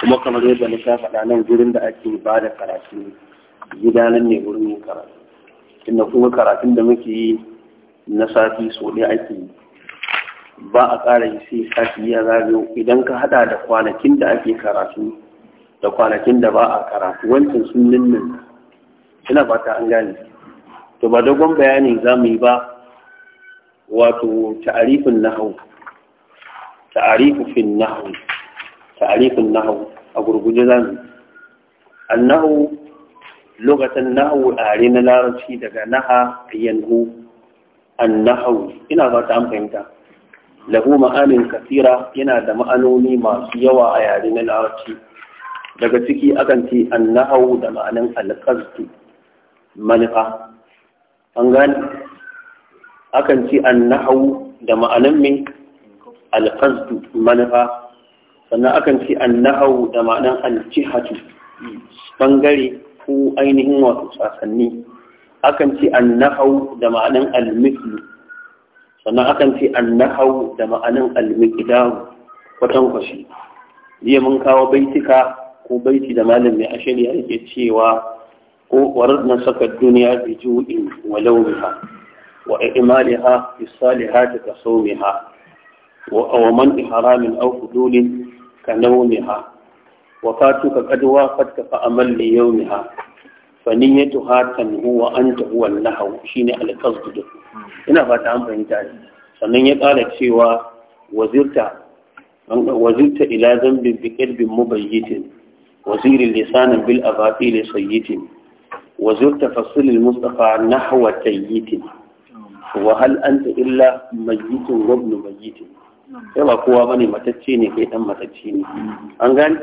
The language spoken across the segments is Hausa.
kuma kamar yadda na sha faɗa nan gurin da ake ba da karatu gida nan ne wurin yin karatu inda kuma karatun da muke yi na sati so ɗaya ake yi ba a ƙara yi sai sati ya zagayo idan ka haɗa da kwanakin da ake karatu da kwanakin da ba a karatu wancan sun ninnin ina fata an gane to ba dogon bayani za mu yi ba wato ta'arifin nahau ta'arifin nahau ta'arifin nahawu a gurguje za mu annahu lokacin nahawu are na larabci daga naha yanhu annahu ina ba ta an fahimta lahu kasira yana da ma'anoni masu yawa a yare na larabci daga ciki akan ce annahu da ma'anin alqasdu manufa an gane akan da ma'anin manufa sannan akan ce annahau da ma'anan aljihatu bangare ko ainihin wato sasanni akan ce annahau da ma'anan almithlu sannan akan ce annahau da ma'anan almiqdaru kwatan kwashi jiya mun kawo baitika ko baiti da malam mai ashari yake cewa ko waradna saka duniya bi ju'in wa lawmiha wa imaliha bi salihati ka sawmiha wa man ihramin aw fudulin ka naumiha وفاتك قد وافت na ليومها فنيتها تنهو أنت هو النهو شيني على قصد هنا فاتا عم فهمتاني sannan ya ƙara cewa wazirta wazirta ila zambin bi ƙirbin mubayyitin wazirin lisanin bil abatil sayyitin wazirta fasilil mustafa nahwa tayyitin wa hal anta illa mayyitin wa ibn mayyitin sai ba kowa bane matacce ne kai dan matacce ne an gani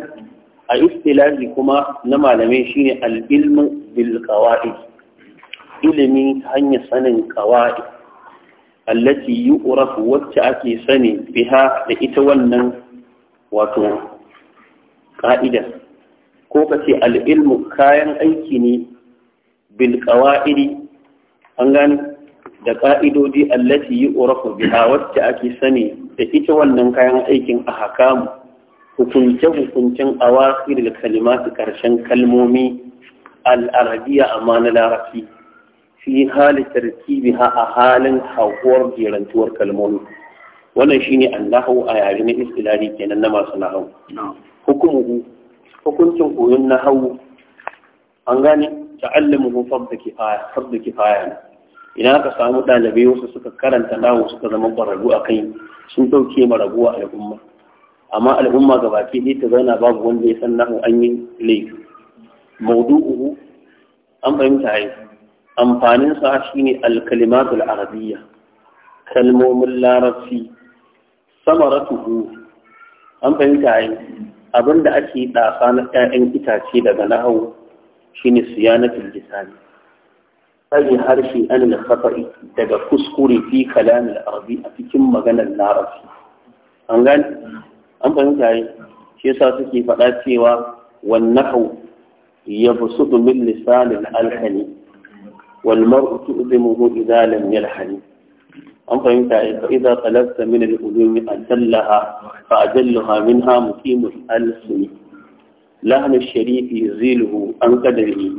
a istilahi kuma na malamai shine al-ilmu bil qawaid ilimi hanyar sanin qawaid allati yu'rafu wacce ake sani biha da ita wannan wato ka'ida ko kace al-ilmu kayan aiki ne bil qawaid an gani da ka'idodi allati yu'rafu biha wacce ake sani da ita wannan kayan aikin a hakamu hukunce-hukuncen wasu da kalimatu karshen kalmomi al'arabiya amma na larabci fi hali tarkibi ha a halin haukuwar jerantuwar kalmomi wannan shine annahu a yare na istilari kenan na masu nahawu hukuncin koyon nahawu an gane ta'allamu fadda kifaya fadda kifaya Ina aka samu ɗalibai wasu suka karanta dawo suka zama ƙwararru a kai sun ɗauke ma raguwa al'umma amma al'umma ga baki ɗaya ta zauna babu wanda ya san nahu an yi laifi maudu'uhu an fahimta yi amfanin sa shine al-kalimatul arabiyya kalmomin larabci samaratuhu an fahimta yi abinda ake ɗasa na 'ya'yan itace daga nahawu shine siyanatul lisani tsare harshe an da khatai daga kuskure fi kalam al-arabi a cikin maganar larabci an gani an fahimta yi shi yasa suke faɗa cewa wannahu yabsutu min lisan al-alhani wal mar'u tu'dimuhu idza lam yalhani an fahimta yi fa idza talabta min al a ajallaha fa ajallaha minha muqimul al-sunni lahn al-sharif yuziluhu an qadrihi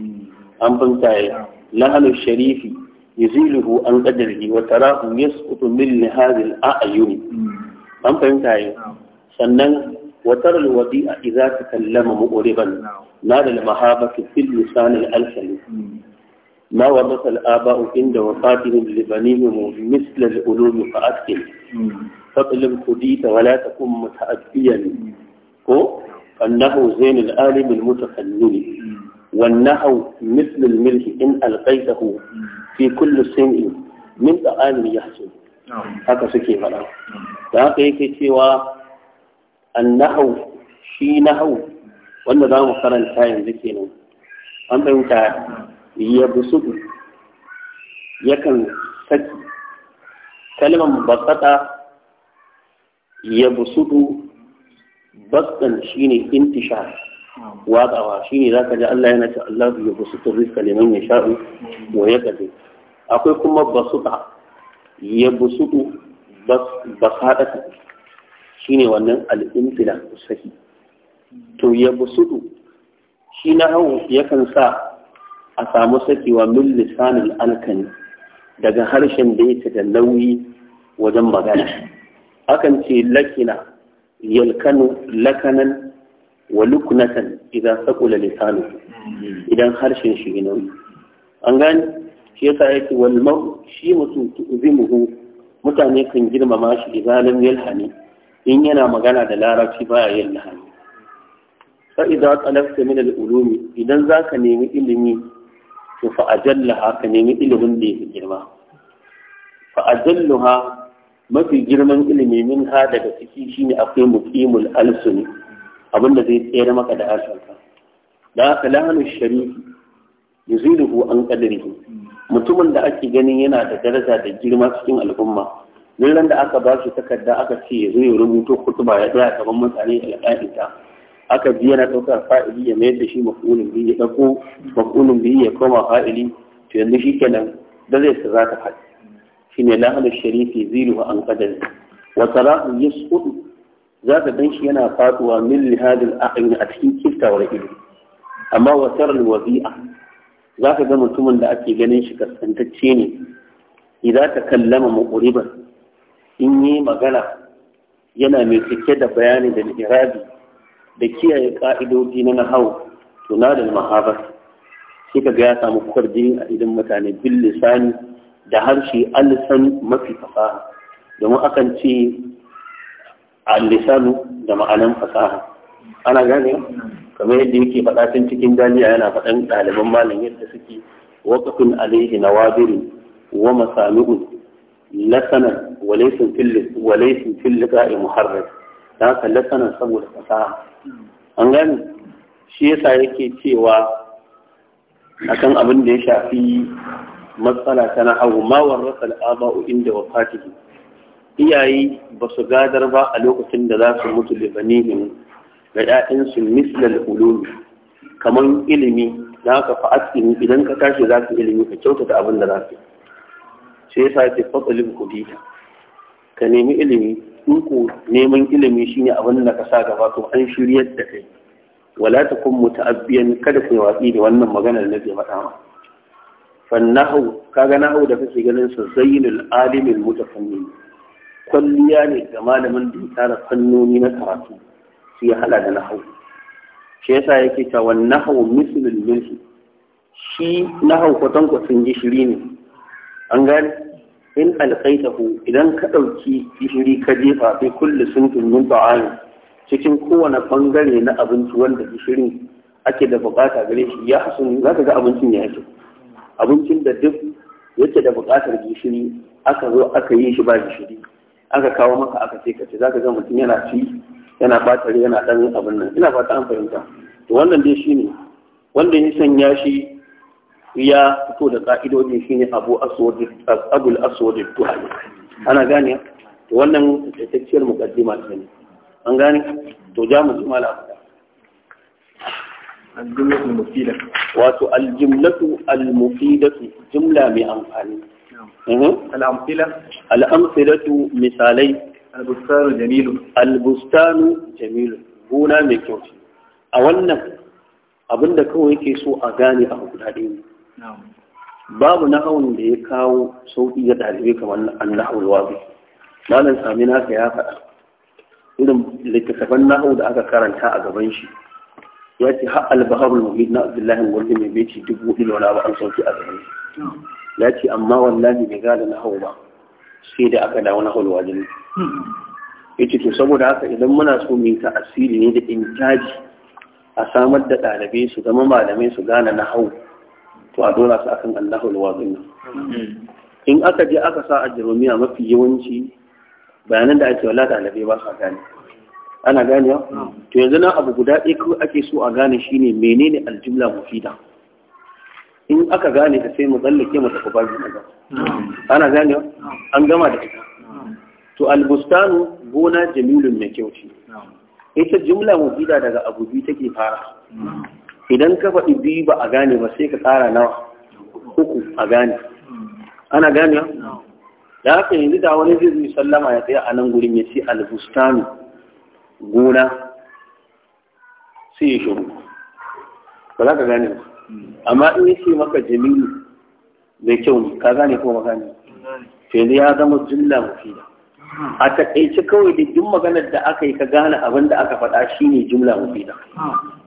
an fahimta yi lahanu sharifi yuziluhu an qadarihi wa tarahu yasqutu min hadhihi al-a'yun an fahimta yi sannan وترى الوديع إذا تكلم مؤربا نال المهابة في اللسان الألسن ما ورث الآباء عند وفاتهم لبنيهم مثل العلوم فأتقن فاطلب خديت ولا تكن متأدبيا أنه زين العالم المتفنن والنحو مثل الملح إن ألقيته في كل سنء من طعام يحسن haka suke faɗa da haka yake cewa an nahau shi nahau wanda zamu mu karanta yanzu kenan an fahimta ya busudu yakan saki kalmar basata ya busudu basɗan shine intishar watsawa shine zaka ji Allah yana ce Allah ya busutu rizqa liman yasha'u wa yaqdi akwai kuma basuta ya busutu basadata shine wannan al sahi to ya busutu shi na hau yakan sa a samu sakewa min lisanil alkani daga harshen da yake da nauyi wajen magana akan ce lakina yalkanu lakanan wa luknatan idan saƙula lisanu idan harshen shi ina an gani shi yasa yake walmau shi mutum tu'zimuhu mutane kan girmama shi idan lam yalhani in yana magana da larabci baya yalhani fa idan talafta min al ulumi idan zaka nemi ilimi to fa ajallaha ka nemi ilimin da yake girma fa ajalluha mafi girman ilimi min ha daga ciki shine akwai muqimul alsuni abin da zai tsere maka da asalka da aka lahanu sharifi yuziduhu an qadrihi mutumin da ake ganin yana da daraja da girma cikin al'umma duk da aka ba shi takarda aka ce ya zo ya rubuto kutuba ya tsaya gaban mutane al'adita aka biya na ɗaukar fa'ili ya mayar da shi maf'ulin biyu ya ɗauko maf'ulin biyu ya koma fa'ili to yanzu shi kenan da zai sa za ta faɗi ne lahanu sharifi zilu an qadari wa tarahu za ka gan shi yana faɗuwa min lihadin a'yun a cikin kiftawar ido amma wasar wazi'a za ka ga mutumin da ake ganin shi kaskantacce ne idan ta kallama muqriban in yi magana yana mai cike da bayani da irabi da kiyaye ka'idodi na nahawu to na da mahabar sai ka ga ya samu kwarjini a idan mutane bil lisani da harshe alisan mafi fasaha domin akan ce al-lisanu da ma'anan fasaha ana gane kamar yadda yake faɗa tun cikin jami'a yana faɗan ɗaliban malam yadda suke waqafin alaihi nawadirin wa masami'un lasanan walaysin fil walaysin fil liqa'i muharrar dan haka lasanan saboda fasaha an gane shi yasa yake cewa akan abin da ya shafi matsala ta nahawu ma warrasa al-aba'u inda wafatihi iyaye ba su gadar ba a lokacin da za su mutu da banihim ga 'ya'yansu mislal ulumi kamar ilimi da haka fa'asini idan ka tashi za ka ilimi ka kyautata abin da za ka sai yasa ya ce fatsalin kudi ka nemi ilimi in neman ilimi shine abin da ka sa gaba to an shiryar da kai wala ta kun muta'abbiyan kada ku watsi da wannan maganar na ke faɗa ma fannahu kaga nahu da kake ganin sa alimin alimul mutafannin kwalliya ne ga malamin da ya tara fannoni na karatu su ya hada da nahau shi yasa yake cewa wan nahau mislul milhi shi nahau kwatan kwatan gishiri ne an gane in alqaitahu idan ka ɗauki gishiri ka jefa fi kulle suntun min ta'am cikin kowane bangare na abinci wanda gishirin ake da bukata gare shi ya hasun za ka ga abincin ya yake abincin da duk yake da bukatar gishiri aka zo aka yi shi ba gishiri aka kawo maka aka ce ka ce zaka ga mutum yana ci yana batare yana dan abin nan ina fata an fahimta to wannan dai shine wanda ya sanya shi ya fito da ka'idodin shine Abu Aswad Abu Aswad Tuhani ana gane to wannan tsakiyar mukaddima ce ne an gane to ja mu ji mala al-jumlatu al الجملة jumla mai amfani. Mhm. al'amfila al'amfilatu misalai albustanu jamilu albustanu jamilu gona mai kyau a wannan abinda kawai yake so a gane a guda ɗaya ne babu nahawun da ya kawo sauƙi ga ɗalibai kamar an nahawul wabi malam sami naka ya faɗa irin littattafan nahawu da aka karanta a gaban shi ya ce har albaharul muhid na abdullahi gwardi mai beci dubu ɗin wani abu an sauki a gaban shi ya ce amma wallahi bai gada na hau ba sai da aka dawo na hulwa jini ya ce to saboda haka idan muna so mu ta asiri ne da intaji a samar da ɗalibai su zama malamai su gane na hau to a dora su akan allahu alwazin nan in aka je aka sa a jiromiya mafi yawanci bayanan da ake wala ɗalibai ba sa gane ana gane hmm. to yanzu na abu guda ɗaya kawai ake so a gane shine menene aljumla mufida in aka gane ta sai mu tsallake ku tafi na kaza ana gane an gama da ita to albustanu gona jamilun mai kyau ce ita jumla gida daga abu biyu take fara idan ka faɗi biyu ba a gane ba sai ka tsara nawa uku a gane ana gane da haka yanzu da wani zai sallama ya tsaya a nan gurin ya ce albustanu gona sai ya shiru ba za ka gane ba amma in yake maka jamilu mai kyau ne ka gane ko maka ne yanzu ya zama jumla da a takaice kawai da duk maganar da aka yi ka gane abin da aka faɗa shine jumla da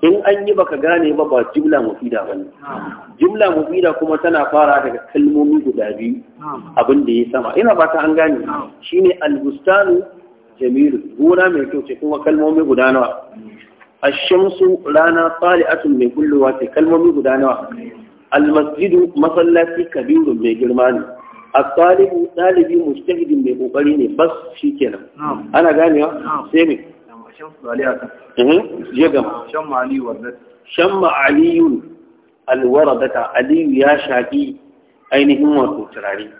in an yi baka gane ba ba jumla ne. Jimla jumla da kuma tana fara daga kalmomi guda biyu abin da ya sama ina ba ta an gane Shi ne albustanu jamilu gona mai kyau ce kuma kalmomi guda nawa Ashansu rana tsari'atun mai gullowa ce kalmomi guda nawa. Almasjidu masallaci Kabiru mai girma ne. A tsalibu ɗalibi mustahidin mai ƙoƙari ne bas shi kenan. Ana ganewa? Sai mai. Ashamsu tsari'atun. Shamma aliyu alwaradata aliyu ya shaƙi ainihin wato turare.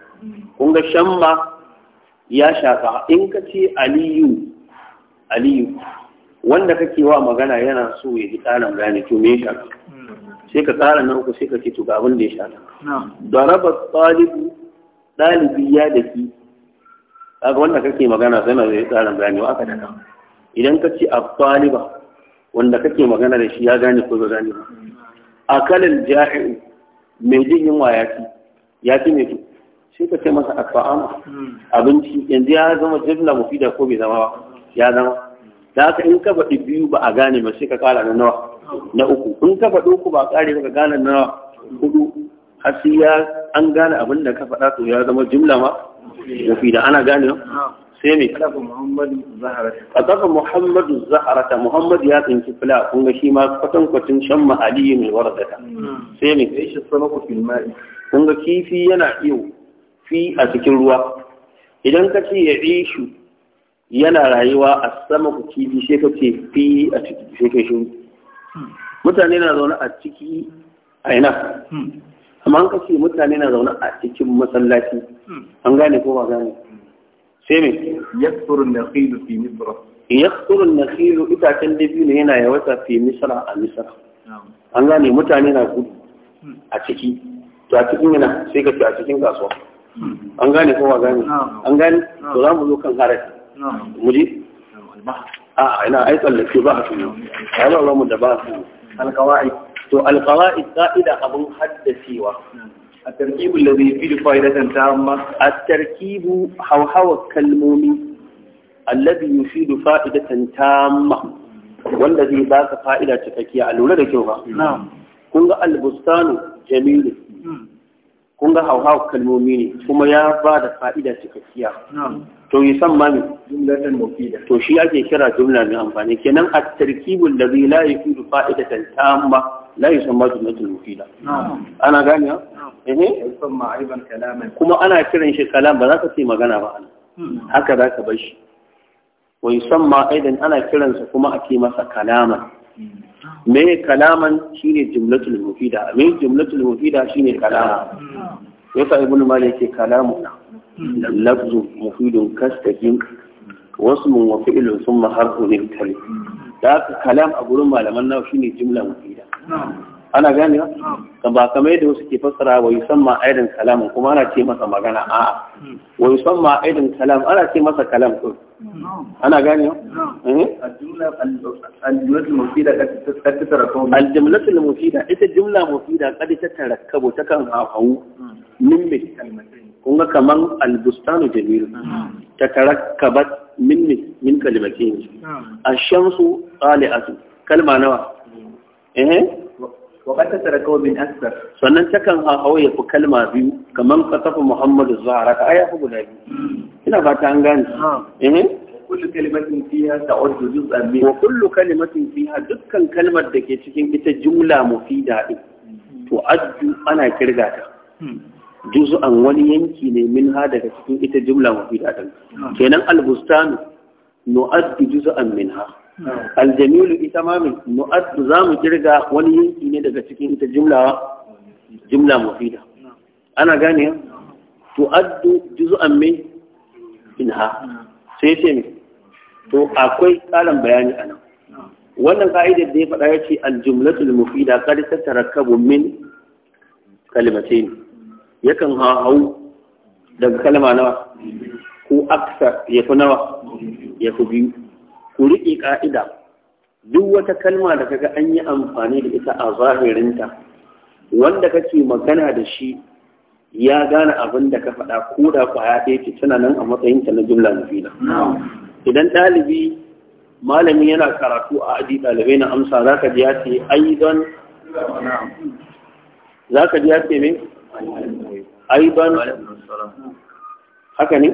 Kun shamma ya shaƙa in ka ce aliyu aliyu wanda kake wa magana yana so ya ji ƙarin gane to me ya sai ka ƙara na uku sai ka ce to ga abin da ya Da raba talibu dalibi ya daki kaga wanda kake magana sai sana da tsarin bayani aka daga idan ka ce abaliba wanda kake magana da shi ya gane ko ba gane a kalin ja'i mai jin yunwa ya ci ya ci mai sai ka ce masa afa'ama hmm. abinci yanzu ya zama jumla mufida ko bai zama ba ya zama da haka in ka faɗi biyu ba a gane ba sai ka ƙara na nawa na uku in ka faɗi uku ba ƙare ba ka gane na nawa hudu har sai ya an gane abin da ka faɗa to ya zama jumla ma da ana gane sai ne. me kasafa muhammadu zaharata muhammadu ya tsinci fila kun ga shi ma kwatankwacin shan ma'aliyu mai warzata sai me kun ga kifi yana iyo fi a cikin ruwa idan ka ce ya ishu yana rayuwa a sama ku kifi sai ka fi a ciki sai ka mutane na zaune a ciki a ina amma an kace mutane na zaune a cikin masallaci an gane ko ba gane sai me yakthuru an-nakhil fi misra yakthuru an-nakhil itacen ne yana yawata fi misra a misra an gane mutane na gudu a ciki to a cikin yana sai ka ce a cikin kasuwa an gane ko ba gane an gane to za mu zo kan harafi muji? Ah, ina aiki tsallake ba su yau, ya zama da ba su alkawa'i. To, alkawa'i ta ida abin haddasewa. A tarkibu da zai ta amma, a tarkibu hauhawa kalmomi, allabi yi fi rufa ida kan wanda zai ba ka fa'ida cikakkiya a lura da kyau ba. Kun ga albustanu jamilu, hmm. kun ga hau-hau kalmomi ne kuma ya ba da fa'ida cikakkiya to yi san mami jumlatan mufida to shi ake kira jumla mai amfani kenan a tarkibin da zai la yufidu fa'idatan tamma la ma jumlatul mufida ana gani ha eh, eh. kuma ana kiran shi kalam ba za ka ce magana ba hmm. haka za ka bar shi san ma aidan ana kiransa kuma a ke masa kalaman hmm. me kalaman shine jumlatul mufida me jumlatul mufida shine kalama yasa ibnu malik yake kalamu lafzu mufidun kastaqim wasu mun wafi ilu sun yantali da kalam a gurin malaman nawa shine jumla mufida ana gane ba ba kamar yadda wasu ke fassara wa yusamma aidan kalam kuma ana ce masa magana a wa yusamma aidan kalam ana ce masa kalam ko ana gane eh? al-jumlatul mufida ita jumla mufida kad ta tarakkabu ta kan hawu min min kun ga kaman al-bustanu jamil ta tarakkabat min min kalimatin ash-shamsu tali'atu kalma nawa eh wa ba ta tara min asbar sannan takan hawo ya fi kalma biyu kamar kasafa muhammadu zahara ka aya guda biyu ina fata an gane eh kullu kalimatin fiha ta'uddu juz'an min wa kullu kalimatin fiha dukkan kalmar da ke cikin ita jumla fi daɗi. to addu ana kirga ta hmm. juz'an wani yanki ne min ha daga cikin ita jumla fi din kenan al-bustanu nu'addu min ha. aljamilu ita ma min nu'addu za mu kirga wani yanki ne daga cikin ita jumla jumla mufida ana gane To addu tu'addu juz'an min inha sai ce ne to akwai kalan bayani a nan wannan ka'idar da ya faɗa ya ce aljumlatul mufida kada ta tarakkabu min kalimatain yakan hau daga kalma nawa ko aksa ya fi nawa ya fi biyu ku riƙe ƙa'ida duk wata kalma da kaga an yi amfani da ita a zahirinta wanda kake magana da shi ya gane abin da ka faɗa ko da ƙwaya ɗaya ce tana nan a matsayinta na jumla mufida idan ɗalibi malami yana karatu a aji ɗalibai na amsa za ka ji ya ce don za ka ji ya ce ne aidan haka ne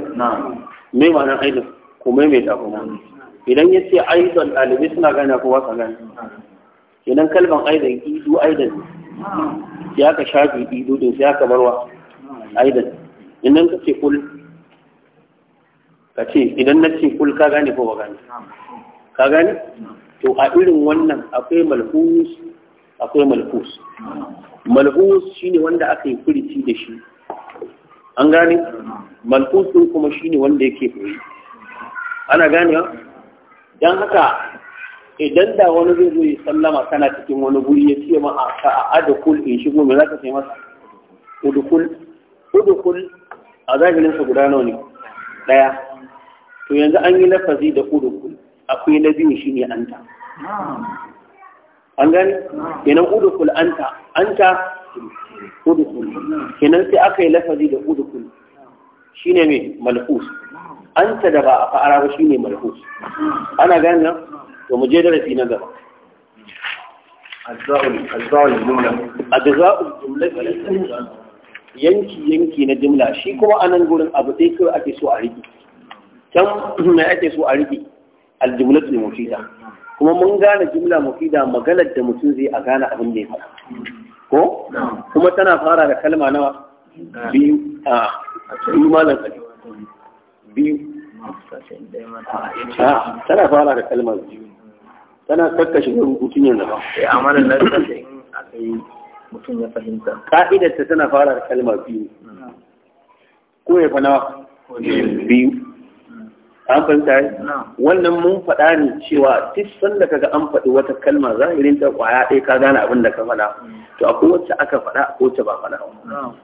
me ma'anar aidan kuma mai tafi idan ya ce aizon ɗalibai suna gane kowa ka gane idan kalban aizon idu aizon ya ka shafi idu din ya ka barwa aizon idan ka ce kul ka ce idan na ce kul ka gane ko ba gane ka gane to a irin wannan akwai malhus akwai malhus malhus shine wanda aka yi furici da shi an gane malhus din kuma shine wanda yake furici ana wa? don haka idan da wani zai zo ya sallama tana cikin wani guri ya ce ma a adukul in shigo me zaka ce masa udukul udukul a zahirinsa guda nawa ne to yanzu an yi lafazi da udukul akwai na biyu shi ne anta an gani kenan udukul anta anta udukul kenan sai aka yi lafazi da udukul shine mai malhus anta da ba a fa'ara ba shine malhus ana gane nan to mu je darasi na gaba أجزاء الجملة أجزاء yanki yanki na jimla shi kuma anan gurin abu ɗaya kawai ake so a riki can me ake so a riki aljumlatu ne mufida kuma mun gane jimla mufida maganar da mutum zai a gane abin da ya ko kuma tana fara da kalma nawa biyu a ah, biyu malam biyu ah, tana fara da kalmar biyu tana kakkashe eh, da rubutun yanzu ba in mutum ya fahimta ta tana fara da kalmar biyu hmm. ko ya fa biyu an fahimta yi wannan mun faɗa ne cewa duk sanda kaga an faɗi wata kalma zahirin ta kwaya ɗaya ka gane abin da ka faɗa to akwai wacce aka faɗa a wacce ba faɗa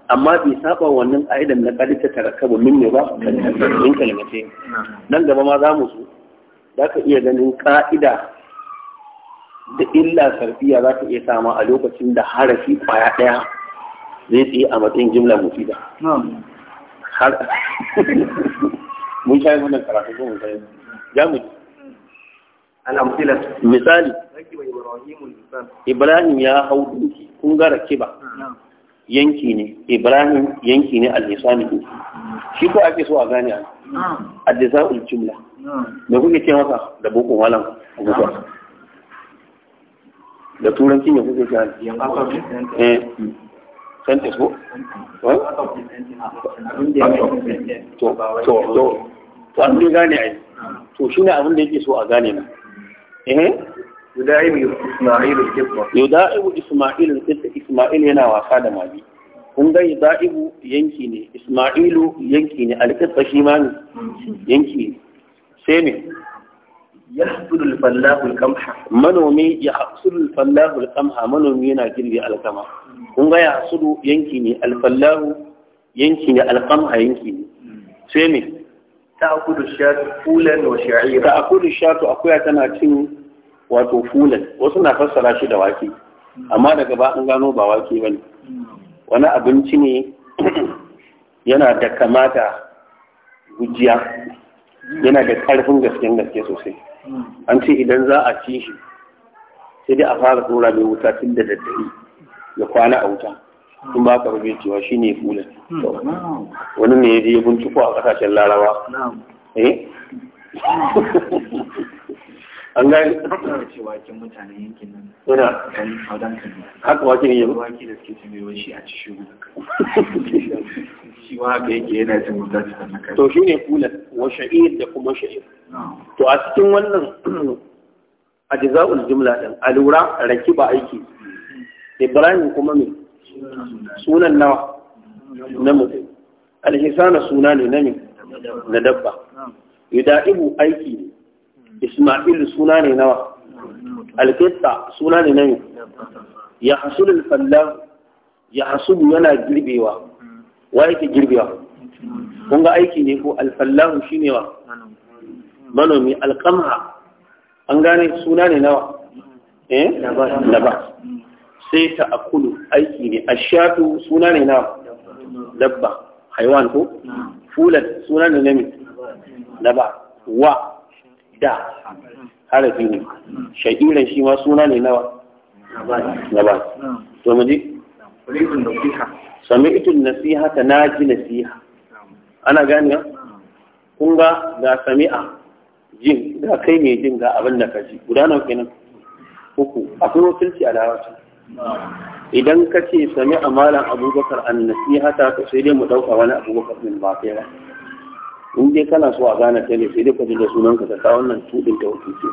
amma bai saba wannan ƙa'idan na ƙari ta tarakabu min ne ba min kalmace nan gaba ma za mu so za ka iya ganin ƙa'ida da illa sarfiya za ka iya sama a lokacin da harafi kwaya ɗaya zai tsaye a matsayin jimla mufida mun shayi wannan karatu ko mun ya ibrahim ya hau duki kun gara kiba yanki ne ibrahim yanki ne al'isani hisani shi ko ake so a gane a al jumla kuke ce masa da bukun walan da turanci ne kuke ce eh sentence ko to to to to an dai gane ai to shi ne abin da yake so a gane na eh yudaibu isma'ilu al-qibla yudaibu isma'il isma'il yana wasa da mabi kun ga yudaibu yanki ne isma'ilu yanki ne al shi ma ne yanki ne sai ne يحصل الفلاح manomi ya يحصل الفلاح kamha manomi yana girbe alkama kun ga yahsulu yanki ne alfallahu yanki ne alqamha yanki ne sai ne ta'kulu shatu fulan shatu akuya tana cin wato fulan wasu na fassara shi da wake amma daga ba an gano ba wake ne. wani abinci ne yana da kamata gujiya yana da karfin gasken gaske sosai an ce idan za a ci shi sai dai a fara tsora mai wuta tun da daddare ya kwana a wuta in ba ka rufe cewa shi ne kula wani ne ya je binciko a kasashen larawa eh an gani cewa kin mutanen yankin nan yana kan haudan kan haka wake ne yau wake da suke tumewa shi a ci shi shi wa haka yake yana cin wuta kan sanaka to shine kula wa sha'ir da kuma sha'ir to a cikin wannan ajza'ul jumla din alura rakiba aiki mm. ibrahim kuma me sunan nawa na mutum alhisana suna ne na na dabba yuda'ibu aiki ne isma'ilu suna ne nawa alkitta suna ne na ya hasulul fallan ya hasulu yana girbewa wa yake girbewa kun ga aiki ne ko alfallahu shine wa manomi alkamha an gane suna ne nawa eh nabas sai ta akulu aiki ne ashatu suna ne na dabba haiwan ko fulat suna ne na dabba wa da harafi ne sha'iran shi ma suna ne na dabba to mu ji itin nasiha ta na ji nasiha ana gani kun ga ga sami'a jin ga kai mai jin ga abin da ka ji guda nawa kenan uku akwai wakilci a lawacin idan ka ce sami amalan abubakar an nasihata ka sai dai mu ɗauka wani abubakar min ba kai ba in dai kana so a gane ta ne sai dai ka ji da sunan ka ta wannan tudin ta ce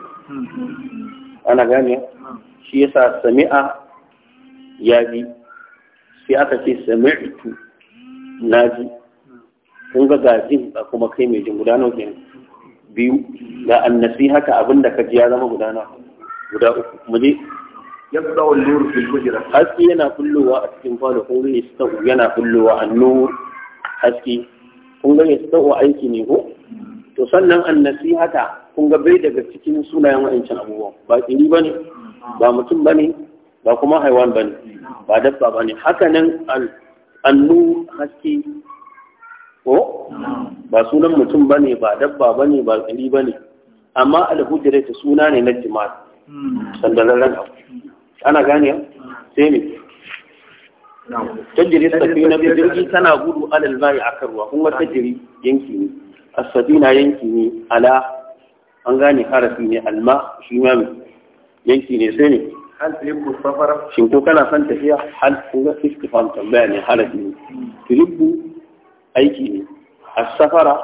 ana gane shi yasa sami'a ya bi sai aka ce sami sami'tu na ji kun ga gajin a kuma kai mai jin guda nawa biyu da an nasihata abinda ka ji ya zama guda guda uku mu yabda al-nur fil hujra haske yana kullowa a cikin kwano kun ga yastau yana kullowa an-nur haske kun ga yastau aiki ne ko to sannan an-nasihata kun ga bai daga cikin sunayen wa'ancin abubuwan ba tsiri ne, ba mutum ba ne, ba kuma haiwan ne. ba dabba ba ne. Hakanan an haske ko ba sunan mutum ba ne ba dabba ba ne ba tsiri ne. amma al-hujra ta suna ne na jima'i sandalallen abu ana gane sai ne tajiri safina bi jirgi tana gudu alal bayi a Karuwa, kuma tajiri yanki ne Asafi na yanki ne ala an gane harafi ne alma shi ma yanki ne sai ne hal tuhibbu safara shin ko kana son tafiya hal kun ga istifham tambaya ne harafi ne tuhibbu aiki ne Asafara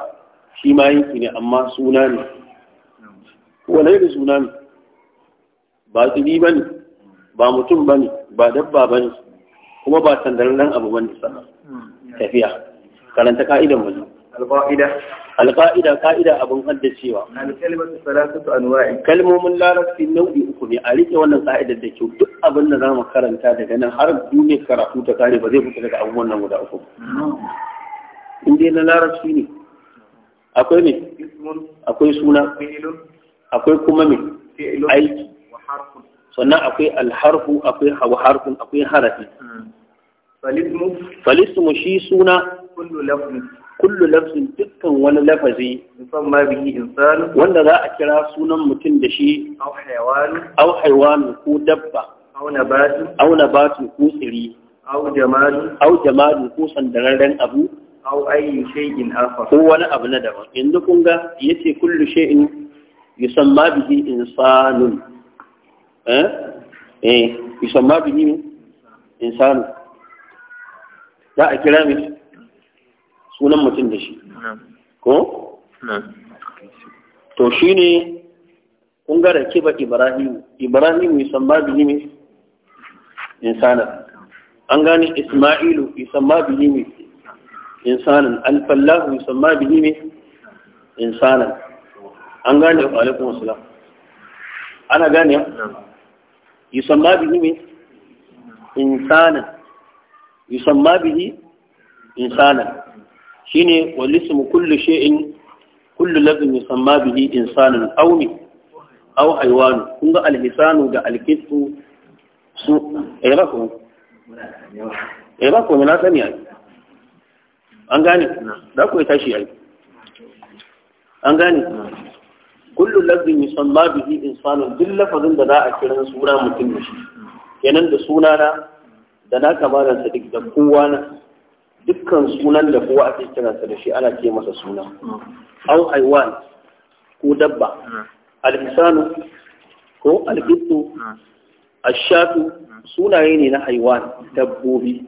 shi ma yanki ne amma suna ne wala da suna ne ba su ba bane ba mutum ba ne ba dabba ba ne kuma ba sandarin abu ba ne sana tafiya karanta ka'idan wani alƙa'ida alƙa'ida ka'ida abin haddacewa alƙalmatu kalmomin larabci nau'i uku ne a rike wannan ka'idar da kyau duk abin da za mu karanta daga nan har duniyar karatu ta kare ba zai fita daga abubuwan nan guda uku in dai na larabci ne akwai ne akwai suna akwai kuma me aiki sannan akwai alharfu akwai harfun akwai harafi falismu shi suna kullu lafzin dukkan wani lafazi wanda za a kira sunan mutum da shi au haywanu ko dabba au nabatu ko tsiri au jamalu ko sandararren abu au ayyi shay'in akhar ko wani abu na daban yanzu kun ga yace kullu shay'in yusamma bihi insanun eh eh yusamma bihi ne insanu za a kira mai sunan mutum da shi ko to shi ne kun ga rake ba ibrahimu ibrahimu yusamma bihi ne insana an gane isma'ilu yusamma bihi ne insanan alfallahu yusamma bihi ne insanan an gane wa alaikum assalam ana gane ya yusamma bihi me insana yusamma bihi insana shine wal ismu kullu shay'in kullu lafzin yusamma bihi insanan aw ne aw haywanu kun ga alhisanu da alkitu su eh ba ku eh ba na sani ai an gane da ku tashi ai an gane kullu lafzin yusamma bihi insanun duk lafazin da za a kiran suna mutum da shi kenan da suna na da na kamaran sa duk da kowa na dukkan sunan da kowa ake kiran sa da shi ana ce masa suna au haiwan ko dabba al-insanu ko al-qittu ashatu sunaye ne na haiwan dabbobi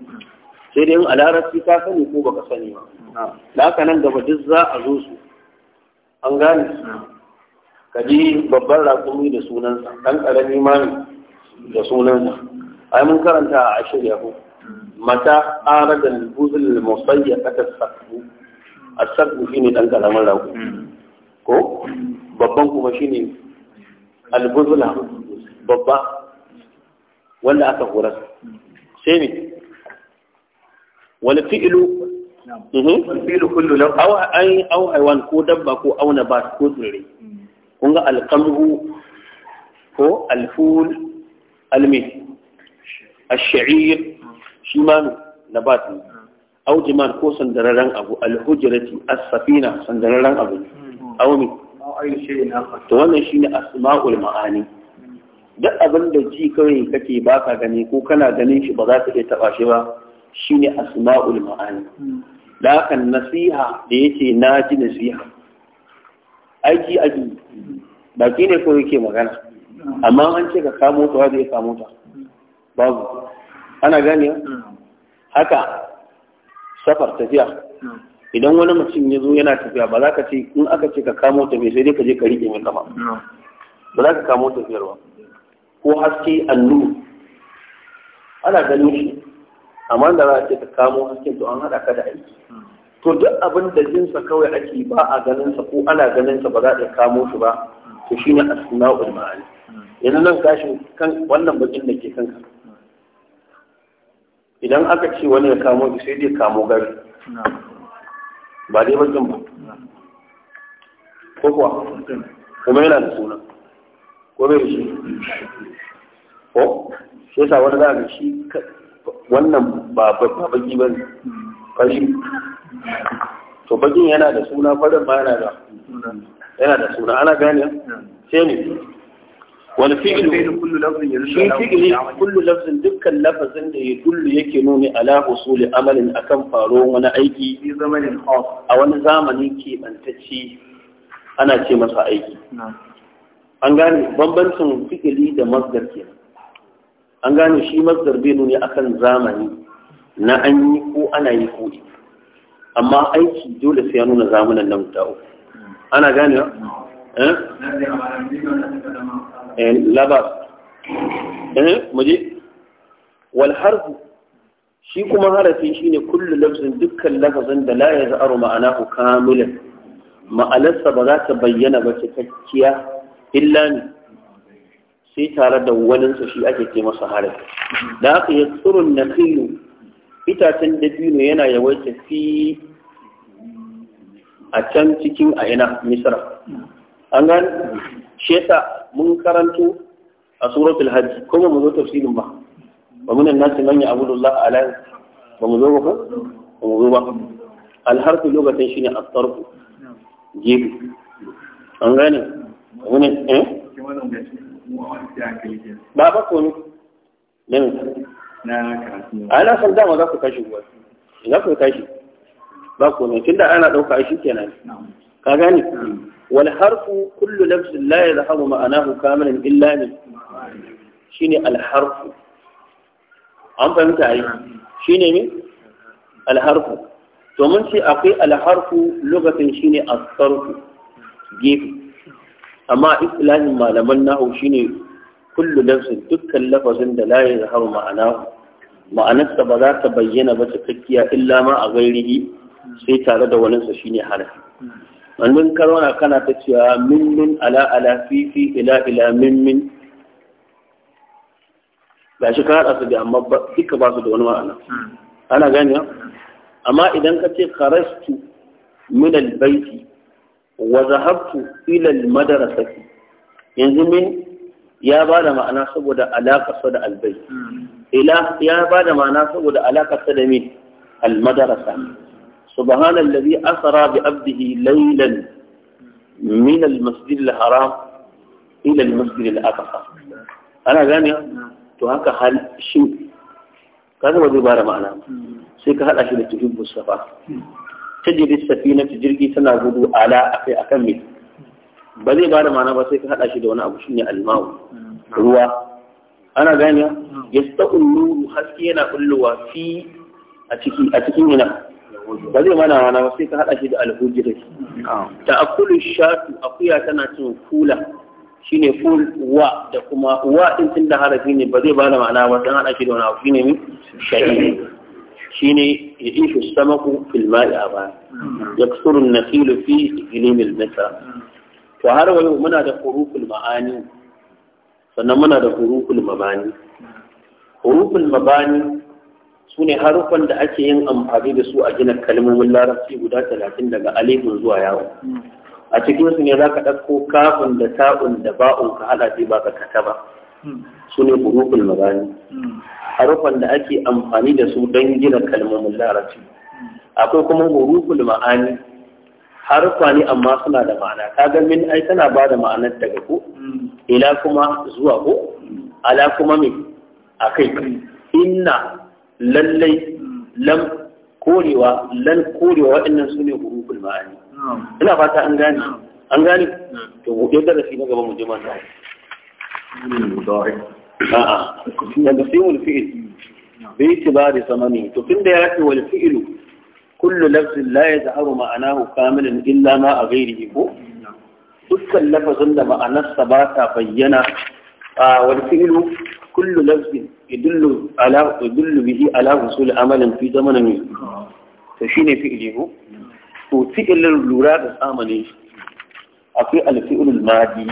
sai dai a larabci ka sani ko baka sani ba da haka nan gaba duk za a zo su an gane ka ji babban raƙumi da sunansa ɗan ƙarami ma da sunansa ai mun karanta a shirya yahu mata ƙara da lubuzin ya ta sakku a sakku shi ne ɗan ƙaramin raƙumi ko babban kuma shi ne albuzula babba wanda aka horar sai ne wani fi'ilu wani fi'ilu kullu lau au haiwan ko dabba ko auna ba ko tsirrai kun ga alƙalhu ko alful almi ash-sha'ir shi ma na nabat aujiman ko sandararren abu alhujrati as-safina sandararren abu aumi to wannan shi ne asma'ul ma'ani duk abin da ji kawai kake baka gani ko kana ganin shi ba za ka iya taba shi ba shine asma'ul ma'ani da nasiha da yake na ji nasiha aiki aji baki ne ko yake magana amma an ce ka kamo ta zai ya kamo ta babu ana ya? haka safar tafiya idan wani mutum ya zo yana tafiya ba za ka ce in aka ce ka kamo mai sai dai ka je ka riƙe mai kama ba za ka kamo tafiyar ba ko haske annu ana ganin shi amma da za a ce ka kamo hasken to an haɗa ka da aiki to duk abin da jinsa kawai ake ba a ganinsa ko ana ganin sa ba za a iya kamo shi ba to ne asma'ul ma'ani yanzu nan gashin kan wannan bakin da ke kanka idan aka ce wani ya kamo sai dai kamo gari ba dai bakin ba ko kuwa kuma yana da suna ko bai da shi ko sai sa wani za a shi wannan ba baki ba ne to bakin yana da suna farin ba yana da yana da suna ana gane sai ne wani fi'lu shi fi'li kullu lafzin dukkan lafazin da ya kullu yake nuni ala usuli amalin akan faro wani aiki a wani zamani ke bantacce ana ce masa aiki an gane bambancin fi'ili da masdar kenan an gane shi masdar bai nuni akan zamani na an yi ko ana yi ko amma aiki dole sai ya nuna zamanin nan ta uku ana gane eh labar eh, eh muje wal harfu shi kuma shi ne kullu lafzin dukkan lafazin da la ma'ana ma'anahu kamilan ma'anarsa ba za ta bayyana ba cikakkiya illa ne sai tare da waninsa shi ake ce masa harafi da ya tsurun na itacen dabino yana yawaita fi a can cikin a ina misra an gan sheta mun karanto a suratul hajj ko ba mu zo tafsirin ba Ba wa nan nasi man a ala ba mu zo ba ko ba mu zo ba alharfu lokacin shine astarfu gefe an gane wani eh ba ba ko ne ne na karatu ana san dama za ku tashi ruwa za ku tashi ba komai tunda ana ɗauka shi kenan ka gane wal harfu kullu lafzin la yadhhabu ma'anahu kamilan illa min shine al harfu an fahimta ai shine ne al harfu to mun ce akwai al harfu lugatin shine asarfu gefe amma islamin malaman nahu shine kullu lafzin dukkan lafazin da la yadhhabu ma'anahu ma'anarsa ba za ta bayyana ba cikakkiya illa ma a gairihi sai tare da waninsa ne harafi wannan karwana kana ta cewa mimmin ala ala fifi, ila ila mimmin. min ga shi ka haɗa su da amma duka ba su da wani ma'ana ana gani ya amma idan ka ce kharastu min albayti wa zahabtu ila almadrasati yanzu min ya ba da ma'ana saboda alaƙarsa da albai ila ya ba da ma'ana saboda alaƙarsa da min almadarasa سبحان الذي أسرى بأبده ليلا من المسجد الحرام إلى المسجد الأقصى أنا غانيا تهك حال شو كذا وذي بارا معنا سيك حال أشي لتجيب السفا تجد السفينة تجرقي تنازدو على أخي أكمل بذي بارا معنا بسيك حال أشي دونا أبو شني الماو هو أنا غانيا يستقلوا حسكينا كلوا في أتكي أتكي منا ba zai mana rana ba sai ka haɗa shi da alhuji da shi ta akulu shatu akuya tana cin kula shine ful wa da kuma wa din tun da harafi ne ba zai ba da ma'ana ba dan haɗa shi da wani abu shine mi shahidi shine ya ishu samaku fil ma'i aba yaksuru an-nasilu fi ilim al-mitra to har wayo muna da huruful ma'ani sannan muna da huruful mabani huruful mabani su ne haruffan da ake yin amfani da su a gina kalmomin larabci guda talatin daga alifin zuwa yawo a cikin su ne za ka ɗauko kafin da ta'un da ba'un ka hada ba ka kata ba su ne hurufin magani haruffan da ake amfani da su don gina kalmomin larabci akwai kuma hurufin ma'ani harufa ne amma suna da ma'ana ka ga min ai tana ba da ma'anar daga ko ila kuma zuwa ko ala kuma me akai inna للي لم كولي ولن كولي وإن سني حروف المعاني إلا فاتا أنغاني أنغاني تو يدر في من نقب مجمع ساعة نقسم الفئل باعتبار ثمانه تفند يا رأسي والفئل كل لفظ لا يزعر معناه كاملا إلا ما أغيره هو تلك اللفظ عند معنى الثبات بينا والفئل كل لفظ يدل على يدل به على Ta shi ne زمن من ko. فعلي هو lura da آمني akwai alfi'ul madi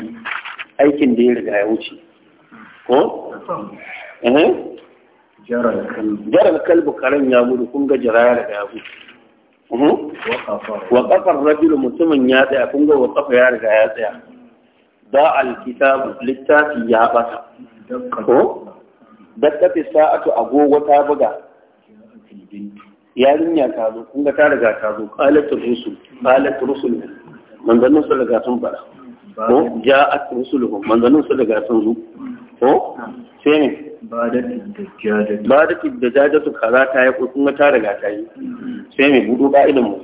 aikin da ya riga ya wuce ko eh jaral kalbu karen ya mudu kun ga jara ya riga ya wuce eh? wa kafar rajul mutumin ya tsaya kun ga wa kafa ya riga ya tsaya Ba alkitab littafi ya ɓata. ko daddafe sa'atu agogo ta buga yarinya ta zo kun ga ta riga ta zo qalatul rusul qalatul rusul manzannin su daga sun fara ko ja'at rusuluhum manzannin su riga sun zo ko sai ne badati da su kaza ta yi kun ga ta riga ta yi sai mai budu ka'idan mu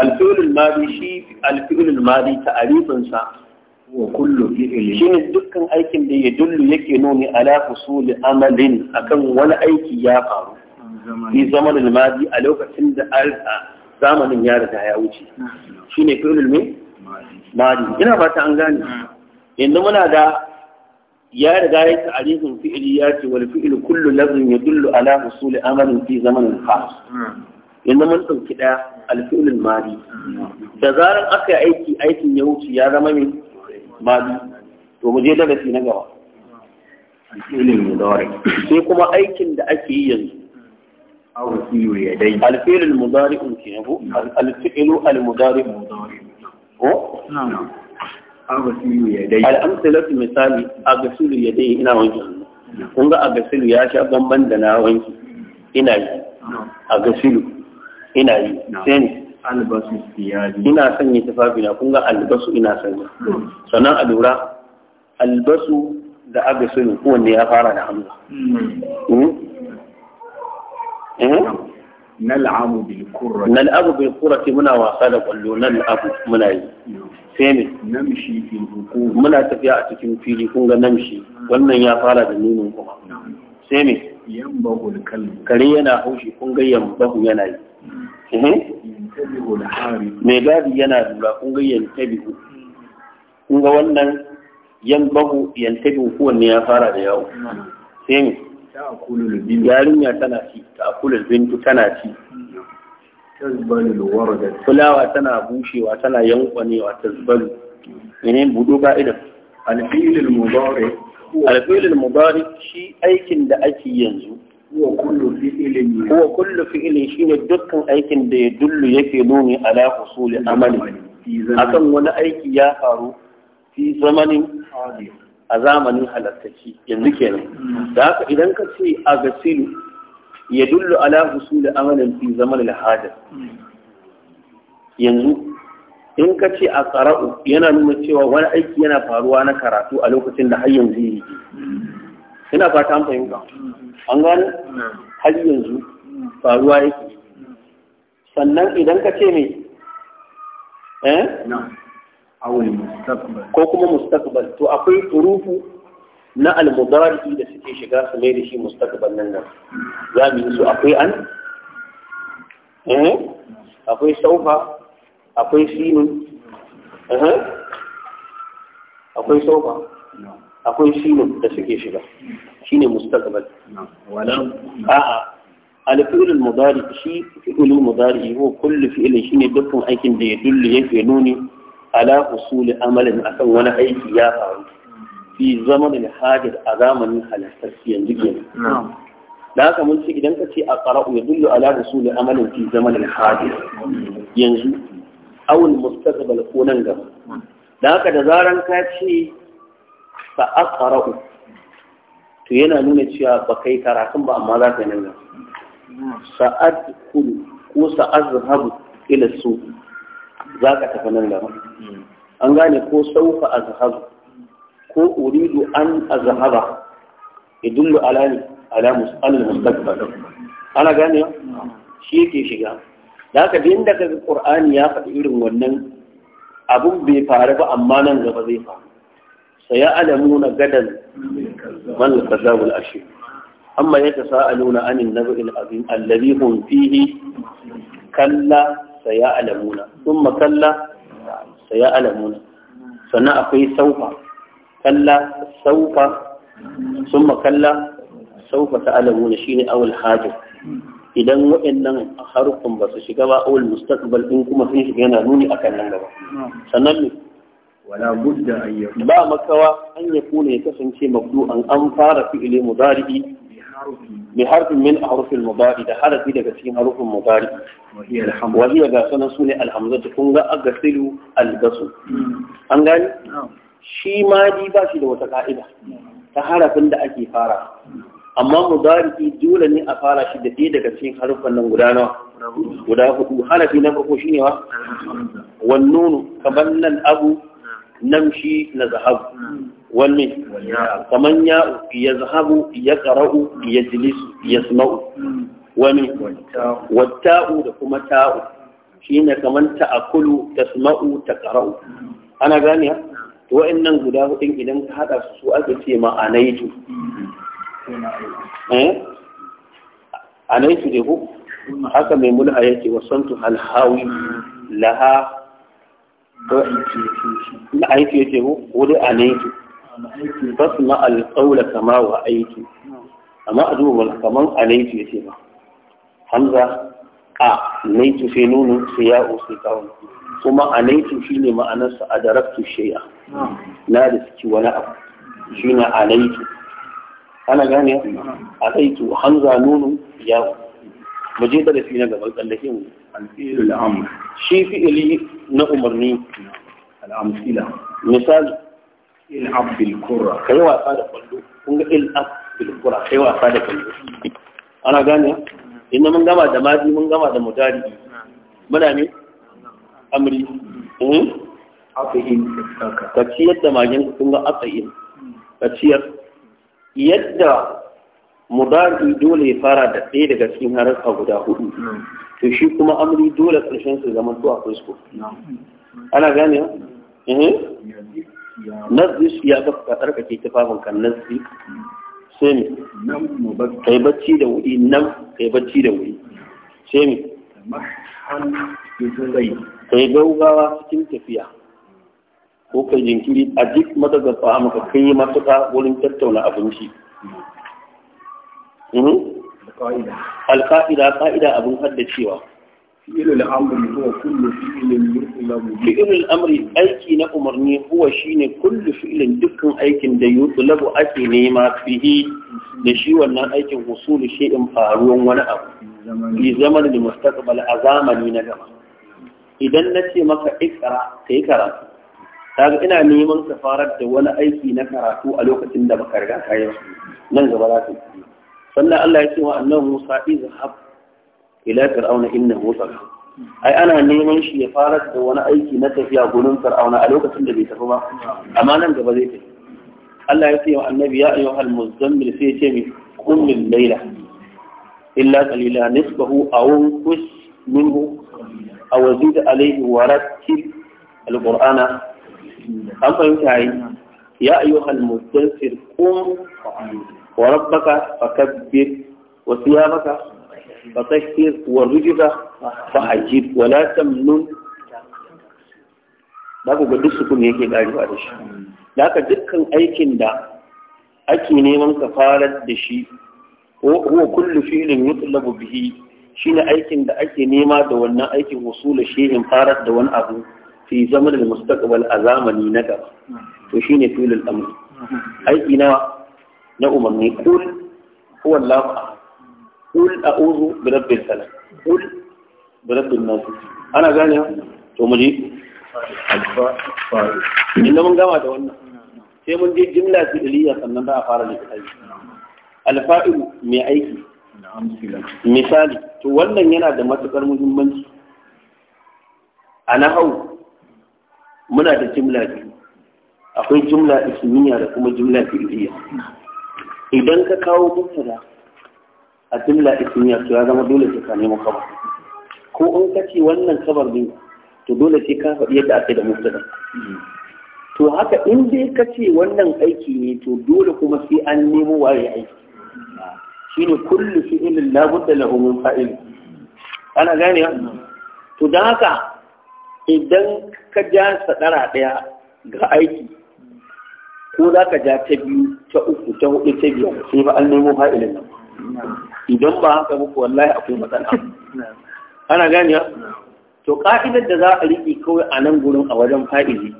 alfi'lul madi shi alfi'lul madi ta'arifin sa wa kullu fi'lin shine dukkan aikin da ya dullu yake nuni ala husuli amalin akan wani aiki ya faru fi zamanin madi a lokacin da zamanin ya riga ya wuce shine fi'lul me madi ina fata an gane yanzu muna da ya riga ya ta'arifin fi'ili ya ce wal fi'lu kullu lafzin yadullu ala husuli amalin fi zamanin khas yanzu mun ɗauki ɗaya alfi'ulul madi da zarar aka yi aiki aikin ya wuce ya zama mai. mali to mu je darasi na gaba alfilin mudari sai kuma aikin da ake yi yanzu awasiyu ya dai alfilin mudari un ke yabo hmm. alfilu almudari ko na'am awasiyu ya dai al'amsalatu misali agasulu ya dai ina wanki kun ga agasulu ya sha bamban da na wanki ina yi agasilu ina yi sai albasu siyabi ina sanya tufafi na kun albasu ina sanya sannan a lura albasu da aga sani kowanne ya fara da hamza hmm. hmm? hmm. nal'amu bil qurrati nal'amu bil qurrati muna wasa da kwallo nal'amu muna yi sai namshi fil hukum muna tafiya a cikin fili kun ga namshi wannan ya fara da nunin kuma sai ne yambahu al kare yana haushi kun ga yambahu yana yi mai mhm. gadi yana lura kun yan yantabihu kunga wannan yan bahu yantabihu kowanne ya fara da yawo sai ne yarinya tana ci ta akula bintu tana ci fulawa tana bushewa tana yankwanewa ta zubalu yanayin budo ba alfilil mubari mubari shi aikin da ake yanzu huwa kullu shi shine dukkan aikin da ya dullu yake nuni ala husuli amali akan wani aiki ya faru fi zamanin a zamanin halattaci yanzu kenan hmm. da haka idan ka ce a gasilu ya dullu ala husuli amalin fi zamanin hajar yanzu in ka ce a tsara'u yana nuna cewa wani aiki yana faruwa na karatu a lokacin da har yanzu yake ina fata an fahimta an gane har yanzu faruwa yake sannan idan ka ce me eh ko kuma mustaqbal to akwai turufu na almudari da suke shiga su mai da shi mustaqbal nan nan za mu yi su akwai an eh akwai saufa akwai sinin eh? akwai saufa akwai shine da suke shiga shine mustaqbal a'a al-fi'lul mudari shi fi'lul mudari huwa kullu fi'lin shine dukkan aikin da ya dulle yake nuni ala amalin akan wani aiki ya faru fi zaman al a zamanin halastarsu yanzu ke da haka mun ce idan ka ce a qara'u ya dulle ala usul amalin fi zaman al yanzu awul mustaqbal ko nan gaba hmm. da haka da zaran ka ce fa aqra'u to yana nuna cewa ba kai karatun ba amma za ka nuna sa'ad kulu ko sa'ad zahabu ila su za ka tafi nan gaba an gane ko saufa azhabu ko uridu an azhaba idullu ala ala mus'alil mustaqbal ana gane shi yake shiga da haka din daga qur'ani ya faɗi irin wannan abun bai faru ba amma nan gaba zai faru saya na gadan man kazabul ashi amma ya ta sa'aluna anin nabi'il azim alladhi hum fihi kalla saya alamuna thumma kalla saya alamuna sana akwai saufa kalla saufa thumma kalla saufa ta'lamuna shine awal hajj idan wa'annan harfin ba su shiga ba awal mustaqbal din kuma sun shiga yana nuni akan nan gaba wala budda an yakuna ba makawa an yakuna ya kasance mabdu'an an fara fi'ili mudari'i bi harfin min ahrufil mudari da harafi daga cikin harufin mudari wa hiya ga sanan sune alhamzatu kun ga agasilu albasu hmm. an gani shi ma di ba shi da wata ka'ida ta harafin da ake fara hmm. amma mudariki dole ne a fara shi da ɗaya daga cikin harufan nan guda nawa guda hudu harafi na farko shine wa wan nunu kamar nan abu namshi na zahabu wani kaman ya ya zahabu ya qara'u ya jilisu ya sma'u wani watta'u da kuma ta'u shine kaman sumau ta kara'u. ana gane ya to wa'annan guda hudun idan ka hada su su aka ce ma anaitu eh anaitu ne ko haka mai mulha yake wasantu halhawi laha na aiki yake ko wani a ne yake fasma alƙaula kama wa aiki amma a duba kaman a ne ce ba hamza a ne sai nunu sai ya o sai kawo kuma a ne shi ne ma'anarsa a daraktu shai'a na da suke wani abu shi na a ne ana gane a aiki hamza nunu ya mu je darasi na gaba tsallake mu alfi'il al'amr shi fi'ili na umarni al'amsila misali il abdul qurra kai wasa da kwallo kun ga il abdul qurra kai wasa da kwallo ana gane inda mun gama da madi mun gama da mudari muna ne amri hmm? afi'in ka ciyar da magen kun ga afi'in ka ciyar yadda mudari dole ya fara da ɗaya daga cikin haraka guda hudu to shi kuma amri dole ƙarshen su zama zuwa fusko ana gane ya eh. nazi su ya ga ka tsarkake tufafin kan nazi sai mi kai bacci da wuri nan kai bacci da wuri sai mi kai gaugawa cikin tafiya ko kai jinkiri a duk mata ga maka kai matuƙa wurin tattauna abinci Mhm. alƙa'ida ƙa'ida abin haddacewa fi'ilul amri amri aiki na umarni huwa ne kullu fi'ilin dukkan aikin da yutlabu ake nema fihi da shi wannan aikin husulu shay'in faruwan wani abu fi zaman da mustaqbal a zamani na gama. idan na ce maka ikra yi karatu kaga ina neman ka farar da wani aiki na karatu a lokacin da baka riga ka yi nan gaba za ka yi sannan Allah ya ce wa annabi Musa izhab ila fir'auna innahu tagha ai ana neman shi ya fara da wani aiki na tafiya gurin fir'auna a lokacin da bai tafi ba amma nan gaba zai tafi Allah ya ce wa annabi ya ayyuhal muzammil sai ya ce mi qum min layla illa qalila nisbahu aw kus minhu aw zid alayhi wa rattil alqur'ana an fahimta yi ya ayyuhal mudaththir qum fa'al wa rabbaka fakabbir wa siyamaka fatashkir wa rujza fa'ajib da ga duk sukun yake karewa da shi da haka dukkan aikin da ake neman ka farar da shi huwa kullu fi'lin yutlabu bihi shine aikin da ake nema da wannan aikin wasula in farar da wani abu fi zaman al mustaqbal a zamani na gaba to shine fi'lul amr aiki na na umarni kul huwa Allahu kul a'udhu bi rabbil falaq kul bi rabbin nas ana gane to mu ji inda mun gama da wannan sai mun je jimla fi'liya sannan za a fara littafi alfa'il mai aiki misali to wannan yana da matukar muhimmanci a nahau muna da jimla biyu akwai jimla ismiya da kuma jimla fi'liya idan ka kawo mubtada a jumla ismiya to ya zama dole sai ka nemo kabar ko in ka ce wannan kabar ne to dole sai ka faɗi yadda aka da mubtada to haka in dai ka ce wannan aiki ne to dole kuma sai an nemo waye aiki shine kullu fi'ilin la budda lahu min fa'il ana gane to dan haka idan ka ja sadara daya ga aiki ko za ka ja ta biyu ta uku ta hudu ta biyar sai ba an nemo fa'ilin nan idan ba haka ba wallahi akwai matsala ana gani to ka'idar da za a riƙe kawai a nan gurin a wajen fa'ili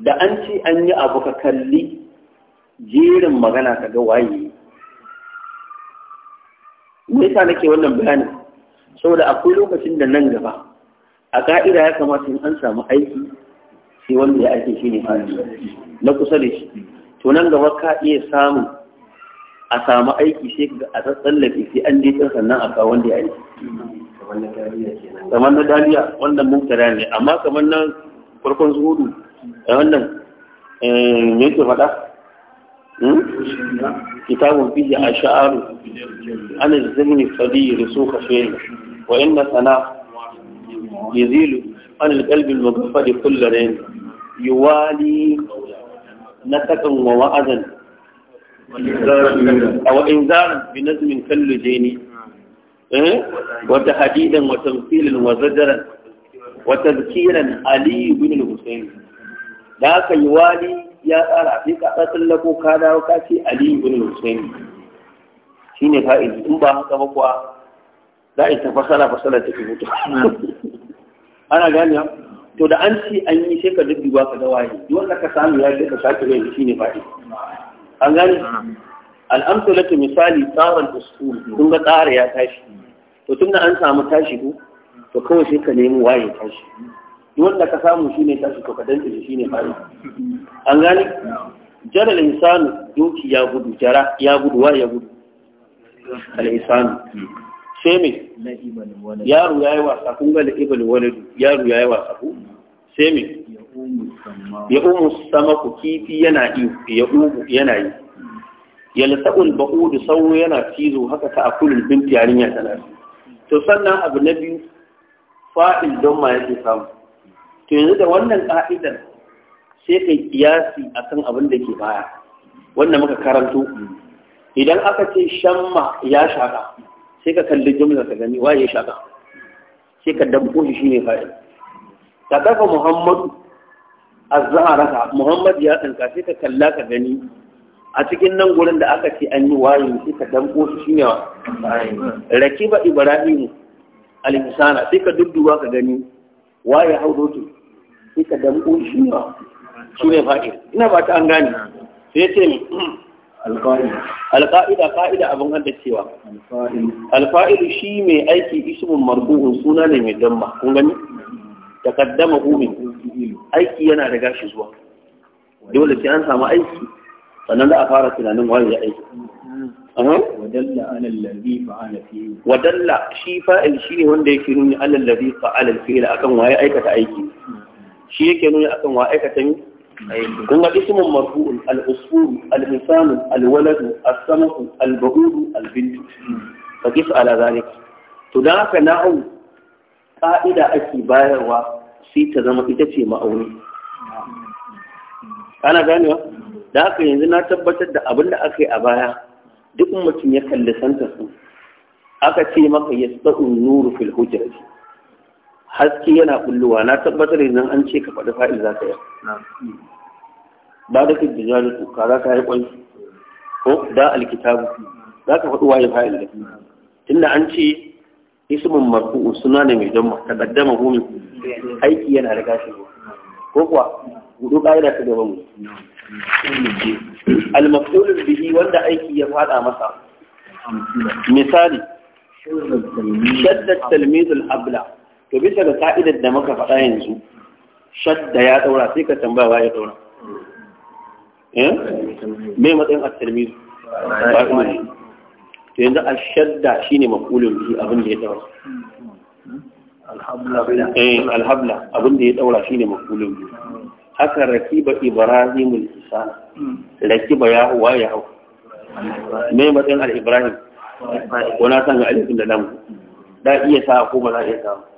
da an ce an yi abu ka kalli jerin magana ka ga waye me yasa nake wannan bayanin saboda akwai lokacin da nan gaba a ka'ida ya kamata in an samu aiki sai wanda ya aike shi ne hali na kusa da shi to nan gaba ka iya samu a samu aiki shi ga a tsallafe sai an jikin sannan a kawo wanda ya aiki kamar na daliya wannan mubtada ne amma kamar na farkon zuhudu a eh, wannan eh, me ke faɗa hmm? kitabun fiye a sha'aru ana zirni fadi risu kashe wa inna sana yazilu an alƙalbin magafa da kullare ne yuwali na takan wa wa'azan a wa'in zarar bi nazmin kalluje ne wata hadidan wa tamfilin wa zajaran wa tazkiran ali ibn al da aka yi ya tsara sai ka tsatsin lako ka dawo ka ce ali ibn al-husayn shine fa'idi in ba haka ba kuwa za a fasala fasala ta fito ana gani to da an ci an yi sai ka dudduba ka ga waye wanda ka samu ya ka sake bai shi ne faɗi an gani lati misali tsarin usul kun ga tsara ya tashi to tunda an samu tashi ko to kawai sai ka nemi waye tashi wanda ka samu shi ne tashi to ka danta shi ne faɗi an gani jaral insanu doki ya gudu jara ya gudu waye ya gudu al insanu sai me yaro ya yi wasa kun ga la'ibal waladu yaro ya yi wasa ku sai me ya umu sama ku kifi yana yi ya umu yana yi ya lissa'ul ba'udu sauro yana cizo haka ta akulul binti yarinya tana to sannan abu na biyu fa'il don ma yake samu to yanzu da wannan ka'idar sai kai kiyasi akan abin da ke baya Wannan muka karanto idan aka ce shamma ya shaka sai ka kalli jumla ka gani waye shaka sai ka dabbo shi shine fa'il ta kafa muhammadu az ka muhammad ya tsanka sai ka kalla ka gani a cikin nan gurin da aka ce an yi waye sai ka dabbo shi shine rakiba ibrahim al-insana sai ka dudduwa ka gani waye haudoto sai ka dabbo shi ne shine fa'il ina ba ta an gane sai ce hmm. alƙa'ida ƙa'ida abin haddacewa alfa'ilu shi mai aiki ismun marbu'un suna ne mai damma kun gani takaddama umin aiki yana da gashi zuwa dole sai an samu aiki sannan za a fara tunanin waye ya aiki wadalla shi fa'il shi ne wanda yake nuni alallazi fa'alal fi'il akan waye aikata aiki shi yake nuni akan waye aikata ne kun ga ismun marfu'un al-usfur al-insan al-walad as-samah al-ba'ud al-bint fa kif ala zalik to dan haka na'u ka'ida ake bayarwa sai ta zama ita ce ma'auni ana ganewa da haka yanzu na tabbatar da abin da aka yi a baya duk mutum ya kalli santa su aka ce maka ya tsa'un nuru fil hujjati haske yana kulluwa na tabbatar idan an ce ka faɗi fa'il za ka yi ba da da dijiyar tuka za ka yi kwai ko da alkitabu za ka faɗi waye fa'il da tunda an ce ismin marfu'u suna ne mai jamma ta gaddama gumi aiki yana da gashi ko kuwa hudu ƙa'ida ta gaba mu al bihi wanda aiki ya faɗa masa misali shaddat talmizul abla to bisa da ka'idar da muka faɗa yanzu shadda ya ɗaura sai ka tambaya ya ɗaura eh? mai matsayin at ba kuma ne to yanzu a shadda shi ne makulun abin da ya ɗaura eh, alhabla abinda da ya ɗaura ne makulun bi. haka rakiba ibrahim al-isa rakiba ya huwa ya hau mai matsayin al-ibrahim wani san ga alifin da lamu da iya sa ko ba za iya sa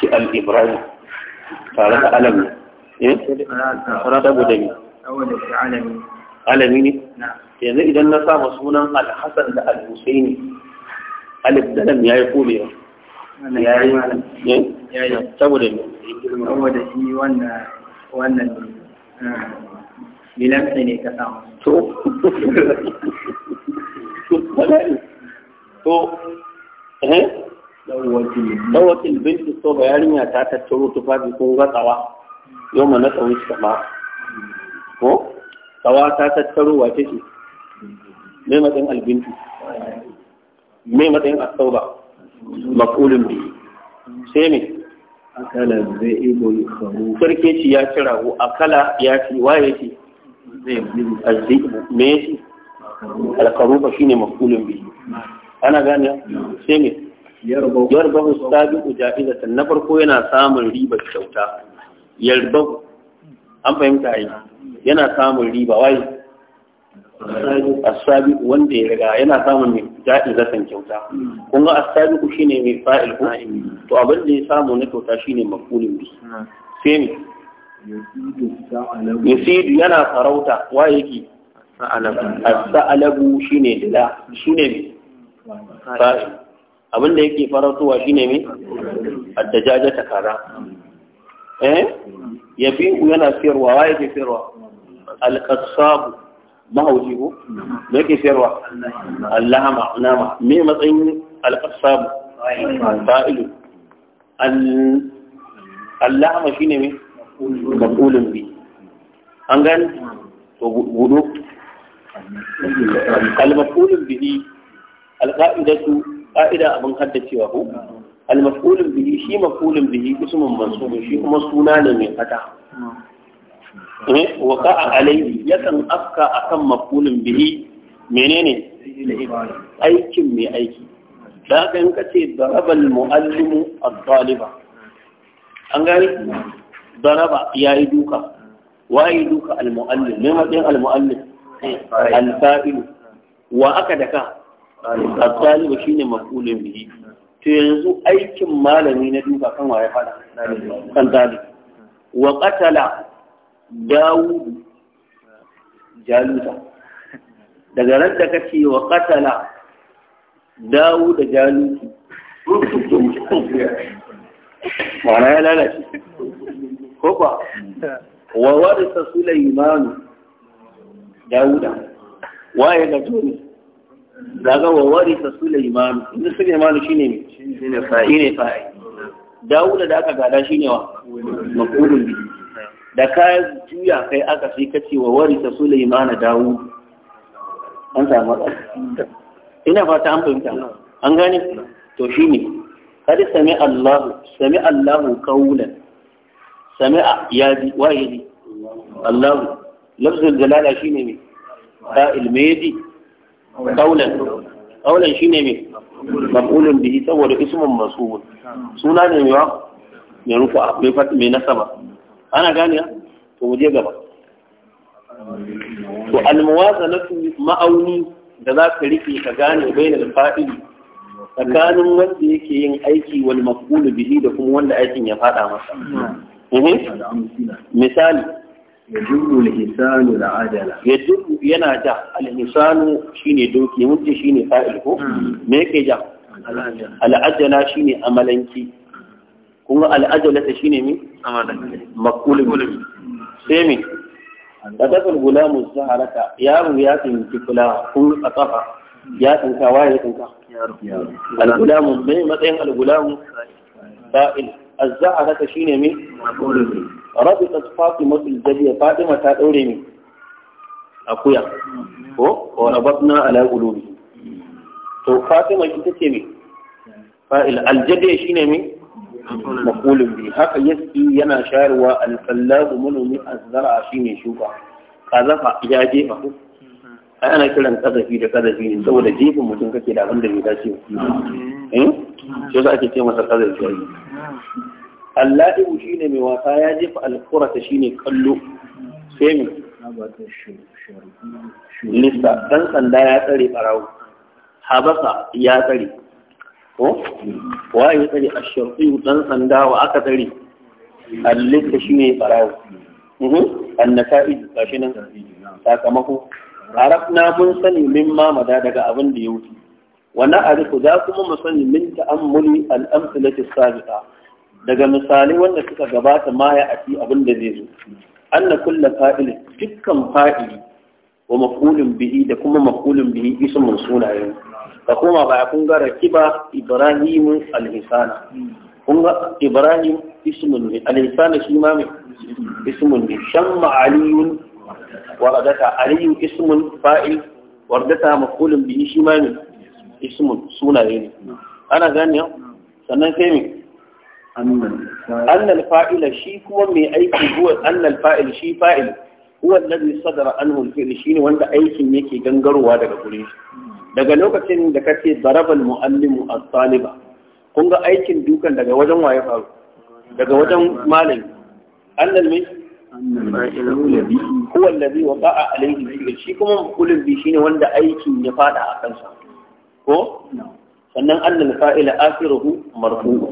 ce al'ibrahim tare da alami eh da gudami alami yanzu idan na sama sunan alhassan da alhussaini alif da lam ya yi kolewa ya yi eh? saboda ne saboda shi wannan eh, bilansa ne ka samu to to eh dawakil binti so ba yarinya ta tattaro tufafi kun gatsawa tsawa yau ma na tsawon shi kama ko tsawa ta tattaro wace ce mai matsayin albintu mai matsayin asauba makulun bi sai me akala zai ibo kawo sarki ci ya ci rago akala ya ci waye ci zai me ya ci shi ne makulun bi ana gane sai me yarbahu sabiqu ja'izatan na farko yana samun riba kyauta yarbahu an fahimta yi yana samun riba wai asabiqu wanda ya riga yana samun mai ja'izatan kyauta kun ga asabiqu shine mai fa'il ko to abin da ya samu na kyauta shine mafulin bi sai ne yusidu yana farauta wai yake sa'alabu shine dila shine mai fa'il abin da yake faratuwa shine ne addajaja ta kaza eh yabiu yana siyarwa wa yake siyarwa alqassab mahauji ko me yake siyarwa allahama nama me matsayin alqassab fa'ilu allahama shine mai maqulun bi an gani to gudu al maqulun bihi al ƙa'ida abin haddacewa ko المفعول bihi shi مفعول bihi اسم منصوب shi kuma suna ne mai fata eh, waqa'a alayhi yakan afka akan maf'ulun bihi menene aikin mai aiki da haka in kace daraba almuallimu al taliba an gani daraba yi duka wayi duka almuallim ne matsayin almuallim al-fa'ilu wa aka daka at-talibu shine makulin bihi to yanzu aikin malami na duka kan waye fada kan tali wa qatala Dawudu jaluta daga ran da kake wa qatala dawud Jaluta, ma'ana ya lalace ko ba wa warisa sulaiman dawuda waye ga tuni daga wa warisa imanu inda imanu shi ne shine fa'i ne fa'i Dawuda da aka gada shine wa maqulun bi da ka juya kai aka fi kace wa warisa imanu Dawud an samu ina fata an fahimta an gane to shine kada sami Allah sami Allah kaulan sami ya ji wa ya ji Allah lafzul jalala shi ne fa'il me ya ji kaulan kaulan shine me maf'ulun bihi saboda ismun mansubun suna ne mewa mai rufa mai fat mai nasaba ana gane to mu je gaba to almuwazanatu ma'auni da za ka rike ka gane bainal fa'ili tsakanin wanda yake yin aiki wal maf'ulu bihi da kuma wanda aikin ya fada masa mhm. misali yajurru al yana da al-hisanu shine doki mun ce shine fa'il ko me ke ja al-ajala shine amalanki kuma ga al-ajala ta shine mi amalanki maqulun sai mi kadafa al-gulamu zaharata yaro ya tsinci fulawa kun a kafa ya tsinka waye tsinka al-gulamu mai matsayin al fa'il الزعرة شين مي ربطت فاطمة الجبية فاطمة تأوري مي أقويا وربطنا على قلوبهم to fatima ita ce me fa'il aljade shine me maqulun bi haka yaski yana shayarwa al-qallahu manumi az shine shuka kazafa ya jefa ana kiran kazafi da kazafi ne saboda jefin mutum kake da abin da bai shi yasa ake ce masa qadar jari shi ne mai wasa ya jefa shi ne kallo femi lista ɗan sanda ya tsare ɓarawo habasa ya tsare ko wa ya tsare asharfi ɗan sanda wa aka tsare shi ne ɓarawo barawo mhm. annata'ij gashi nan sakamako rafna mun sani mimma mada daga abin da ya wuce wannan arifu za kuma mu sani min ta'ammuli al-amsalati sabiqa daga misali wanda suka gabata ma ya ati abin da zai zo anna kullu fa'il dukkan fa'ili wa maf'ulun bihi da kuma maf'ulun bihi ismun sunaye ka koma ba kun ga rakiba ibrahim al-hisana kun ga ibrahim ismun ne al-hisana shi ma mai ismun ne shamma aliyun وردتا علي اسم فائل وردتا مفعول به شمال ismun sunaye ne ana gani sannan sai me annal fa'ila shi kuma mai aiki huwa annal fa'il shi fa'il huwa alladhi sadara anhu al-fi'l shine wanda aikin yake gangarowa daga gure shi daga lokacin da kace darabal muallimu as-taliba kun ga aikin dukan daga wajen waye faru daga wajen malami annal mai huwa alladhi waqa'a alayhi shi kuma kullu bi shine wanda aikin ya fada a kansa ko sannan annal fa'ila akhiruhu marfu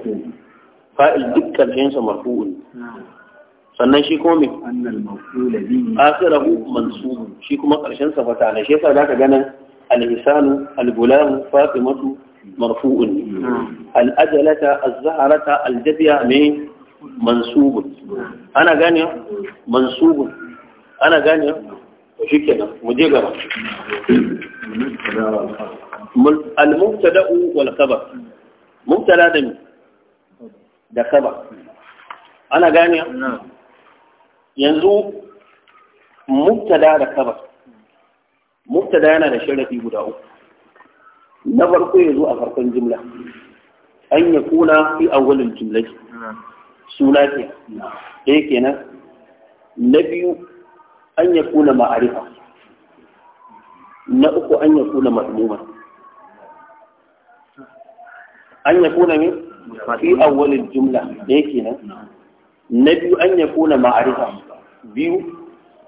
fa'il dukkan jinsa marfu'un sannan shi kuma me annal shi kuma ƙarshen sa fata ne shi yasa zaka ganin al-hisanu al-gulam fatimatu مرفوع الأجلة الزهرة الجبية من منصوب أنا غاني منصوب أنا غاني وشكرا gaba. al-mubtada'u wal khabar mubtala da da khabar ana gane yanzu mubtada da khabar mubtada yana da sharafi guda uku na farko yazo a farkon jumla an yakuna fi awwalil jumlati suna ke ɗaya kenan na biyu an ya kuna ma'arifa na uku an ya kuna ma'amuma an ya kuna ne fi awwalil jumla ne kenan na biyu an ya kuna ma'arifa biyu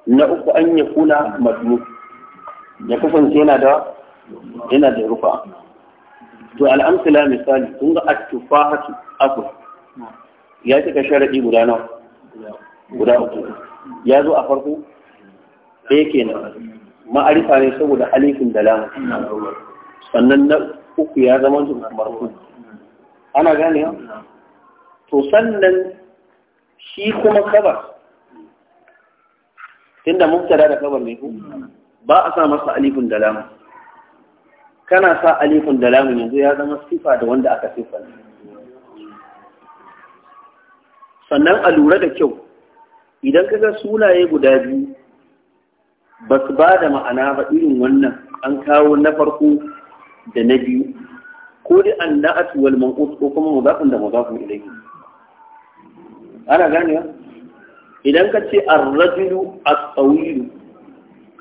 na uku an ya kuna madmu ya kasance yana da yana da rufa to al'amsala misali kun ga at-tufahatu aqul ya cika sharadi guda nawa guda uku ya zo a farko ɗaya kenan ma'arifa ne saboda alifin da lamu sannan na uku ya zama jumlar marfu ana gane ya to sannan shi kuma kabar inda mubtada da kaba ne ku ba a sa masa alifin da lamun kana sa alifin da lamun yanzu ya zama sifa da wanda aka sifa sannan a lura da kyau idan kaga sunaye guda biyu ba su ba da ma'ana ba irin wannan an kawo na farko da na biyu ko dai an na'at wal manqus ko kuma mudafin da mudafin ilayhi ana ganewa idan ka ce ar-rajulu as-tawil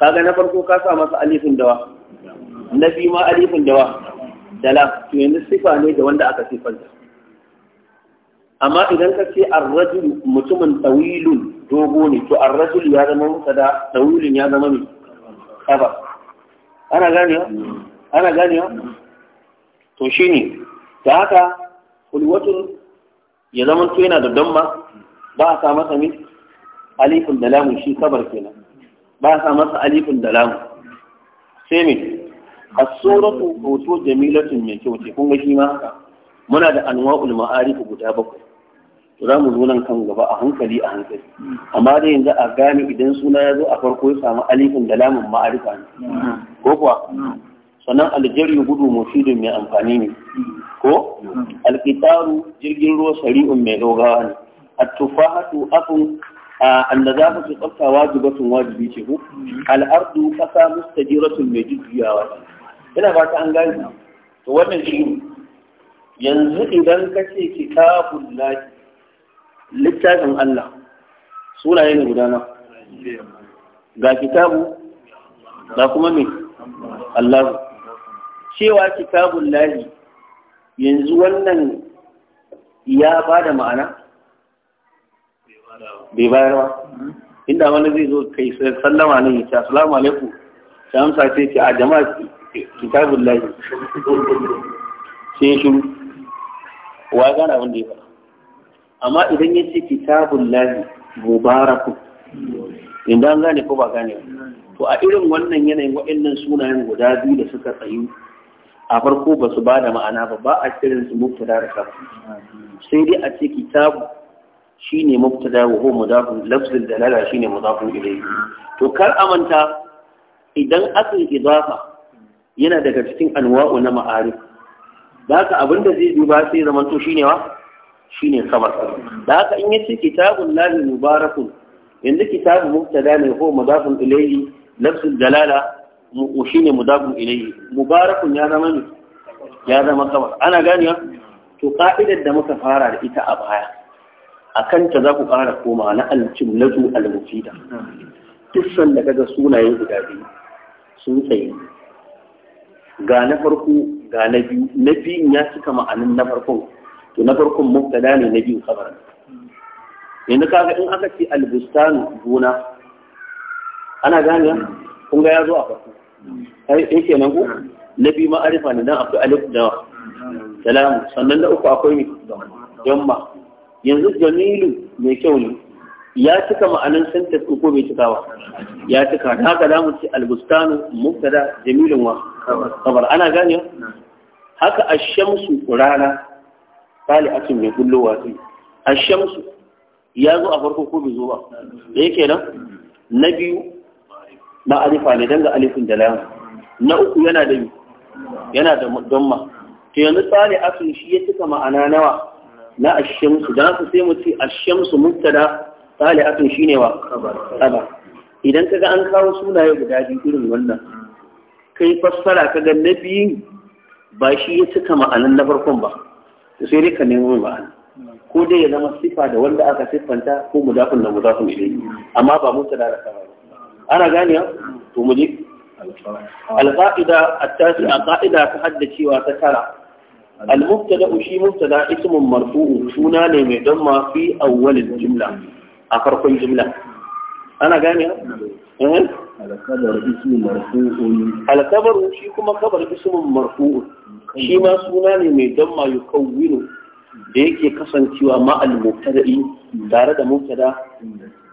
kaga na farko ka sa masa alifin dawa na biyu ma alifin dawa dala to yanzu sifa ne da wanda aka sifanta amma idan ka ce ar-rajulu mutumin tawilun dogo ne to ar-rajul ya zama da tawilun ya zama mai kaba ana gane ana ganewa to ne ta haka kulwatun ya zama to yana da damma ba a sa masa ne alifin da lamun shi kabar kenan ba a sa masa alifin da lamun sai me a suratu hoto jamilatun mai kyau ce kun ga shi ma haka muna da anwa'ul ma'arif guda bakwai to za mu zo nan kan gaba a hankali a hankali amma dai yanzu a gane idan suna ya zo a farko ya samu alifin da lamun ma'arifa ne mm. ko kuwa mm. sannan Aljeri gudu mufidin mai amfani ne ko alkitaru jirgin ruwa shari'un mai dogawa ne at-tufahatu afun annazafatu tsafta wajibatun wajibi ce ko al-ardu qasa mustajiratun mai jujjuyawa ina ba ta an gani to wannan shi yanzu idan ka ce kitabul lahi littafin Allah sunaye ne guda ga kitabu ga kuma me Allah cewa kitabun lahi yanzu wannan ya ba da ma'ana? bai bayar ba inda wani zai zo kai sallama ne ta salamu assalamu alaikum ta amsa ce ce a jama'a kitabun lahi sai shiru wa gana abin da ya fara? amma idan ya ce kitabun lahi ku? inda an gane ko ba gane to a irin wannan yanayin waɗannan sunayen guda biyu da suka tsayu a farko ba su ba da ma'ana ba ba a kirin su muftada da kafu sai dai a ce kitabu shine muftada wa da mudafun shi ne shine mudafun ilayhi to kar amanta idan asin idafa yana daga cikin anwa'u na ma'arif da haka abin da zai duba sai zama to ne wa ne khabar da haka in yace kitabun lahi mubarakun yanzu kitabu muftada ne ko mudafun ilayhi da dalala shi ne mudagun ilayi mubarakun ya zama ne ya zama kawar ana ganiya to ka'idar da muka fara da ita a baya a kanta za ku ƙara koma na alcin lazu almufida tussan da daga sunaye guda biyu sun tsaye ga na farko ga na biyu na biyun ya cika ma'anin na farkon to na farkon mubtada ne na biyu kabar yanzu kaga in aka ce albustanu gona ana gani kun ga ya zo a farko yake eh, nan ku na biyu ma'arifa ne dan akwai alif da salamu sannan na uku akwai ne jamma yanzu jamilu mai kyau ne ya cika ma'anin sentence ko bai cika ba ya cika Na ga za mu ci albustanu mubtada jamilun wa kabar ana gane haka a ashamsu rana kali akin mai kullo wasu Shamsu. ya zo a farko ko bai zo ba da yake nan na biyu na alifa ne danga alifin da lamu na uku yana da yana da damma to yanzu tsari asun shi ya cika ma'ana nawa na ashamsu da su sai mu ce ashamsu mubtada tsari shi ne wa kaba idan kaga an kawo sunaye guda biyu irin wannan kai fassara kaga na biyu ba shi ya cika ma'anan na farkon ba sai dai ka nemo ma'ana ko dai ya zama sifa da wanda aka siffanta ko mudafin da mudafin ilayhi amma ba mutada da ba. ana gani to mu Alƙa'ida a tasi a ƙa'ida ta haddacewa ta tara al-mubtada shi mubtada ismun marfu'u suna ne mai damma fi awwal al-jumla a farkon jimla. ana gani ya? Eh? al-khabar ismun marfu'un shi kuma Kabar ismun marfu'u shi ma suna ne mai damma yukawwinu da yake kasancewa ma al-mubtada'i tare da mubtada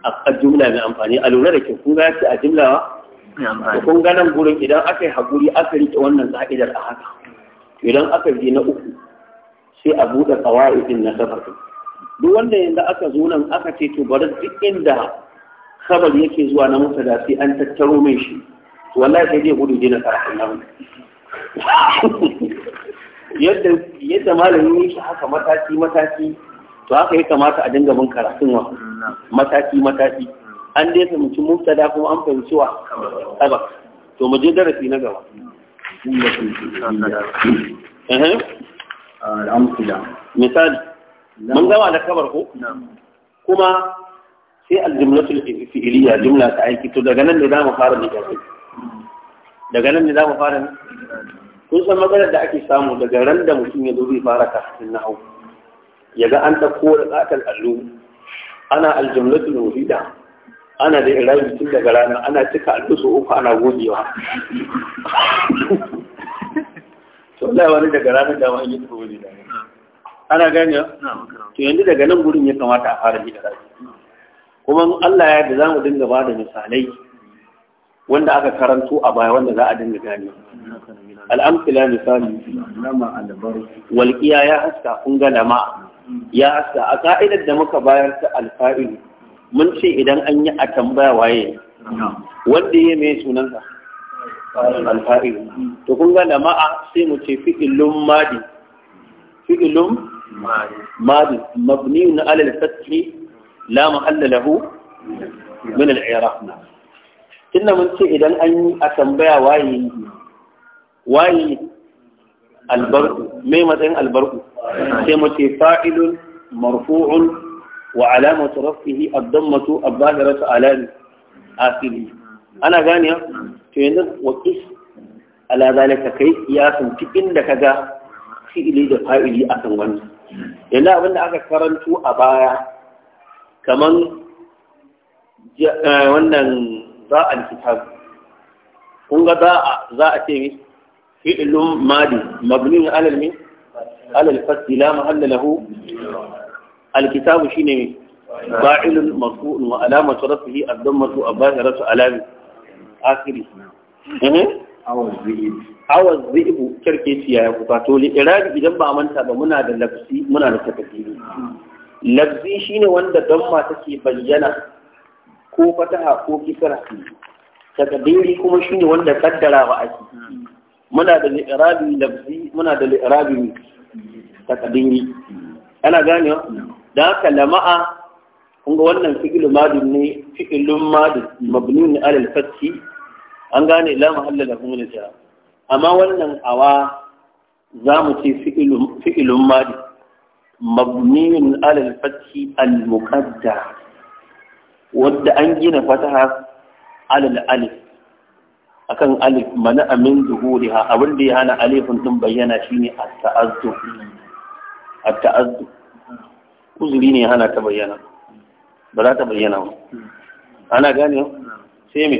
a jumla mai amfani a lura da kyau, kun ga a jumlawa da kun ga nan gurin idan aka yi haƙuri aka riƙe wannan ƙa'idar a haka idan aka je na uku sai a buɗe ƙawa'idin na safar duk wanda yanzu aka zo nan aka ce to bari duk inda khabar yake zuwa na mutada sai an tattaro mai shi to wallahi sai zai gudu dina karatun nan yadda yadda malamin shi haka mataki mataki to haka ya kamata a dinga bin karatun wa mataki mataki an dai fahimci mubtada kuma an fahimci wa sabak to mu je darasi na gaba misali mun gama da kabar ko kuma sai aljumlatul fi'iliya jumla ta aiki to daga nan ne za mu fara ne daga nan ne za mu fara ne kun san maganar da ake samu daga ran da mutum ya zo zai fara kafin na hau ya ga an ɗauko da tsatar allo ana aljumlatul mufida ana da irabi tun daga rana ana cika allo su uku ana gogewa to Allah wani daga ranar da wani yake gobe da ana gane to yanzu daga nan gurin ya kamata a fara hidda kuma Allah ya da zamu dinga ba da misalai wanda aka karanto a baya wanda za a dinga gane al'amfila misali walƙiya ya haska kun ga lama ya sa a ka'idar da muka bayar ta alfa'il mun ce idan an yi a tambaya waye wanda ya mai sunansa alfa'il to kun ga da ma'a sai mu ce fi'ilun madi fi'ilun madi mabni na alal fatri la mahalla lahu min al tunda mun ce idan an yi a tambaya waye waye albarku mai matsayin albarku sai mace fa'ilun marfu'un wa alamatu rafihi ad-dammatu abahiratu alami asili ana gane to yanzu wa qis ala zalika kai kiyasin cikin da kaga fi'ili da fa'ili akan wannan yanzu abinda aka karanto a baya kaman eh, wannan za al kitab kun ga za a ce فعل ماضي مبني على المين على الفتح لا محل له الكتاب شيني فاعل مرفوع وعلامة رفعه الضمة الظاهرة علامة آخره awas zibu kyarkeciya ya kufato li irabi idan ba manta ba muna da lafsi muna shine wanda damma take bayyana ko fataha ko kisra takadiri kuma shine wanda kaddara ba ake muna da li'irabi lafzi muna da li'irabi takadiri ana wa da haka lama'a kun ga wannan fi'il madin ne fi'ilun madin mabnun alal fathi an gane la mahalla lahu min al amma wannan awa za mu ce fi'ilun madin mabnun alal fathi al muqaddar wadda an gina fataha alal alif akan alif mana amin zuhuriha abin da ya hana alifin din bayyana shine at-ta'azzu at-ta'azzu uzuri ne hana ta bayyana ba za ta bayyana ba ana gane sai me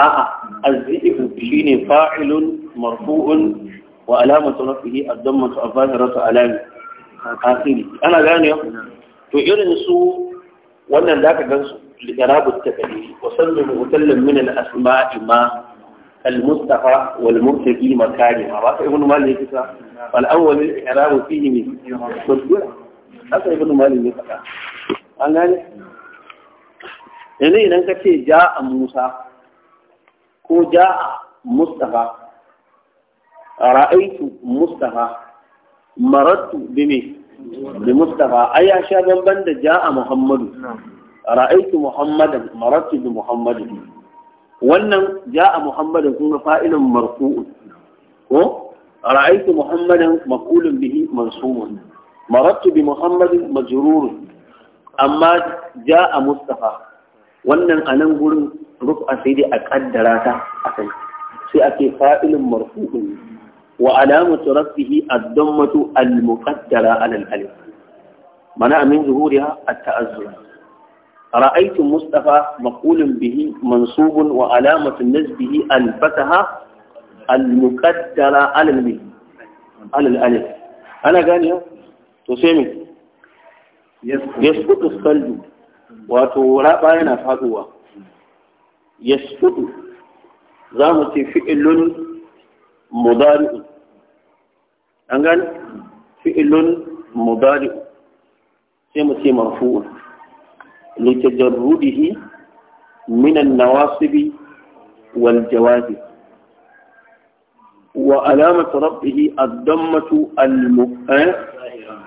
a'a azzihu shine fa'ilun marfu'un wa alamatu rafihi ad-dammatu al-zahiratu alami akhiri ana gane to irin su wannan zaka gansu لإراب التكاليف وسمي مغتلا من الأسماء ما المصطفى والمرتقي مكارم رافع ابن مالك فالأول الإعراب فيه من رافع ابن مالك an gane yanzu idan ka ce ja musa ko ja a ra'aitu mustafa marattu bi me bi mustafa ai ya sha banban da ja a muhammadu ra'aitu muhammadan marartu bi muhammadin wannan ja'a muhammadan kun ga fa'ilun marfuu. ko ra'aitu muhammadan maqulun bihi mansubun marartu bi muhammadin majrurun amma ja'a mustafa wannan a nan gurin rufa sai dai a kaddara ta a kai sai ake fa'ilun marfu'un wa alamatu rafihi ad-dammatu al-muqaddara ala al-alif mana min zuhuriha at-ta'azzur رأيت مصطفى مقول به منصوب وعلامة نسبه الفتحة المقدرة على البه على الألف أنا قال تسمي يسقط الصلب وتوراء باينا فاتوا يسقط زامة فئل مضارع أنا قال فئل مضارع سيما سيما مرفوع لتجرده من النواصب والجواز وألامة ربه الضمة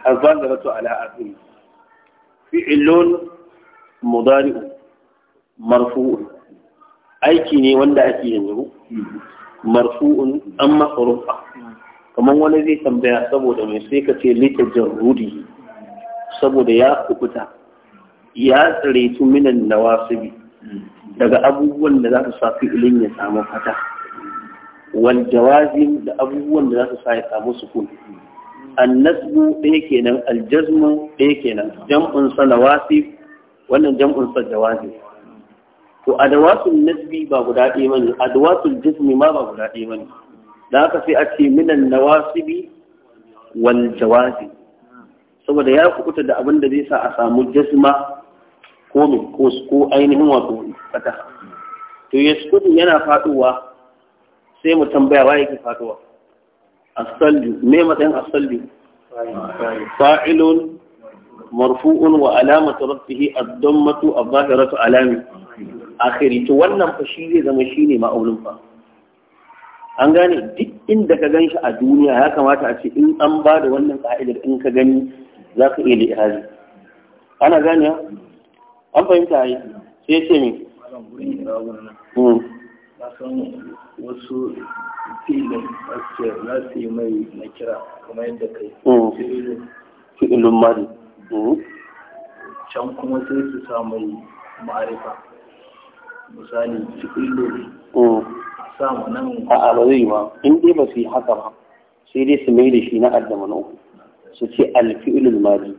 الظاهرة على أبيه فعل مضارع مرفوع أي كيني وندا أكيني مرفوع أما حروفا كما هو الذي tambaya saboda mai sai ka ce lita jarruri saboda ya tsare su minan nawasibi daga abubuwan da za su sa ilin ya samu fata wal jawazim da abubuwan da za su sa ya samu sukun annasbu ɗaya kenan aljazmu ɗaya kenan jam'un sa wasu wannan jam'un sa jawazi. to adawatul nasbi ba guda ɗaya bane adawatul jazmi ma ba guda ɗaya mani. da aka sai a ce minan nawasibi wal jawazim saboda ya kukuta da abin da zai sa a samu jazma ko min ko ainihin wato fata to yasqutu yana faduwa sai mu tambaya waye ke faduwa Asali salju me matsayin asali. fa'ilun marfu'un wa alamatu rafihi ad-dammatu adh-dhahiratu alami akhiri to wannan fa shi zai zama shine ma'aunin fa an gane duk inda ka ganshi a duniya ya kamata a ce in an ba da wannan ka'idar in ka gani za ka iya li'irabi ana gani ya an fahimta yi sai ya ce mi hmm. wasu filin aske za su yi mai na kira kamar yadda kai hmm. fi'ilun mari hmm. can kuma sai su sa mai ma'arifa misali fi'ilun sa nan a'a ba zai yi ba in dai ba su yi haka ba sai dai su mai da shi na addama na uku su ce alfi'ilul madi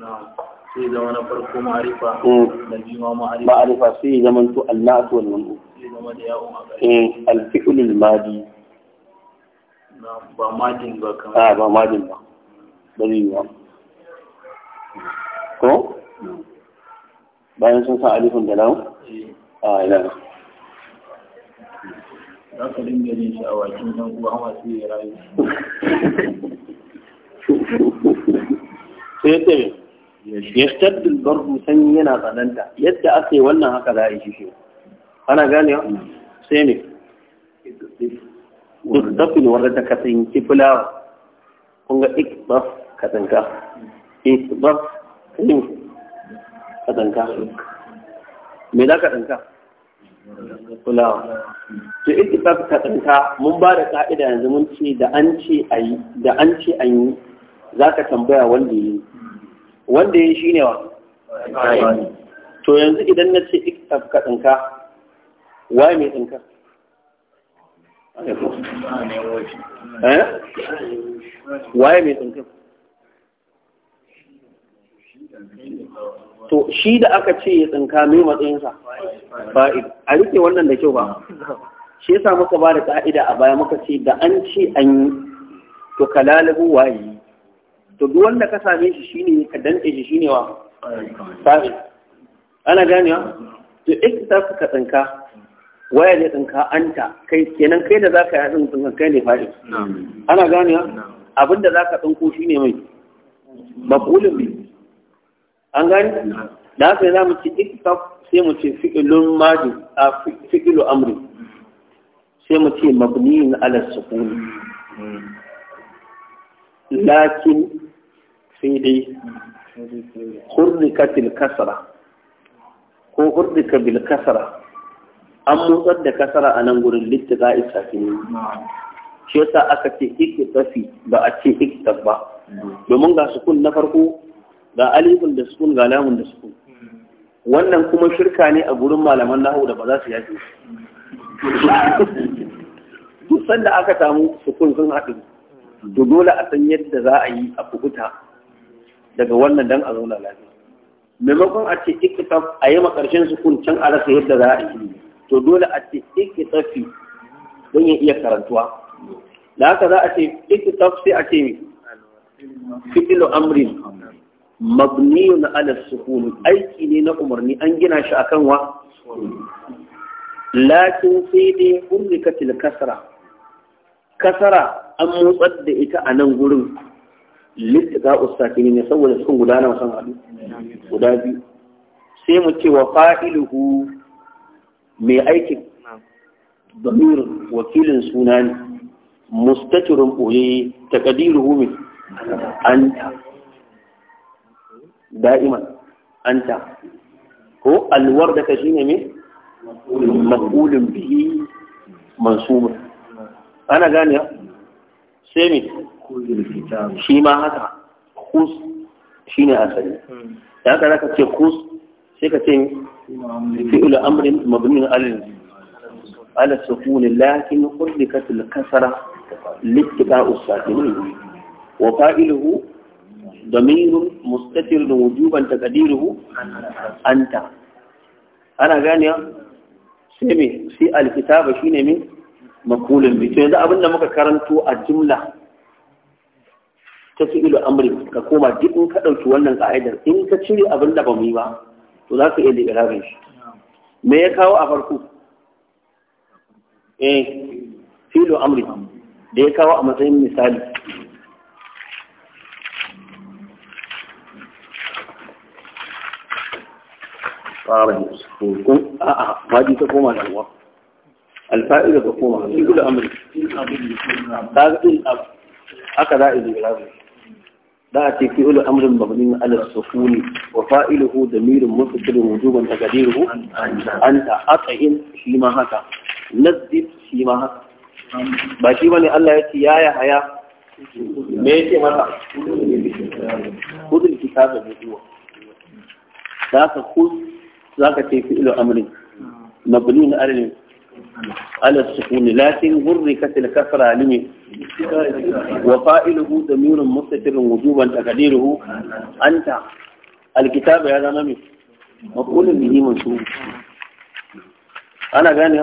sai farko ma'arifa da eh. biyu ma'arifa ma'arifa zama to wannan a eh, alfi'ilul ba madin ba ah, ba madin ba ba zai ba ko bayan sun san alifin da lamu eh. a ah, ina za ka dinga jin sha'awakin yan uwa masu yi rayu sai ce ya shaddul barbu sanyi yana tsananta yadda aka yi wannan haka za a yi shi ana gane wa? sai ne dafin wanda ta kasance fulawa kun ga ikbaf katsanka ikbaf kayin katsanka me za katsanka kulawa to ikbaf katsanka mun ba da ka'ida yanzu mun ce da an ce a yi da an ce an yi za ka tambaya wanda yi wanda yi shi ne wa to yanzu idan na ce ikitaf ka tsinka waye mai tsinka eh? waye mai tsinka to shi da aka ce ya tsinka mai matsayinsa fa'id a rike wannan da kyau ba shi yasa muka ba da ka'ida a baya muka ce da an ce an yi to kalalabu waye to duk wanda ka same shi shine ka danke shi shine wa sai ana ganewa to iktisa ka tsinka waya ne tsinka anta kai kenan kai da zaka yi tsinka tsinka kai ne fadi ana ganewa abinda zaka tsinko shine mai maqulun bi an gani da sai za mu ci iktisa sai mu ce fi'ilun madi a fi'ilu amri sai mu ce mabniyin ala sukuni lakin sai dai hurrika kasara ko hurrika bil kasara an motsar da kasara a nan gurin littiga isafini shi yasa aka ce ikitafi ba a ce ikitaf ba domin ga sukun na farko ga alifin da sukun ga lamun da sukun wannan kuma shirka ne a gurin malaman nahu da ba za su yaki duk sanda aka samu sukun sun haɗu to dole a san yadda za a yi a kubuta daga wannan dan a zauna lafiya maimakon a ce ikita a yi makarshen sukun can a rasa yadda za a yi to dole a ce fi don ya iya karantuwa da haka za a ce ikita sai a ce fitilu amrin mabniyun ala sukuni aiki ne na umarni an gina shi akan wa lakin sai dai hurrikatil kasara kasara an motsar da ita a nan gurin littaka ustakini ne saboda cikin gudana nawa san haɗu guda biyu sai mu ce wa fa'iluhu mai aikin damir wakilin suna ne mustatirun ɓoye takadiruhu mai anta da'iman anta ko alwar da ka ne mai makulun bihi mansubun ana gane sai mai shi ma haka kus shi ne asali da aka ka ce kus sai ka ce fi ilu amurin mabinin alin ala sukuni lakin kulli ka tilkasara littika usafini wa fa'iluhu domin mustatir da wujuban ta kadiruhu anta ana gani sai mai sai alkitaba shi ne mai makulin bi yanzu abin da muka karanto a jimla ta fi'ilu amri ka koma duk in ka ɗauki wannan ka'idar in ka cire abin da ba mu yi ba to za ka iya rabin shi me ya kawo a farko eh fi'ilu amri da ya kawo a matsayin misali ƙarar su a'a ba ta koma da alfa'ida ka koma shi kula amri ta ga din abu haka za a yi rabu Da a ce fi'ul amrin mabni ala sukuni wa fa'iluhu damirun mustaqilun wujuban taqdiruhu anta at'in shi ma haka nazzib shi ma haka ba shi ne Allah ya ce ya ya haya me ya yake masa kudin kitaba da zuwa za ka ku za ka ce fi'il amrin mabni ala على السكون لكن غركت الكسرة علمي وفائله ضمير مستتر وجوبا تقديره أنت الكتاب هذا نمي مقول به منصوب أنا غاني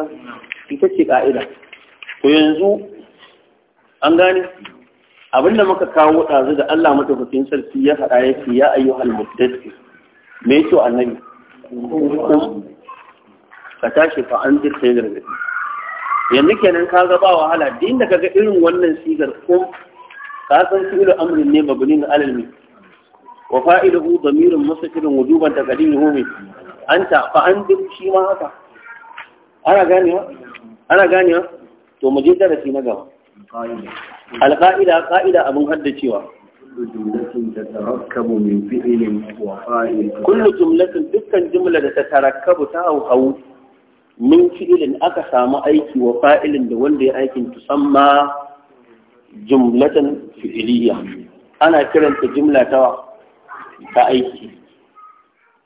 ita ce ka'ida Ku yanzu an gane abinda muka kawo ɗazu da Allah matafafin sarki ya faɗa yake ya ayyuhal muddassir me yake annabi ka tashi fa an dirka yin gargaɗi yanzu kenan ka ga ba wahala din da kaga irin wannan sigar ko ka san fi'lu amrin ne mabni na alalmi? mi wa fa'iluhu damirun mustaqilun wujuban taqdimihi min anta fa an dir shi ma haka ana ganewa ana ganewa to mu je darasi na gaba alqa'ida qa'ida abun haddacewa kullu jumlatin dukkan jumla da ta tarakkabu ta hau min fi'ilin aka samu aiki wa fa'ilin da wanda ya aikin tusamma jumlatan fi'iliya ana kiranta jumla ta ta aiki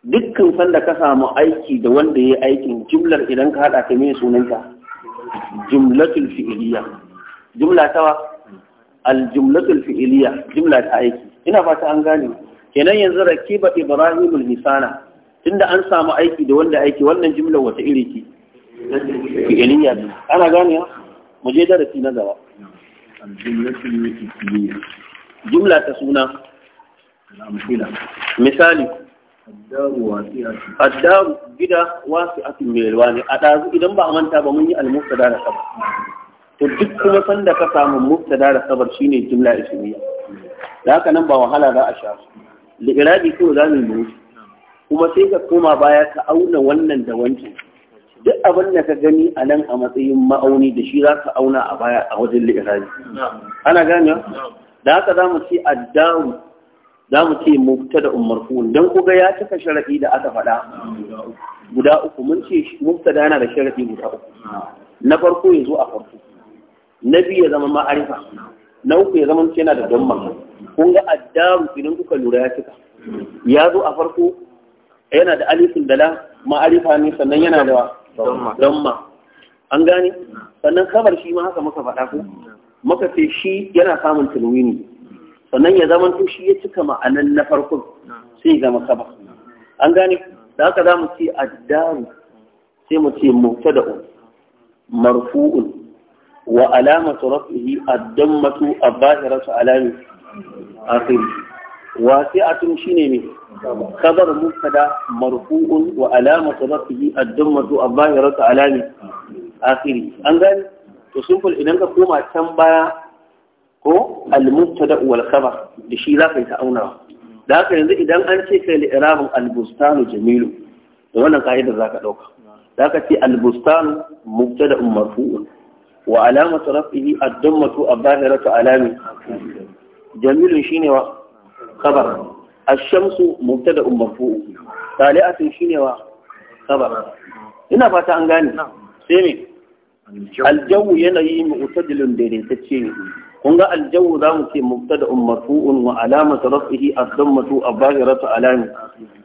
dukkan sanda ka samu aiki da wanda ya aikin jumlar idan ka haɗa ta mai sunanta jumlatul fi'iliya jumla ta aljumlatul fi'iliya jumla ta aiki ina fata an gane kenan yanzu rakiba ibrahimul hisana tunda an samu aiki da wanda aiki wannan jumlar wata iri ke. fi'iliya ne ana gane mu je darasi na gaba jumla ta suna misali addaru gida wasu atin bilwa ne a ɗazu idan ba a manta ba mun yi almustada da sabar to duk kuma sanda ka samu muftada da sabar shine jumla ismiya da haka nan ba wahala za a sha su da irabi ko za mu yi kuma sai ka koma baya ka auna wannan da wancan duk abin da ka gani a nan a matsayin ma'auni da shi za ka auna a baya a wajen li'iraji ana gane da haka za mu ce addaru za mu ce mubtada marfu'un Don kuga ya cika sharaɗi da aka faɗa guda uku mun ce da yana da sharaɗi guda uku na farko ya zo a farko na biyu ya zama ma'arifa na uku ya zama yana da damma kun ga addaru idan kuka lura ya cika ya zo a farko yana da alifin dala ma'arifa ne sannan yana da damma an gane sannan kabar shi ma haka muka faɗa ko muka ce shi yana samun tilwini sannan ya zama to shi ya cika ma'anan na farkon sai ya zama kabar an gane da haka za mu ce addaru sai mu ce mubtada'un marfu'un wa alamatu raf'ihi ad-dammatu abahiratu alami akhirih wasi'atun shine ne kabar mubtada marfu'un wa alamatu rafihi ad-dammatu abahiratu alami akhiri an gani to simple idan ka koma can baya ko al-mubtada wal khabar da shi za ka yi ta'aunawa da haka yanzu idan an ce kai li'irabin al-bustanu jamilu da wannan ka'idar ka dauka zaka ce al-bustanu mubtada marfu'un wa alamatu rafihi ad-dammatu abahiratu alami jamilun shine wa khabar ash-shamsu mubtada'un marfu' sali'atun shine wa khabar ina fata an gane sai me aljawu yanayi mu'tadilun daidaitacce ne kun ga aljawu za mu ce mubtada'un marfu'un wa alamatu raf'ihi ad-dammatu abahiratu alami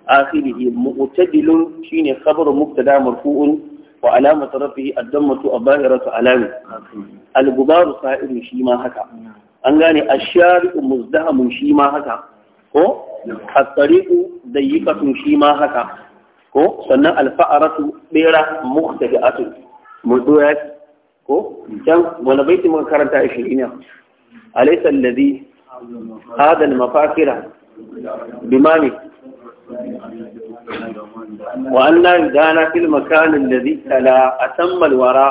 akhirihi mu'tadilun shine khabaru mubtada marfu'un wa alamatu raf'ihi ad-dammatu abahiratu alami al-gubaru sa'iru shi ma haka an gane ash-shari'u muzdahamun shi ma haka ko hatsariku da yi katun shi ma haka ko sannan alfa'aratu bera mukta da atu mutuwas ko can wani baiti muka karanta a shi ina alaisan da zai adal mafakira bimani wa anna gana fil makanin da zai tala a san malwara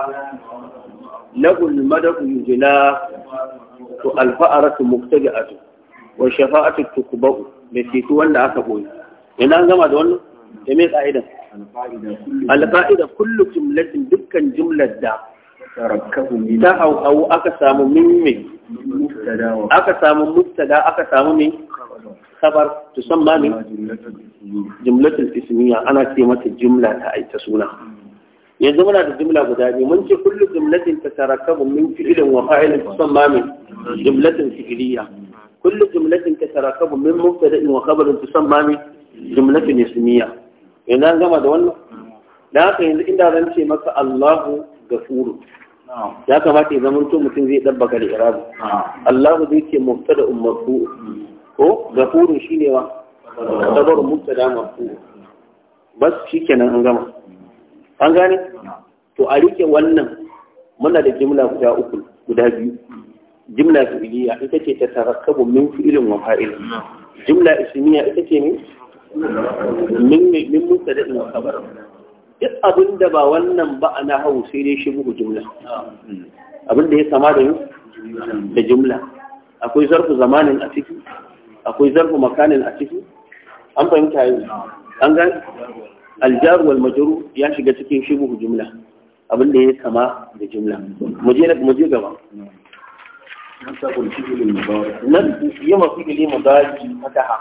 lagun madakun jina to alfa'aratu mukta da tun. wa shafa'atu tukba'u da ceto wanda aka koyi ina an gama da wannan da me ka'idan al-fa'ida kullu jumlatin dukkan jumlar da ta hau aka samu min me aka samu mubtada aka samu me khabar tusamma min jumlatul ismiya ana ce mata jumla ta aita suna yanzu muna da jumla guda biyu mun ce kullu jumlatin ta tatarakabu min fi'lin wa fa'ilin tusamma min jumlatin fi'liya kullu jumlatin tatarakabu min mubtada'in wa khabarin tusamma min jumlatin ismiya yanzu an gama da wannan da haka yanzu inda zan ce maka Allahu gafuru ya kamata ya zama mutum zai dabbaka da irabu Allahu zai ce mubtada'un marfu ko gafuru shine wa khabarun mubtada marfu bas shikenan an gama an gane to a rike wannan muna da jimla guda uku guda biyu jimla fi'iliya ita ce ta tarakkabu min fi'ilin wa fa'il jimla ismiya ita ce ne min min mubtada'in wa khabar duk abin da ba wannan ba ana hawo sai dai shi bugu jimla abin da ya sama da da jimla akwai zarfu zamanin a ciki akwai zarfu makanin a ciki an fahimta yau an gani aljaru wal majru ya shiga cikin shi bugu jimla abin da ya kama da jimla mu je gaba nan yi mafi ili mata ha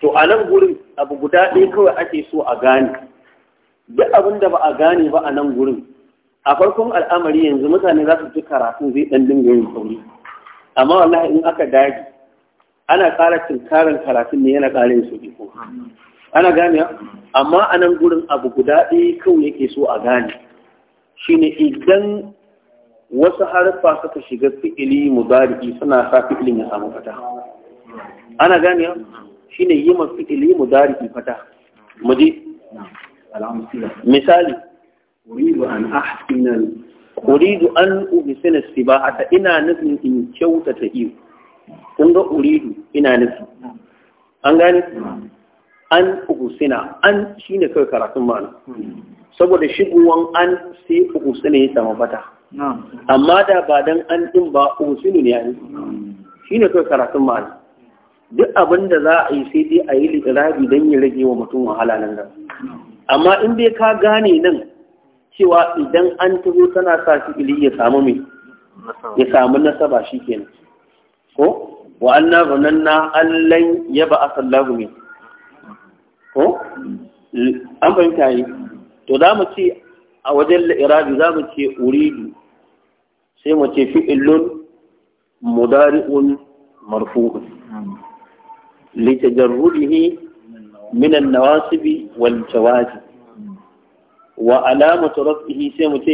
to a nan gurin abu guda ɗaya kawai ake so a gane duk abin da ba a gane ba a nan gurin a farkon al'amari yanzu mutane za su ji karatu zai ɗan dinga yin sauri amma wallahi in aka daji ana ƙara tunkarin karatun ne yana ƙara yin ko ana gane amma a nan gurin abu guda ɗaya kawai yake so a gane shine idan wasu harfa suka shiga fi'ili mudari'i suna sa fi'ilin ya samu fata ana gane shine yi ma fi'ili mudari'i fata muje misali uridu an ahsina uridu an uhsina sibahata ina nufin in kyautata iyo kun ga uridu ina nufi an gane an uhsina an shine kai karatun ma'ana hmm. saboda shigowan an sai uhsina ya samu fata amma da ba dan an din ba usulu ne yayi shine kawai karatun ma'ana duk abin da za a yi sai dai a yi litirabi don ya rage wa mutum wahala nan nan amma in dai ka gane nan cewa idan an taho tana sa shi ili ya samu mai ya samu nasaba shi kenan ko wa anna zananna allan ya ba a sallahu ko an fahimta yi to za mu ce a wajen la'irabi za mu ce uridu sai mu ce fi'ilun mudari'un marfu'un litajarrudihi minan an-nawasibi wal jawazib wa alamatu rafihi sai mu ce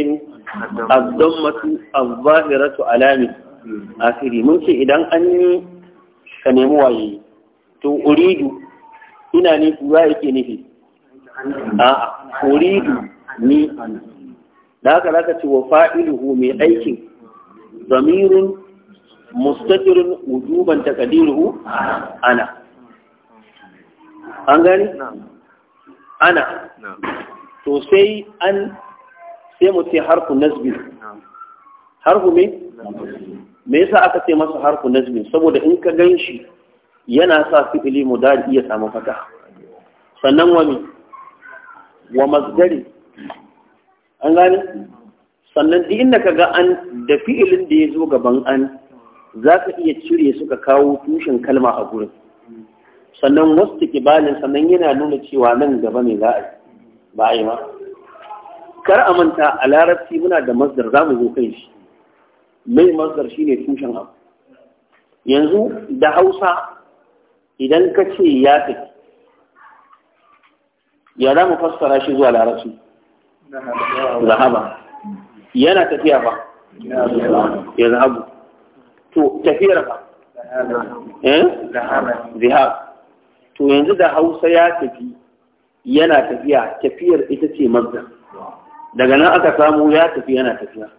ad-dammatu adh-dhahiratu alami firi mun ce idan an yi ka nemi waye to uridu ina ne ya yake nufi a uridu ni ana da haka zaka ce wa fa'iluhu mai aikin zamirun mustatirun wujuban takadiruhu ana an gani ana to sai an sai mu harfu nasbi harfu me me yasa aka ce masa harfu nazmi saboda in ka gan shi yana sa fi'ili mudari iya samu fata sannan wani wa masdari an gani sannan duk inda ka ga an da fi'ilin da ya zo gaban an za ka iya cire suka kawo tushen kalma a gurin sannan wasu kibalin sannan yana nuna cewa nan gaba ne za a yi ba a yi ma kar a manta a larabci muna da masdar za mu zo kai shi mai masdar ne tushen abu yanzu da hausa idan ka ce ya tafi ya za mu fassara shi zuwa larabci zahaba yana tafiya ba ya zahabu to tafiyar ba eh zahab to yanzu da hausa ya tafi yana tafiya tafiyar ita ce mazda daga nan aka samu ya tafi yana tafiya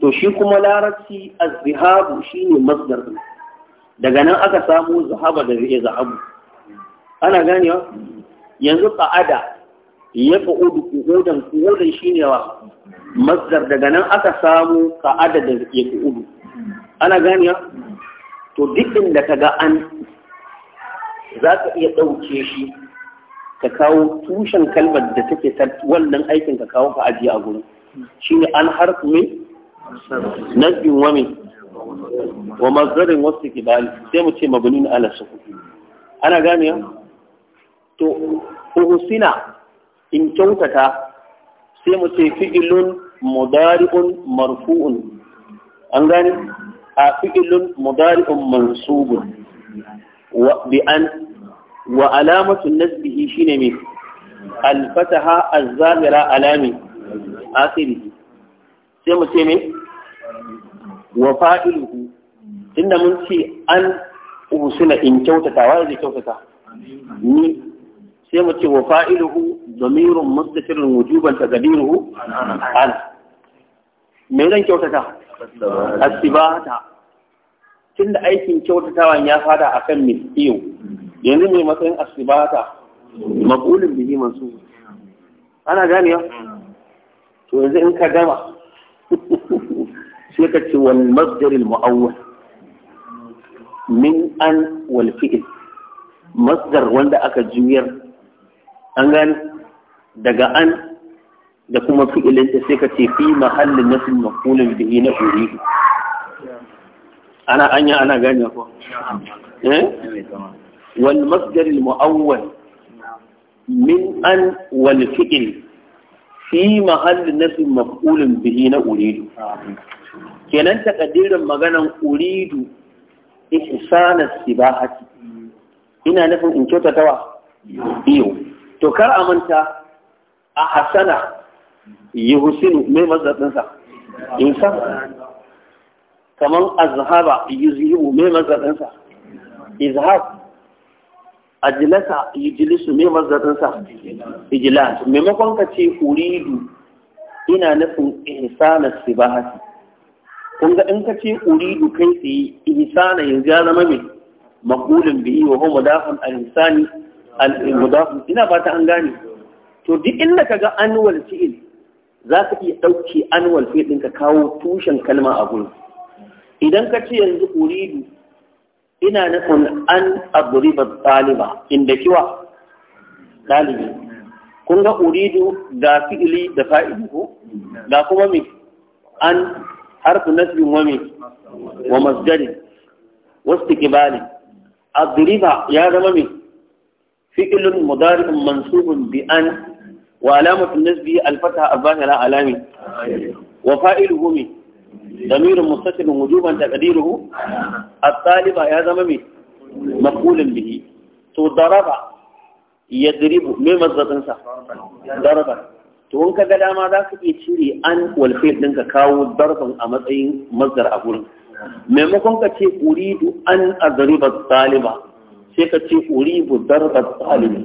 to shi kuma larabci shi shine masdar daga nan aka samu zahaba da zai zahabu ana ganewa yanzu qa'ada ya ƙa'udu ƙudan ƙudan shi ne wa mazdar daga nan aka samu ka adadin ya ƙa'udu ana ya to duk inda ka ga an za ka iya ɗauke shi ka kawo tushen kalmar da take wannan aikin ka kawo ka ajiye a gurin shi ne an harfi mai nasbin wa wa mazdarin wasu kibali sai mu ce mabuni na ala suku ana ganiya to uhusina in kyautata sai mu ce fi'ilun mudari'un marfu'un an gani a fi'ilun mudari'un mansubun wa bi an wa alamatu nasbihi shine me alfataha az-zahira alami akhiri sai mu ce me wa fa'iluhu tunda mun ce an usula in kyautata wa zai kyautata ni sai mu ce wa fa'iluhu damirun mustatirun wujuban taqdiruhu ana me zan kyautata asibata tunda aikin kyautatawan ya fada akan misiyu yanzu mai matsayin asibata maqulun bihi masu ana ganewa to yanzu in ka gama sai ka ce wal masdar muawwal min an wal fi'l masdar wanda aka juyar an gane daga an da kuma fi'ilinta sai ka ce fi mahallin nasin makulin yi na uridu ana anya ana gane ko eh wal masdar muawwal min an wal fi'il fi mahallin nasin makulin yi na uridu kenan takaddirin maganan uridu ihsana sibahati ina nufin in kyautatawa Biyu. to kar a manta a hasana yi husinu mai mazaɗinsa insan kamar azhaba yi zihu mai mazaɗinsa izhab ajilasa yi jilisu mai mazaɗinsa ijilas maimakon ka ce uridu ina nufin ihsana ba kun ga in ka ce uridu kai tsaye ihsana yanzu ya zama mai makulin biyi wa homo dafin al-insani al-mudafu ina ba ta an gane to duk inda kaga annual fi'il za ka iya ɗauki annual fi'il ɗin ka kawo tushen kalma a gurin idan ka ce yanzu uridu ina nufin an adriba taliba inda kiwa ɗalibi kun ga uridu da fi'ili da fa'ili ko da kuma me an harfu nasbin wa me wa masjari wasu kibali adriba ya zama me fi'ilun mudari'un mansubun bi an wa alamatu nasbi alfata abahira alami wa min ضمير متصل وجوبا تقديره الطالب يا زمامي مقول به تو ضرب يضرب ما مزتنسا ضرب to in ga dama za ka iya cire an walfil ɗin ka kawo darbin a matsayin mazdar a gurin maimakon ka ce uridu an azriba ɗaliba. sai ka ce uribu darba zalimi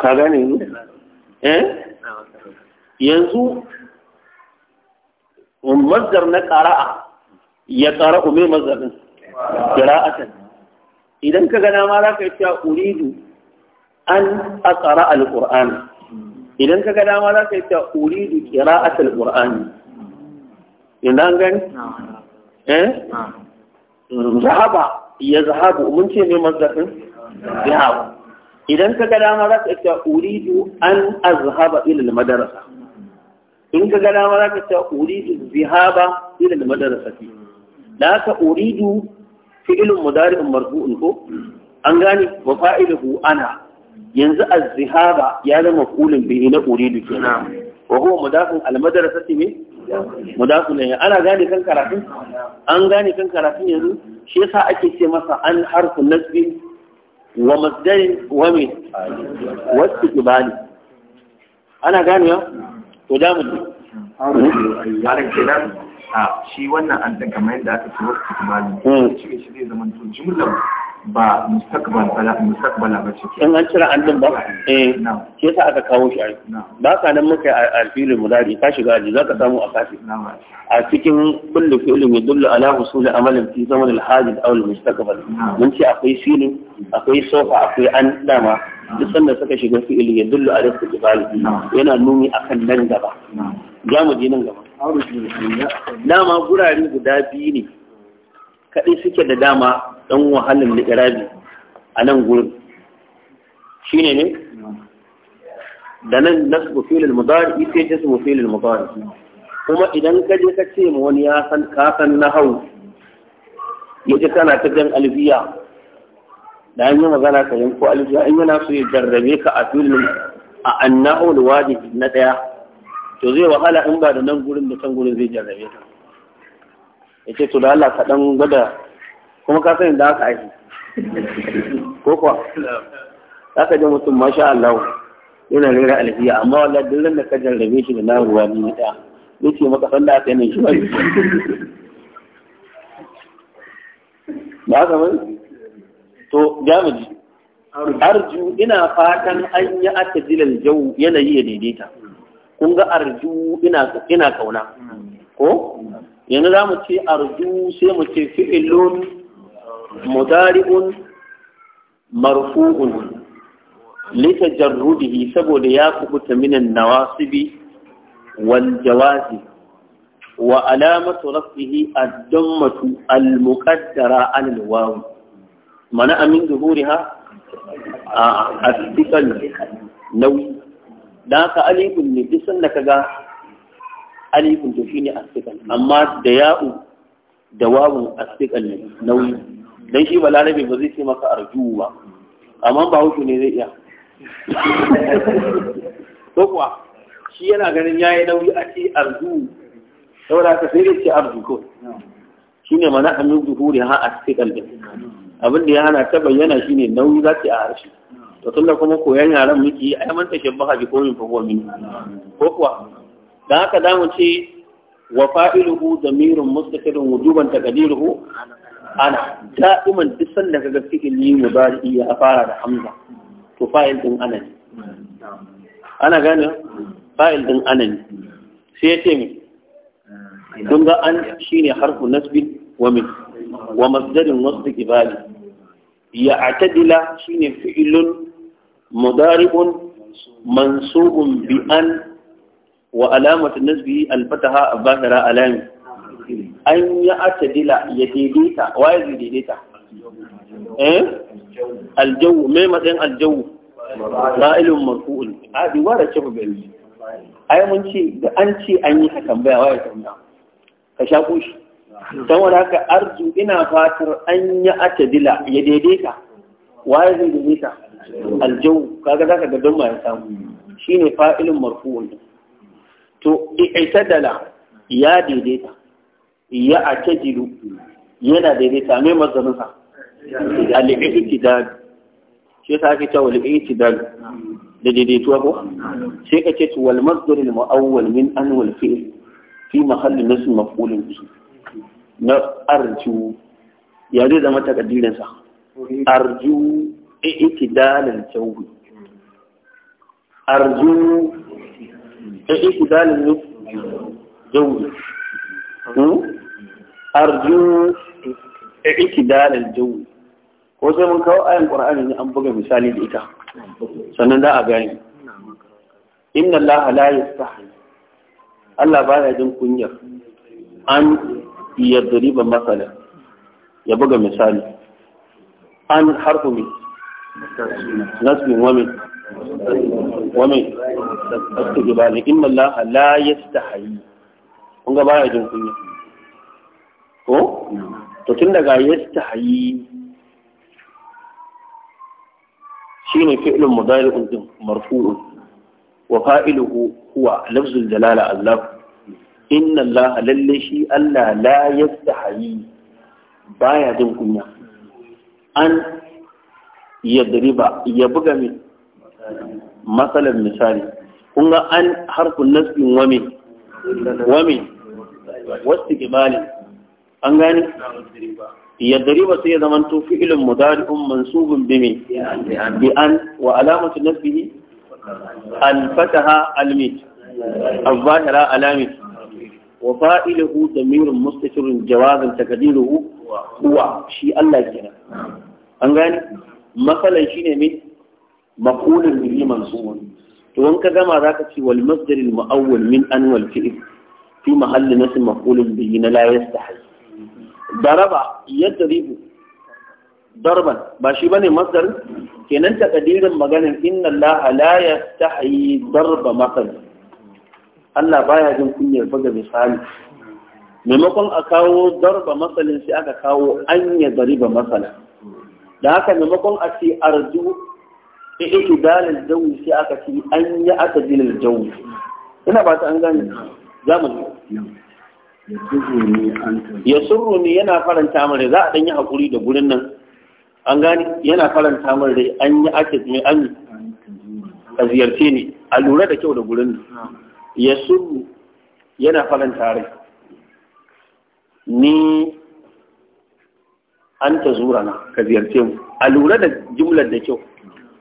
ka gane ni eh yanzu mazdar na qara'a ya qara'u mai mazdarin qira'atan idan ka gana ma za ka yi cewa uridu an aqra Alƙur'ani. idan ka gana ma za ka yi cewa uridu qira'at Alƙur'ani. idan gani eh zahaba ya zahabu mun ce ne mazdarin zahabu idan ka ga dama za ka ce uridu an azhaba ila madarasa in ka ga dama za ka ce uridu zihaba ila madarasa fi da haka uridu fi'ilun mudari'un marfu'un ko an gane wa fa'iluhu ana yanzu az ya zama kulun bihi na uridu kenan wa huwa mudafun al-madrasati ne mudafun ana gane kan karatun an gane kan karatun yanzu shi yasa ake ce masa an harfu nasbi wa masdari wa mai wasu kibali ana gane ya to da mu a shi wannan an daga mai da aka ce wasu kibali hmm. shi zai zama to jimlar ba mustaqbal bala ba ce in an cire an din ba eh ke sa aka kawo shi a yi. ba ka nan muka alfil mudari ka shiga aji zaka samu a kafi a cikin kullu fi'lin ya yadullu ala husul amalin fi zaman al-hadith aw al-mustaqbal mun ce akwai filin akwai sofa akwai an dama duk sanda suka shiga filin fi'ili yadullu ala istiqbal yana nuni a kan nan gaba za mu je nan gaba dama gurare guda biyu ne kaɗai suke da dama ɗan wahalin liƙirabi a nan gurin shi ne ne da nan nasbu filin mudari ita ce su filin mudari kuma idan ka je ka ce ma wani ya san ka na hau ya ji kana ta jan albiya da an yi magana ka yanko albiya in yana so ya jarrabe ka a filin a annahu alwajib na ɗaya to zai wahala in ba da nan gurin da can gurin zai jarrabe ka ya ce to da Allah ka dan gwada kuma ka sani da haka aiki ko kuwa za ka ji mutum masha Allah yana rera alfiya amma wallah duk da ka jarrabe shi da na ruwa ni da ni maka sanda aka yi shi bari ba ka bari to jami'i arju ina fatan an yi atajilal jau yanayi ya daidaita kun ga arju ina ina kauna ko yanzu za mu ce arju sai mu ce fi'ilun mudari'un marfu'un lita jarrudihi saboda ya kubuta minan nawasibi wal jawazi wa alamatu rafihi ad-dammatu al-muqaddara al-waw mana amin zuhuriha a asikan nauyi da ka alifun ne duk sanda kaga alifin to shine astikal amma da ya'u da wawun astikal ne nauyi dan shi balarabe ba zai ce maka arju ba amma ba hushu ne zai iya to kuwa shi yana ganin yayi nauyi a ce arju saboda ka sai ce arju ko shine mana amin zuhuri ha astikal din abin da ya hana ta bayyana shine nauyi za ta a harshe to tunda kuma koyan yaran muke ai man tashabbaha bi qawmin fa huwa min ko kuwa da haka za mu ce wa fa'iluhu damirun mustaqirun wujuban taqdiruhu ana da'iman duk sanda kaga fi'ili mudari ya fara da hamza to fa'il din ana ne ana gane fa'il din ana ne sai ya ce mi Don ga an shine harfu nasbi wa min wa masdarin wasu ibali ya atadila shine fi'ilun mudari'un mansubun bi an wa alamatu nasbihi alfataha abahira alam an ya atadila ya daidaita waye ya daidaita eh aljawu mai matsayin aljawu ra'ilun marfu'un a bi wara ce ba bai ai mun ce da an ce an yi ka tambaya waye tambaya ka sha kushi saboda haka arzu ina fatar an ya atadila ya daidaita waye zai daidaita aljawu kaga zaka ga don ma ya samu shine fa'ilun marfu'un to i'tadala ya daidaita ya jiru, yana daidaita mai mazamin sa al-i'tidal shi yasa ake cewa al-i'tidal da daidaituwa ko sai ka ce to wal masdar al-mu'awwal min an wal fi'l fi mahalli nasb maf'ulin bihi na arju ya zai zama takaddirin sa arju i'tidal al-jawbi arju اعتدال الجو أرجو اعتدال الجو ko sai mun kawo ayan qur'ani ne an buga misali da ita sannan da a gani. inna allah la yastahi allah ba ya jin kunyar an yadriba masala ya buga misali an harfu min nasbin wa min wame astu gibali inna Allah la yastahi kun ga baya jin kunya ko to tun daga ya yastahi shine fi'lun mudari'un din marfu'un wa fa'iluhu huwa lafzul dalala Allah In Allah lalle shi Allah la ya yastahi baya jin kunya an yadriba ya buga min matsalar misali kun ga an harfin nasbin wame wame wasu kibalin an gani ya dariba sai ya zama to fi'ilin mudari'un mansubun bimi bi an wa alamatu nasbihi al-fataha al-mit al-zahira alamit wa fa'iluhu damirun mustaqirrun jawazan takdiruhu huwa shi Allah kenan an gani masalan shine mai maqulun bihi mansubun to in ka gama zaka ce wal masdar al muawwal min an wal fi'l fi mahalli nasb maqulun bihi na la yastahi daraba yadribu darban ba shi bane masdar kenan takadirin maganin inna allaha la yastahi darba masal Allah baya jin kunyar buga misali maimakon a kawo darba masalin sai aka kawo anya dariba masala da haka maimakon a ce arju dalil jawi sai aka ce an yi atadilal jawi ina ba ta an gane zamani ya surru ne yana faranta mare za a yi hakuri da gurin nan an gane yana faranta mare an yi aka mai an a ziyarce ne a lura da kyau da gurin nan ya surru yana faranta rai ni an ta zura na ka ziyarce mu a lura da jimlar da kyau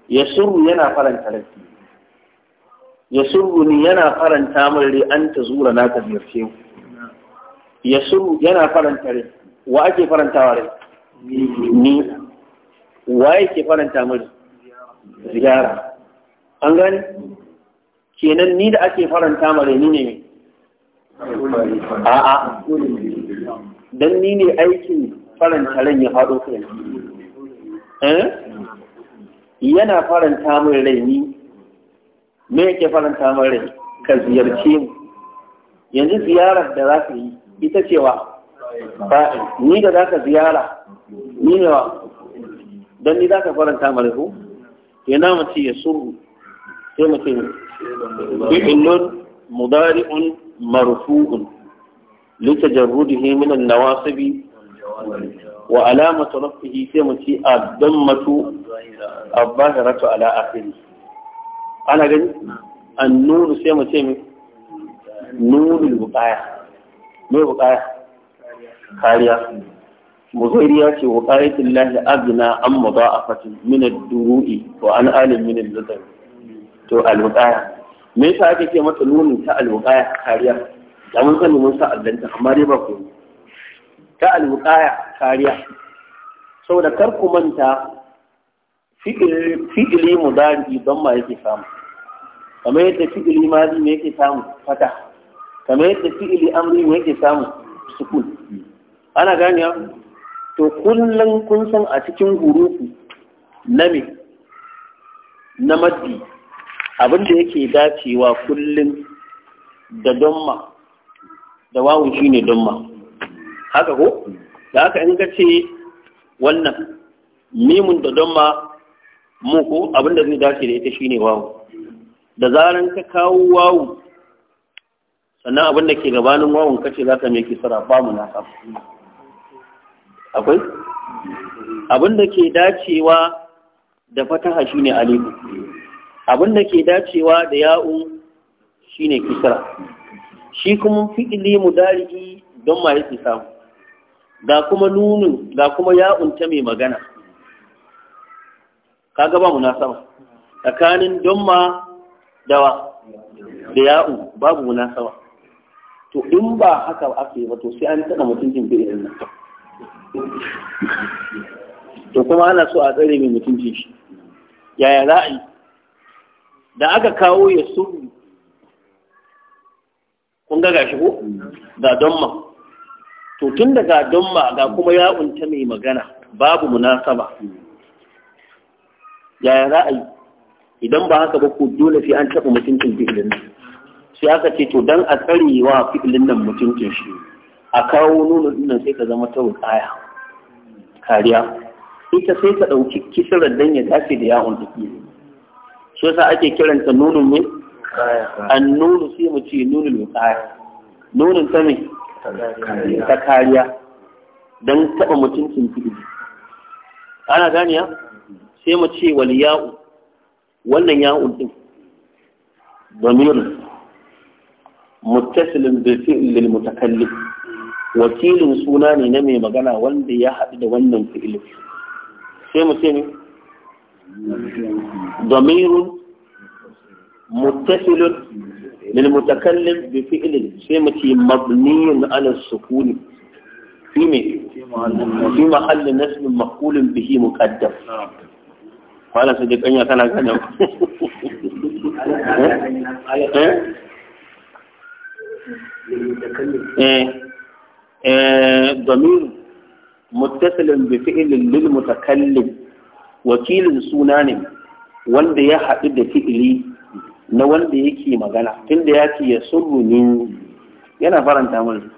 ya surru yana faranta rai ya surru ni yana faranta min rai an ta zura na ka ziyarce ku ya surru yana faranta rai wa ake farantawa rai ni wa yake faranta min ziyara an gani kenan ni da ake faranta rai ni ne a'a dan ni ne aikin faranta ran ya faɗo kai eh yana faranta min rai ni me yake faranta min rai ka ziyarce mu yanzu ziyarar da za ka yi ita cewa ba'in ni da za ka ziyara ni ne wa don ni za ka faranta min rai yana mace ya suru sai mace fi'ilun mudari'un marfu'un litajarrudihi min an-nawasibi wa alamatu rafihi sai mu ci addammatu abahiratu ala akhiri ana gani annuru sai mu ce nurul bukaya me bukaya kariya muzairi ya ce wa qayatul lahi abna am mudaafatin min ad-duru'i wa an alim min al-ladar to al-bukaya me yasa ake ce mata nunin ta al-bukaya kariya da mun sani mun sa addanta amma dai ba ku yi. ta alwuqaya kariya saboda kar ku manta fi'ili mudari don ma yake samu kamar yadda fi'ili mazi ne yake samu fata kamar yadda fi'ili amri ne yake samu sukun ana gani to kullum kun san a cikin hurufu na me na maddi abinda yake dacewa kullum da donma da wawun shine donma haka ko da haka in ka ce wannan mimun da don ma muku, abinda zai dace da ita shine wawu da zaran ka kawo wawu sannan abin da ke gabanin wawun kace za ka mai kisara ba mu nasa akwai abinda da ke dacewa da fataha shine alifu abin da ke dacewa da ya'u shine kisara shi kuma fi'ili mudari'i don ma yake samu ga kuma nunin ga kuma ya'un ta mai magana kaga ba munasaba tsakanin damma dawa da ya'u babu munasaba to in ba haka aka yi ba to sai an taɓa mutum jin irin nan to kuma ana so a tsare mai mutunci shi yaya za a yi da aka kawo ya su kun ga gashi ko ga dumma to tun daga damma ga kuma ya'un mai magana babu munasaba yaya za a yi idan ba haka ba ku dole sai an taɓa mutuncin fi'ilin nan sai aka ce to dan a tsarewa fi'ilin nan mutuncin shi a kawo nuna dinnan sai ka zama ta wukaya kariya ita sai ka ɗauki kisirar dan ya dace da yawon take shi yasa ake kiranta nunun ne an nunu sai mu ce nunul wukaya Nuna ta ne ta kariya don taɓa mutuncin fi'ili ana ganiya sai mu ce wal ya'u wannan ya'u din domin muttasilin bi lil mutakallim wakilin suna ne na mai magana wanda ya haɗu da wannan fi'ilin sai mu ce ne domin muttasilin للمتكلم بفعل سيمتي مبني على السكون في في محل نسب مقول به مقدم قال صديق أن يكون هذا إيه؟ إيه؟ إيه؟ ضمير متصل بفعل للمتكلم وكيل سنان wanda ya haɗu na wanda yake magana tunda ya ce ya surru ni yana faranta mun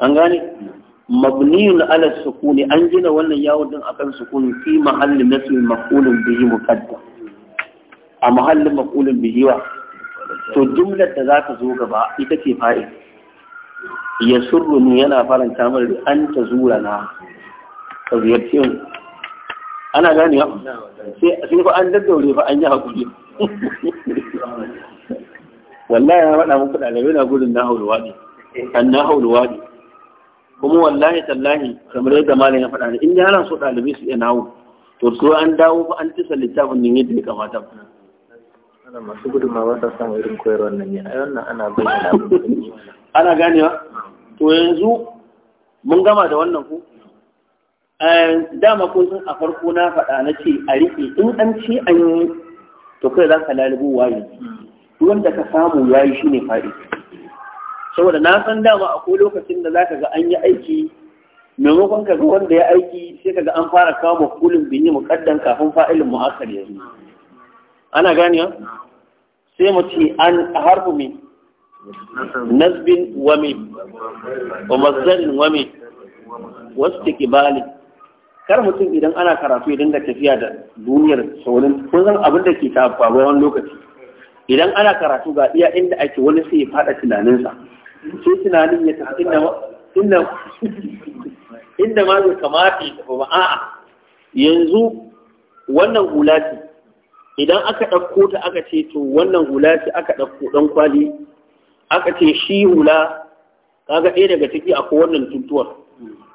an gane mabniyun ala sukuni an gina wannan yawon din akan sukuni fi mahalli nasu maqulun bihi muqaddam a mahallin maqulun bihi wa to jumlar da za ta zo gaba ita ce fa'i. ya surru ni yana faranta mun an ta zura na ka ziyarce ana gane sai fa an daddaure fa an yi hakuri wallahi ya faɗa muku ɗalibai na gudun na hau waɗi an na haulu waɗi kuma wallahi tallahi kamar yadda malam ya faɗa in ya ana so ɗalibai su iya nawo to su an dawo fa an tisa littafin nan yadda ya kamata ana masu gudun ma ba sa samun irin koyarwar nan ne ai wannan ana bayyana ana ganewa to yanzu mun gama da wannan ku eh, dama kun san a farko na faɗa na ce a riƙe in an ce an yi to kai za ka lalubo waye wanda ka samu yayi shine faɗi saboda na san dama akwai lokacin da zaka ga an yi aiki maimakon ka ga wanda ya aiki sai ka ga an fara kawo makulin binye yi kafin fa'ilin mu'akkar ya ana gani sai mu ce an harfu mi. nasbin wa min wa mazdarin wa min wasu kar mutum idan ana karatu idan da tafiya da duniyar saurin kun san abin da ke faruwa wani lokaci idan ana karatu ga iya inda ake wani sai ya fada tunaninsa sai tunanin ya tafi inda inda inda ma zai kamata ya tafi ba a'a yanzu wannan hula ce idan aka ɗauko ta aka ce to wannan hula ce aka ɗauko ɗan kwali aka ce shi hula kaga ɗaya daga ciki akwai wannan tuntuwar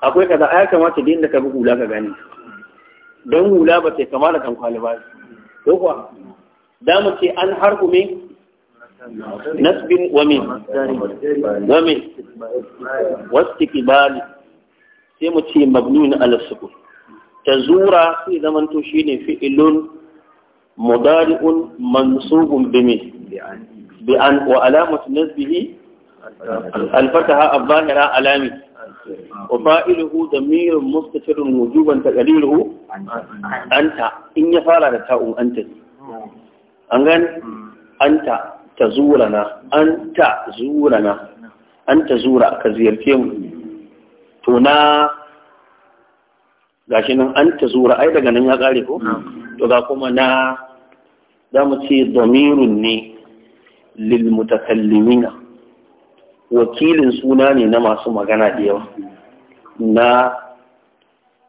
akwai kaza ya kamata da ka bi hula ka gani don hula ba sai kama da kan kwali ba ko kuwa da mu ce an harku me nasbin wa min, wa me wastiqbali sai mu ce mabnun ala sukun tazura sai to shine fi'ilun mudari'un mansubun min bi an wa alamatu nasbihi الفتحة الظاهرة علامة وفائله ضمير مستتر وجوبا تقليله أنت إن يفعل لتاء أنت أنغن أنت تزورنا أنت زورنا أنت زورا كزيرتيم تنا gashi nan an ta zura ai daga nan ya kare ko to ga kuma na za mu ce damirun ne lil mutakallimina wakilin suna ne na masu magana da yawa na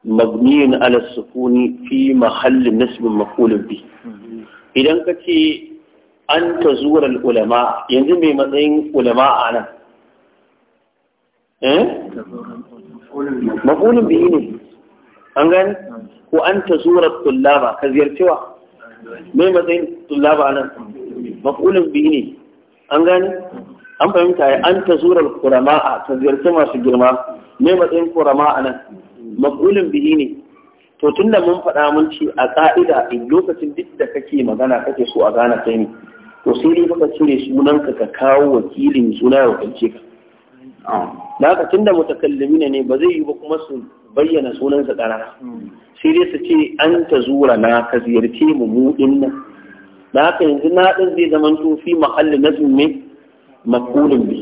magniyin alasukuni sukuni fi mahallin nasibin makulun bi idan ka ce an ta zuwar ulama yanzu mai matsayin ulama a nan eh? makulun bi ne an gani ko an ta zuwar tullaba ka ziyarcewa mai matsayin tullaba a nan makulun bi ne an gani an fahimta ya an ta zurar kurama'a ta ziyarci masu girma ne matsayin kurama'a nan makulin bihi ne to tun da mun faɗa mun ce a ƙa'ida in lokacin duk da kake magana kake so a gana kai ne to sai dai baka cire sunanka ka kawo wakilin suna ya wakilce ka da haka tun da na ne ba zai yi ba kuma su bayyana sunansa ƙara sai dai su ce an ta zura na ka ziyarce mu mu nan da haka yanzu na ɗin zai zama fi mahallin nazumi Makulin bi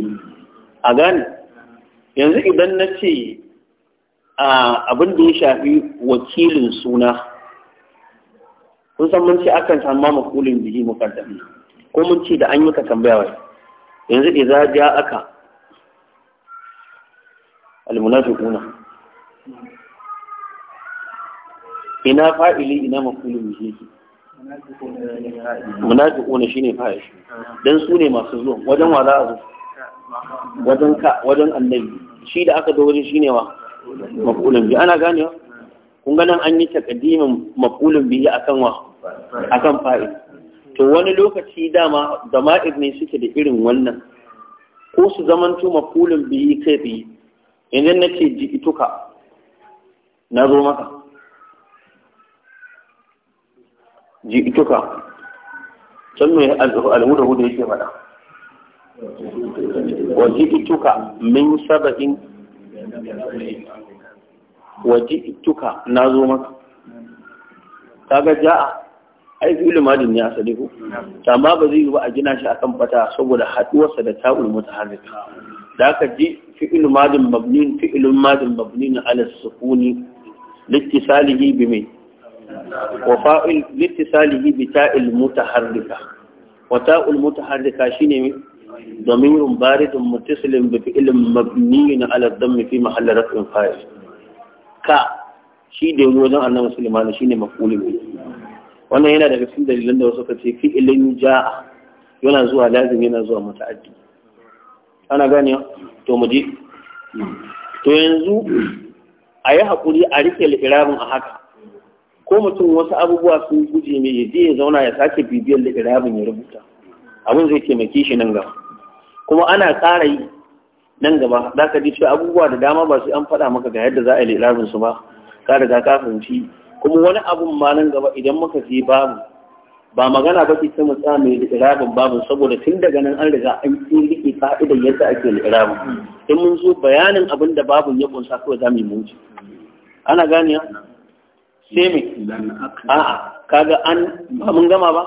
a gane yanzu idan na ce abin da ya shafi wakilin suna kun san mun ce akan samu mafulun bihi mukaddami ko mun ce da an yi ka tambaya wai yanzu idza ja aka almunafiquna ina fa'ili ina makulin bihi munafiquna shine fahishi dan su ne masu zuwa wajen wa za a zo wajen ka wajen annabi shi da aka zo shine wa maqulun bi ana gane kun ga nan an yi takaddimin maqulun bi akan wa akan fa'il to wani lokaci dama da ma'ir ne suke da irin wannan ko su zamanto maqulun bi kai bi idan nace ji ituka na zo maka ji'tuka can mai al'uda hudu yake faɗa wa ji'tuka min saba'in wa ji'tuka na zo maka kaga ja'a ai fi'il madin ne asali Ta amma ba zai yi ba a gina shi akan fata saboda haduwarsa da ta'ul mutaharrik da aka ji fi ilimadin mabni na madin mabni ala sukuni littisalihi bi mai وفاء لاتصاله بتاء المتحركة وتاء المتحركة شيني ضمير بارد متصل بفعل مبني على الضم في محل رفع فاعل كا shi da yanzu wajen annabi sulaiman shine maf'ul bi wannan yana daga cikin dalilan da wasu kace fi'ilin ja'a yana zuwa lazim yana zuwa muta'addi ana gane to to yanzu a yi hakuri a rike al'irabin a haka ko mutum wasu abubuwa sun guje mai ya je ya zauna ya sake bibiyar da irabin ya rubuta abin zai taimake shi nan gaba kuma ana tsara yi nan gaba za ka ji abubuwa da dama ba sai an faɗa maka ga yadda za a yi irabin su ba ka riga ka fahimci kuma wani abun ma nan gaba idan muka je babu ba magana ba ce ta mutsa mai irabin babu saboda tun daga nan an riga an yi rike fa'idar yadda ake irabin in mun zo bayanin abin da babun ya kunsa kawai za mu yi ana gane sai mai a'a kaga an ba mun gama ba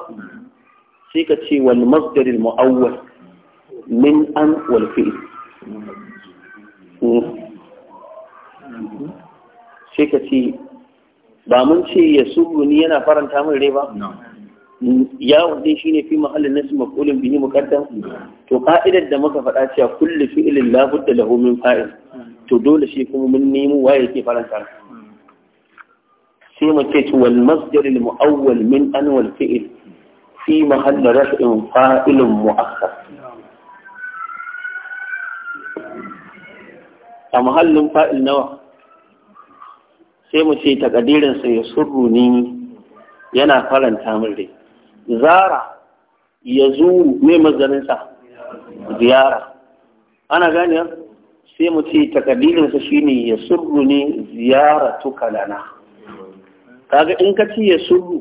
sai ka ce wal masdar al muawwal min an wal fi'l hmm. sai ka ce ba mun ce ya ni yana faranta min rai ba ya wuce shi ne fi mahallin nasu makulin bihi muqaddam to ka'idar da muka faɗa cewa kullu fi'lin la da lahu min fa'il hmm. to dole shi kuma mun nemo waye ke faranta sai mu ce wal masjari al muawwal min an wal fi'l fi mahalla raf'in fa'ilin mu'akkar a mahallin fa'il nawa sai mu ce takadirinsa ya surru ni yana faranta min dai zara ya zuru mai mazarinsa ziyara ana gane sai mu ce takadirinsa shine ya surru ni ziyara tukalana kaga in ka ci ya surru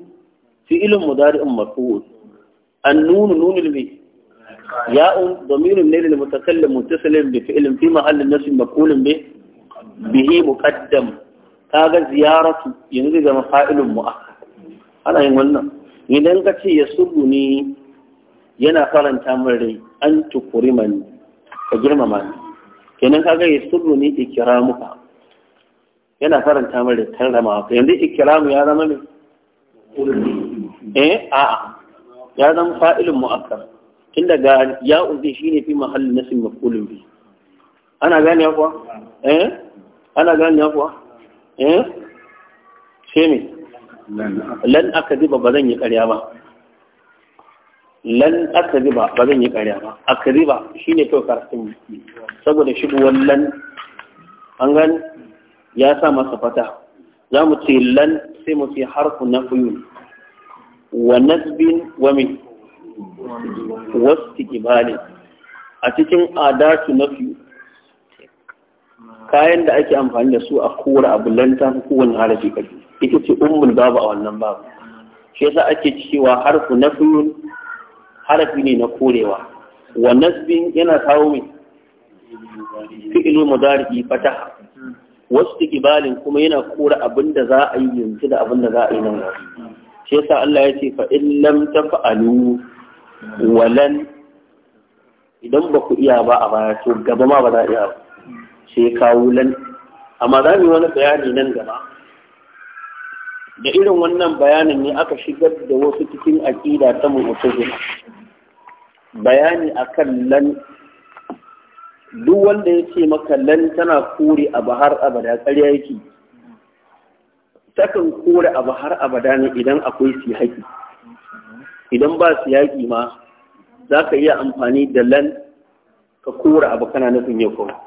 fi'ilin mudari'in An nunu nunul ya ya'un damirun ne lil mutakallim da bi fi'ilin fi mahallin nasb maqulun bi bihi muqaddam kaga ziyaratu yanzu zama fa'ilun mu'akkad ana yin wannan idan ka ce ya surru ne yana faranta min rai an tukuri ni ka girmama ni kenan kaga ya surru ne ikiramuka yana faranta mai da karrama yanzu ikilamu ya zama ne eh a'a ya zama fa'ilin mu'akkar tun daga ya uzi shine fi mahallin nasin mafulun bi ana gane kuwa eh ana gane kuwa eh sai ne lan akadiba ba zan yi ƙarya ba lan akadiba ba zan yi ƙarya ba akadiba shine kyau karatun saboda shigowar lan an gane ya sa masa fata za mu ce lan sai mu ce harfu na fuyun wa nasbin wa min wasu kibali a cikin adatu na fiyu kayan da ake amfani da su a kowar abu lanta kowane harafi ƙarfi ita ce ummul babu a wannan babu shi yasa ake cewa harfu na fiyun harafi ne na korewa wa nasbin yana kawo mai fi'ilu yi fataha wasu ibalin kuma yana kora abin da za a yi yanzu da abin da za a yi nan shi yasa Allah ya ce fa in lam tafa'alu walan idan ba ku iya ba a baya to gaba ma ba za a iya ba sai kawo lan amma za mu yi wani bayani nan gaba da irin wannan bayanin ne aka shigar da wasu cikin aƙida ta mu'tazila bayani akan lan duk wanda ya ce maka lan tana kore abu har abada ƙarya yake takan kore abu har abada ne idan akwai siyaki idan ba siyaki ma za ka iya amfani da lan ka kore abu kana nufin ya kuma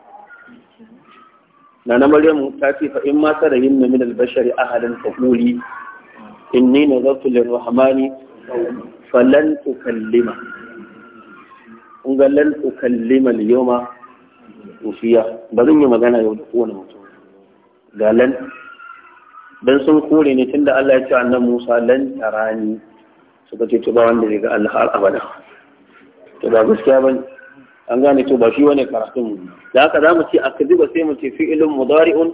na na maryamu ta ce fa in ma bashari na min albashari in fa quli inni nazartu lirrahmani falan tukallima ungalan tukallima al-yawma ufiya ba zan yi magana yau da kowane mutum ga lan dan sun kore ne tunda Allah ya ce annan Musa lan tarani suka ce to ba wanda zai ga Allah har abada to ba gaskiya bane an gane to ba shi wane karatun da haka za mu ce a kadiba sai mu ce fi'ilun mudari'un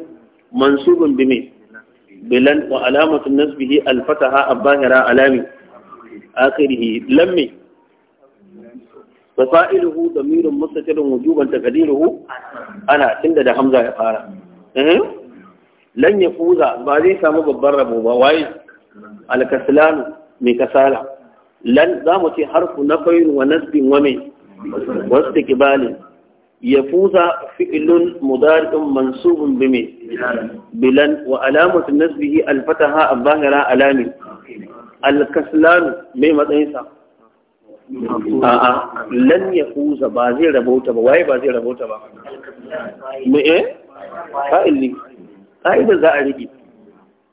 mansubun bi me bilan wa alamatu nasbihi alfataha abahira alami akhirihi lamme fasa'iluhu damirun mustatirun wujuban taqdiruhu ana tunda da hamza ya fara eh? lan ya ba zai samu babban rabo ba waye alkaslanu mai kasala lan za mu ce harfu na fayin wa nasbin wa mai wasu kibalin يفوز فعل مضارع منصوب بمن بلن وعلامة نسبه الفتحة الظاهرة علامة الكسلان بمتنسى a'a lan ya kusa, ba zai rabota ba waye ba zai rabota ba me eh ne, fa'idan za a rige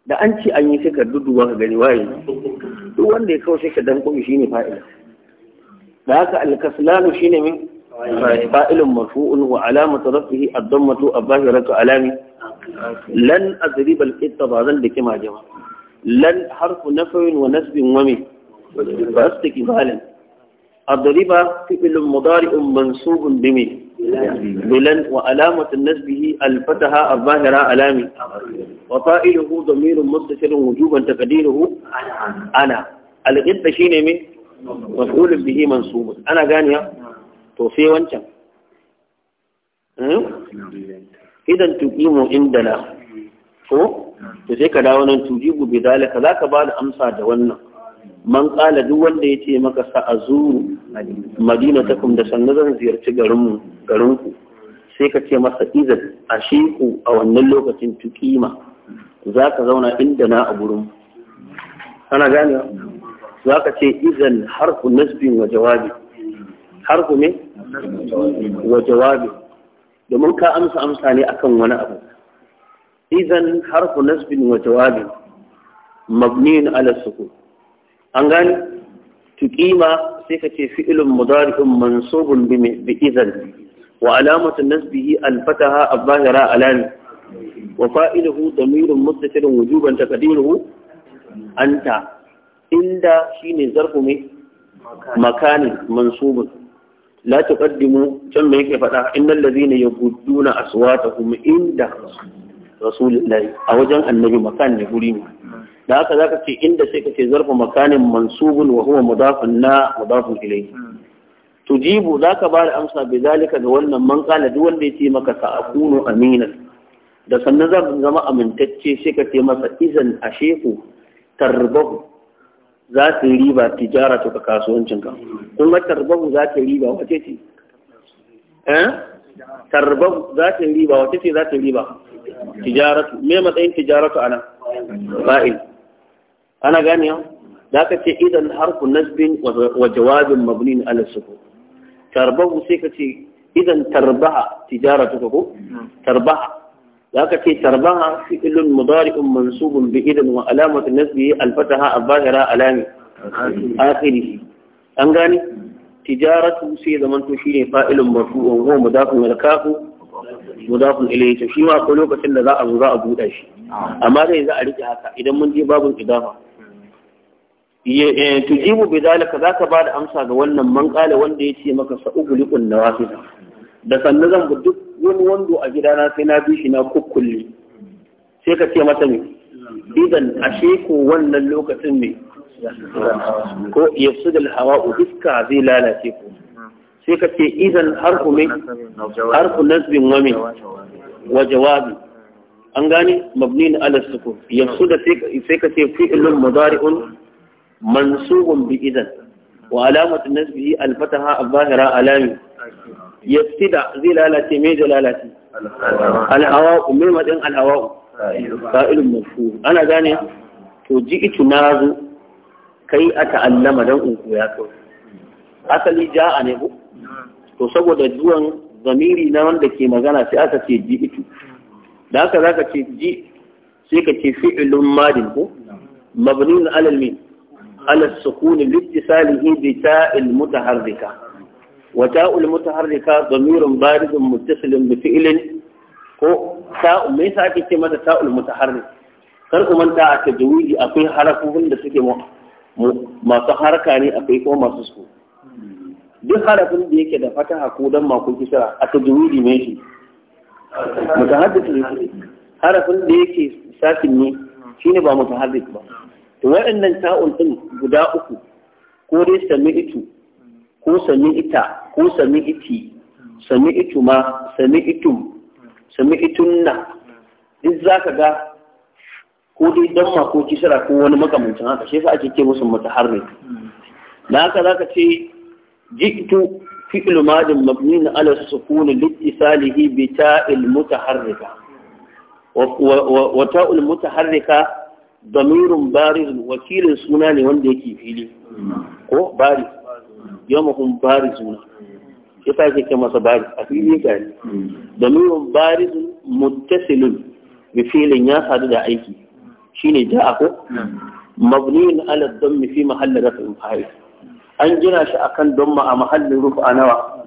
da an ce an yi sai ka duduwa ka gani waye duk wanda ya kawo sai ka dan kuma shine fa'ila da haka alkaslanu shine min fa'ilun marfu'un wa alamatu rafihi ad-dammatu abahiratu alami lan a al-qitta ba zan kima jama lan harfu nafyin wa nasbin wa min ba astiki balan الضريبة فعل مضارع منصوب بمي بلن وعلامة نسبه الفتحة الظاهرة علامي وفائله ضمير مستشر وجوبا تقديره أنا الغد شين من مفعول به منصوب أنا غانيا توفي وانشا إذا تقيم عندنا ko to sai ka dawo nan tujibu bi zalika zaka ba da amsa da wannan man ƙala duk wanda ya ce maka sa'azuru madina ta da sannu zan ziyarci garinmu garinku sai ka ce masa izan a sheku a wannan lokacin tukima za ka zauna inda na a gurin ana gane za ka ce izan harfu nasbin wa jawabi harfu ne wa jawabi domin ka amsa amsa ne akan wani abu izan harfu nasbin wa jawabi mabniyin ala sukun an gani tukima sai ka ce fi’ilun mudarikun mansubun bi izan wa alamatun nasbihi alfata ha a zahira alani wa fa’iluhu da mirin mutattalin wujuban ta kadiruhu an ta inda shi ne zarfu mai makanin mansubun la ta kaddimu can mai ke faɗa inan da ne ya gudu na asuwa ta kuma inda rasulullahi a wajen annabi makan ne guri ne da haka za ka ce inda sai ka ce zarfa makanin mansubun wa huwa mudafin na mudafun ilayhi tujibu ka ba da amsa bi zalika da wannan man kana duk wanda ce maka a akunu Amina. da sannan ka zama amintacce sai ka ce masa izan sheku tarbahu za ta riba tijara to ka kasuwancin ka kun ga tarbahu za ta riba wace ce eh? tarbahu za ta riba wace ce za ta riba tijaratu me matsayin tijaratu ana fa'il ana gane da aka ce idan harfu nasbin wa jawabin mabnin ala sukun tarbahu sai ka ce idan tarbaha ta ko tarbaha da aka ce tarbaha ilin mudari'un mansubun bi idan wa alamatu nasbihi Alfata ha a zahira alami akhirih an gane tijaratu sai zaman to shine fa'ilun marfu'un wa mudafun ila kafu mudafun ilayhi to shi ma akwai lokacin da za a zo za a buɗa shi amma dai za a rike haka idan mun je babun idafa Eh, tujibu bi zalika zaka ba da amsa ga wannan man kala wanda ya ce maka sa'ubulikun nawafil da sannu zan bi duk wani wando a gidana sai na bi shi na kukkulle sai ka ce mata me idan ashe ko wannan lokacin me ko yafsudul hawa'u iska zai lalace ku sai ka ce idan harfu me harfu nasbin wa me wa jawabi an gane mabni na ala sukun yafsuda sai ka ce fi'lun mudari'un mansubun bi idan wa alamatu nasbihi alfataha al-zahira alami yastida zai lalace me da lalace alhawa'u me madin alhawa'u fa'ilun mafu ana gane to ji itu nazo kai a ta'allama dan in koya kawai asali ja'a ne ko to saboda zuwan zamiri na wanda ke magana sai aka ce ji itu da haka zaka ce ji sai ka ce fi'ilun madin ko mabnin alal min على السكون لاتصاله بتاء المتحركة وتاء المتحركة ضمير بارد متصل بفعل تاء ليس كما تاء المتحرك kar manta a tajwidi akwai harafofin da suke masu haraka ne akwai kuma masu su duk harafin da yake da fataha ko dan mako kisra a tajwidi ne shi mutahaddith harafin da yake sakin ne shine ba mutahaddith ba to waɗannan ta'un ɗin guda uku ko dai sami itu ko sami ita ko sami iti sami itu ma sami itu sami itunna duk za ka ga ko dai dan ko kisira ko wani makamancin haka shi yasa ake ce musu mutaharrik na haka za ka ce ji'tu fi ilmadin mabnin ala sukun litisalihi bi ta'il mutaharrika wa ta'ul mutaharrika damirun baris wakilin suna ne wanda yake fili ko bari yamahum suna. yasa yake ce masa bari a fili ya ne damirun baris mutasilin bi filin ya sadu da aiki shine ja'a ko mabniyin ala mai fi mahalli raf'in fa'il an gina shi akan damma a mahallin rufa nawa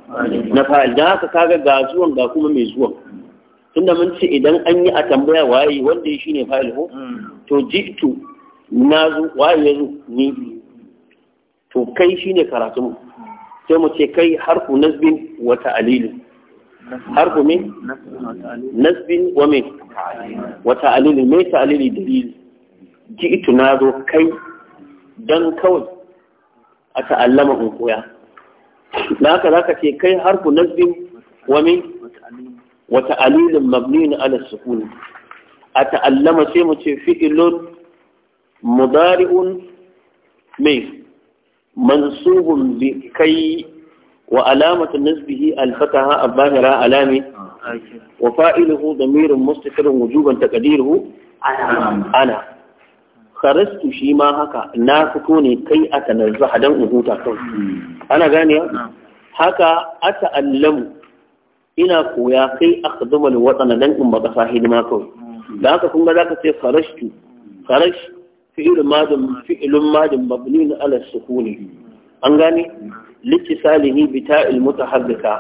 na fa'il dan haka kaga ga ga kuma mai zuwan tunda mun ce idan an yi a tambaya waye wanda shi ne fa'il ko to jitu na zo waye ya ni to kai shi ne karatu sai mu ce kai harfu nasbin wa ta'lil harfu min nasbin wa min wa ta'lil me ta'lil dalil jitu na zo kai dan kawai a ta'allama in koya na haka zaka ce kai harfu nasbin wa min Wata alilin mabniun ala sukun a ta'allama sai mu ce fi'ilun mudari'un mai mansubun bi kai wa alamatu nasbihi al-fataha al-zahira alami wa fa'iluhu damirun mustaqirun wujuban taqdiruhu ana kharastu shi ma haka na fito ne kai a tanarzu hadan uhuta kawai ana gane haka ata allamu ina koya kai aka zuba ni alwatana dan in baka sa hidima kawai da haka kun ga zaka ce kharashtu kharash fi'il madin fi'ilun madin mabni ala sukuni an gane litisalihi bi ta'il mutahaddika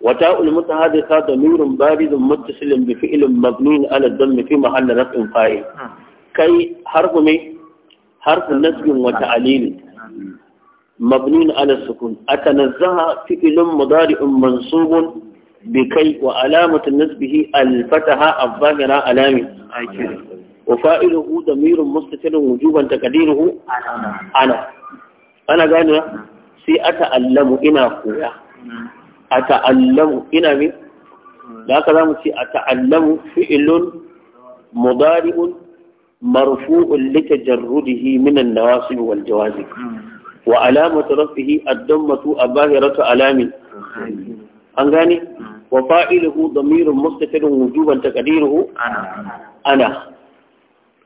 wa ta'ul mutahaddika damirun barizun muttasilin bi fi'ilin mabni ala dhammi fi mahalli raf'in fa'il kai harfu me harfu nasbin wa ta'lil مبني على السكون أتنزه فعل مضارع منصوب بكي وعلامة نسبه الفتحة الظاهرة علامة وفائله ضمير مستتر وجوبا تقديره أنا أنا قال سي أتألم إنا قويا أتألم إنا من لا كلام سي أتألم فعل مضارع مرفوع لتجرده من النواصب والجوازم وعلامة رفعه الضمة الظاهرة علامة an gane wa fa'iluhu damirun mustafidun wujuban taqdiruhu ana ana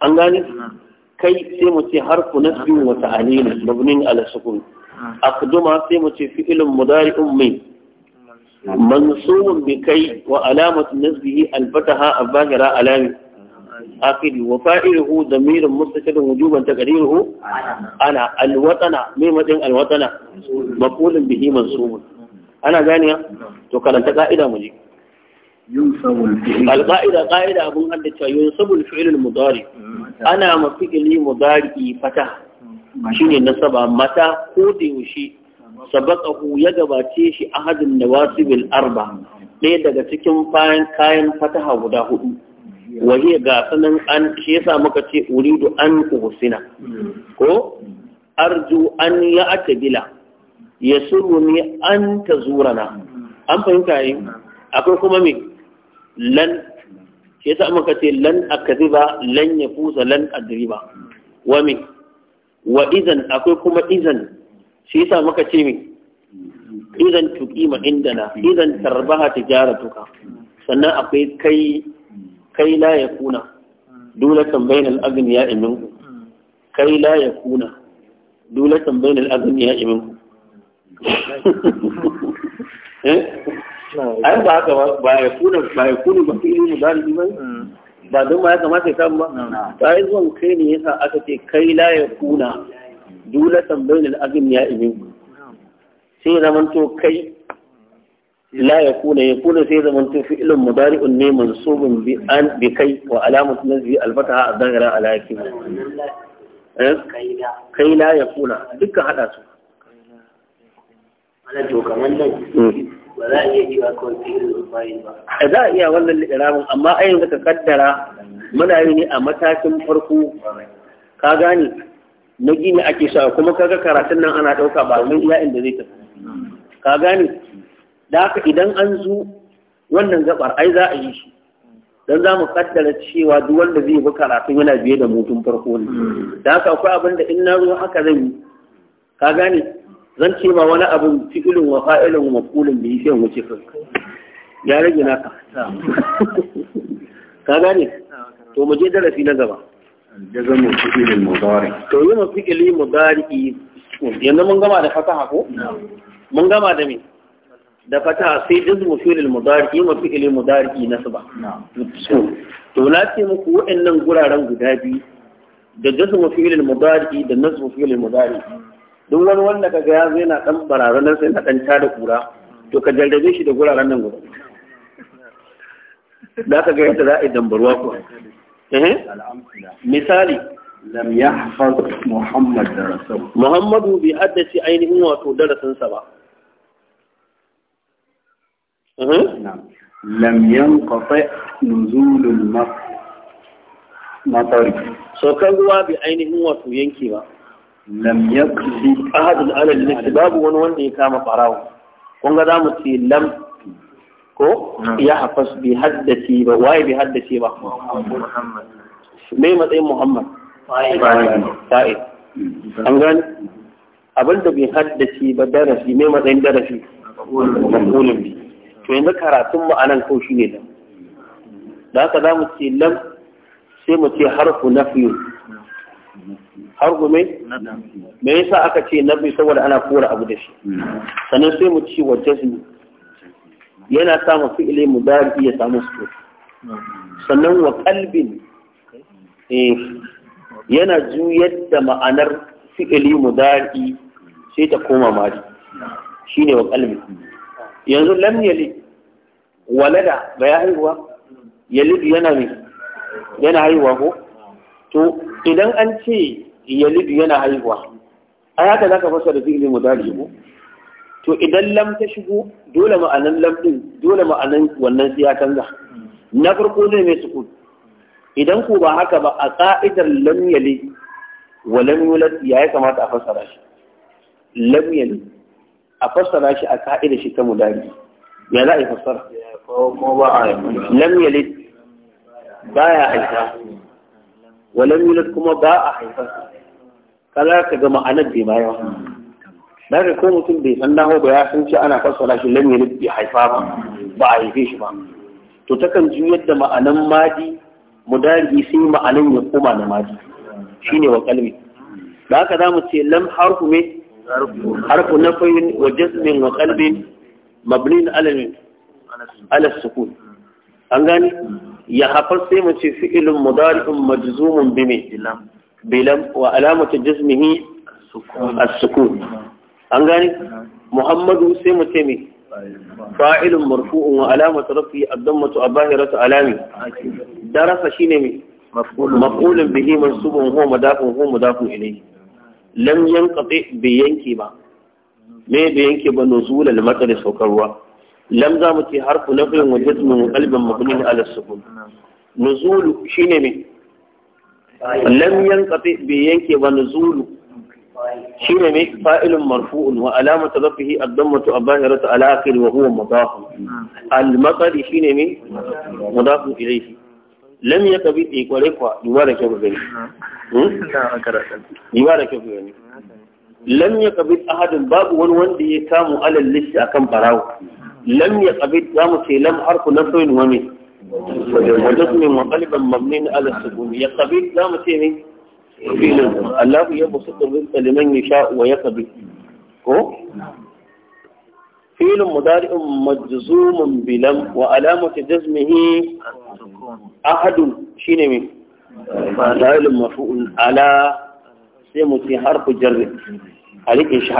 an gane kai sai mu ce harfu nasbi wa ta'alina mabni alasukun. A aqduma sai mu ce fi'lun mudari'un min mansubun bi kai wa alamat nasbihi al-fataha a zahira alami akidi wa fa'iluhu damirun mustafidun wujuban taqdiruhu ana Alwatsana, mai matsayin alwatsana. maqulun bihi mansubun ana ganiya to karanta ka'ida mu je ƙa'ida abin haddace yun sabul fi'ilul mudari ana ma fi'ili mudari fata shine nasaba mata ko da yaushe sabaqahu ya gabace shi ahadin nawasibil arba ɗaya daga cikin bayan kayan fataha guda hudu waje ga sanan an shi yasa muka ce uridu an uhsina hmm. ko arju an ya atabila suru ne an ta zura na. an fahimta yi akwai kuma mai lan shi sa muka ce lan ba lan ya fusa lan a ba wa mai wa izan akwai kuma izan shi sa muka ce mai izan inda na izan tarbaha tuka sannan akwai kai kai la ya kuna dulatan bainal agniya iminku kai la ya kuna dulatan bainal agniya iminku Eh? ai ba haka ba ya kuna ba ya kuna ba fi ilimin ba ba ba don ba ya kamata ya samu ba ta yi zuwan kai ne yasa aka ce kai la ya kuna dole tambayin al'agin ya imin sai ya zamanto kai la ya kuna ya kuna sai ya zamanto fi ilin mudari'un ne mansubin bi an bi kai wa alamatu nazbi albataha a zagara ala yakima eh? kai la ya kuna dukkan hada su wannan to kamar nan hmm. ba za a iya cewa kawai fi'ilul ba eh, za a iya wannan li'irabin amma a yanzu ka kaddara muna yi ne a matakin farko ka gane na gini ake sha kuma kaga karatun nan ana ɗauka ba wani iya inda zai tafi ka gane da haka idan an zo wannan gabar ai za a yi shi don za mu kaddara cewa duk wanda zai bi karatun yana biye da mutum farko ne hmm. da haka akwai abin da in na zo haka zan yi ka gane zan ce ma wani abin fi'ilin wa fa'ilin wa mafulin bi sai wuce kan ya rage naka ka gane to mu je darasi na gaba jazamu fi'ilin mudari to yi mafi ili mudari yanzu mun gama da fataha ko mun gama da me da fataha sai jazmu fi'ilin mudari yi mafi ili mudari nasba to na ce muku waɗannan guraren guda biyu da jazmu fi'ilin mudari da nasbu fi'ilin mudari duk wani wanda kaga ya zo yana dan barazanar sai na dan da kura to ka jarrabe shi da guraren nan gudu da ka ga yadda za a yi dambarwa ko eh? misali lam yahfaz muhammad darasahu muhammadu bai haddace ainihin wato darasinsa ba eh? lam yanqati nuzulul matar saukar ruwa bai ainihin wato yanke ba lam yakli ahadun ala lillahi babu wani wanda ya kama barawo kun ga zamu ce lam ko ya hafas bi haddace ba waye bi haddace ba mai matsayin muhammad sai an gani abin da bai haddace ba darasi mai matsayin darasi makulun bi to yanzu karatun mu anan kawai shi ne da haka zamu ce lam sai mu ce harfu nafiyun har gume me yasa aka ce nabi saboda ana kora abu da shi hmm. sannan sai mu ci wa jazmi yana samu mu mudari ya samu su sannan wa kalbin eh, yana juyar da ma'anar fi'ili mudari sai ta koma mari shine wa kalbi yanzu lam yali walada ba ya haihuwa yalid yana ne yana haihuwa ko to idan an ce yalidu yana haihuwa a haka za ka fasa da fi'ilin mudari mu to idan lam ta shigo dole ma'anan lam din dole ma'anan wannan sai ya canza na farko zai mai sukun idan ko ba haka ba a ka'idar lam yali wa lam yulad ya ya kamata a fassara shi lam yali a fassara shi a ka'idar shi ta mudari ya za a yi fassara lam yali baya aika walam yulad kuma ba a haifar kaza ka ga ma'anar bai bayan na ga ko mutum bai san nahu ba ya san ce ana fassara shi lam yulad bai haifar ba ba a haife shi ba to takan juyar da ma'anan madi mudari sai ma'anan ya koma na maji. Shi ne wa kalmi da haka zamu ce lam harfu me harfu nafayin wa jazmin wa qalbin mabnin ala ala sukun an gani ya hafar sai mu ce fi'ilun mudari'un majzumun bi bilam wa alamatu jazmihi as-sukun an gani muhammadu sai mu ce me fa'ilun marfu'un wa alamatu rafi ad-dammatu abahiratu alami darasa shine me maf'ulun bihi mansubun huwa madafun huwa madafun ilayhi lam yanqati bi yanki ba me bi yanki ba nuzul al-matar saukar saukarwa? lam za mu ce harfu na fiyin wajen mu kalbin mabnin ala alasukun. nuzulu shi ne me lam kafe bai yanke ba nuzulu Shi ne me fa'ilun marfu'un wa alamatu rafihi ad-dammatu abahiratu ala akhir wa huwa mudaf al shi ne me mudaf ilayhi lam yaqbi ikwarekwa duwa da kyau gani duwa da kyau gani لم يقبض أحد باب ونوان دي كامو على اللسة أكام براو لم يقبض كامو سي لم حرف نفو ومي وجزمي مقلبا مبنين على السجون يقبض كامو سي مي الله يبسط الرزق لمن يشاء ويقبض هو فيل مضارع مجزوم بلم وعلامة جزمه أحد شيني مي فعل مفعول على sai mu ce harfu jarri a riƙe shi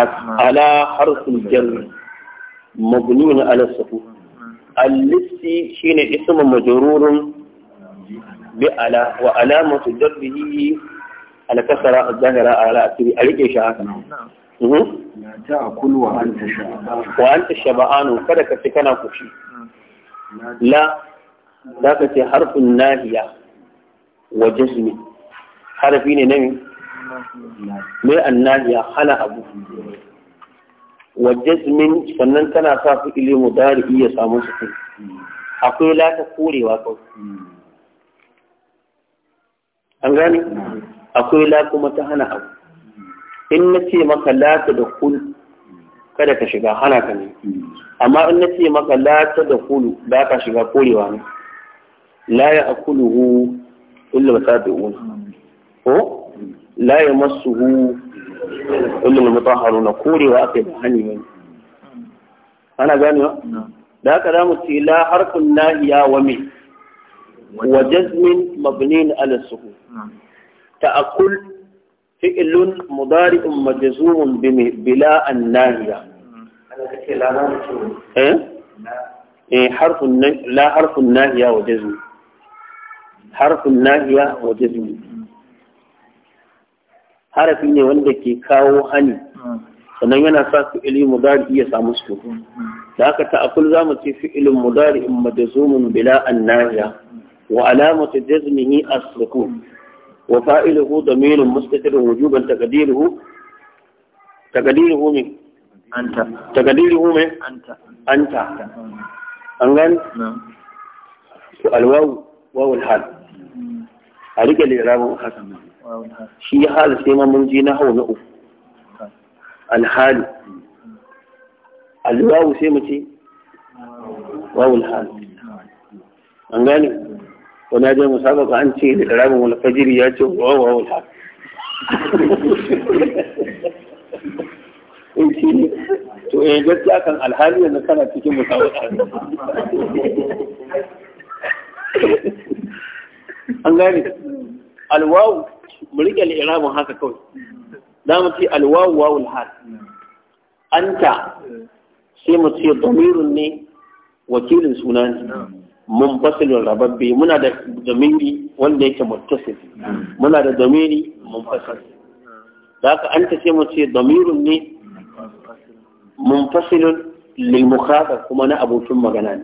ala harfu jarri mabniyun ala suku al-lissi shine ismu majrurun bi ala wa alamatu jarrihi al-kasra az-zahira ala asiri a riƙe shi haka mhm. wa anta Wa shaba'anu kada ka ce kana kushi la za ka ce harfin nahiya wa jazmi harfi ne na min. mai annabi ya hana abu Wajen min sannan tana sa fi ili dari iya samu su kai akwai lata korewa kawai an gane akwai la kuma ta hana abu in na ce maka lata da kul kada ka shiga hana ka ne amma in na ce maka lata da kul ba ka shiga korewa ne la ya akuluhu illa ba ta ko لا يمسه إلا المطهر نقول واقف عنه أنا جاني ذاك نعم. دام لا حرف الناهية ومن وجزم مبني على السهو نعم. تأقل فئل مضارع مجزوم بلا الناهية نعم. إيه؟ إيه، حرف لا حرف الناهية وجزم حرف الناهية وجزم harafi ne wanda ke kawo hani sannan yana sa fi'ili mudari iya samu su da haka ta'akul mu ce fi'ilin mudari in majzumun bila annahiya wa alamatu jazmihi as-sukun wa fa'iluhu damirun mustatirun wujuban taqdiruhu taqdiruhu min anta taqdiruhu min anta anta an gan to alwawu wawul hal a rike liramin hasan شي حال سي ما من جي نحو نو الحال الواو سي متي واو الحال انغاني وانا جاي مسابقه عن شي لدرجه مول يا جو واو واو الحال to eh gaskiya kan alhali yana kana cikin musawaha an gani alwaw mu riƙe al'iramun haka kawai za mu ce alwawu wawul hal anta sai mu ce damirun ne wakilin suna ne mun fasilin rababbe muna da damiri wanda yake muttasil muna da damiri mun fasil da haka anta sai mu ce damirun ne mun fasilin lilmukhata kuma na abokin magana ne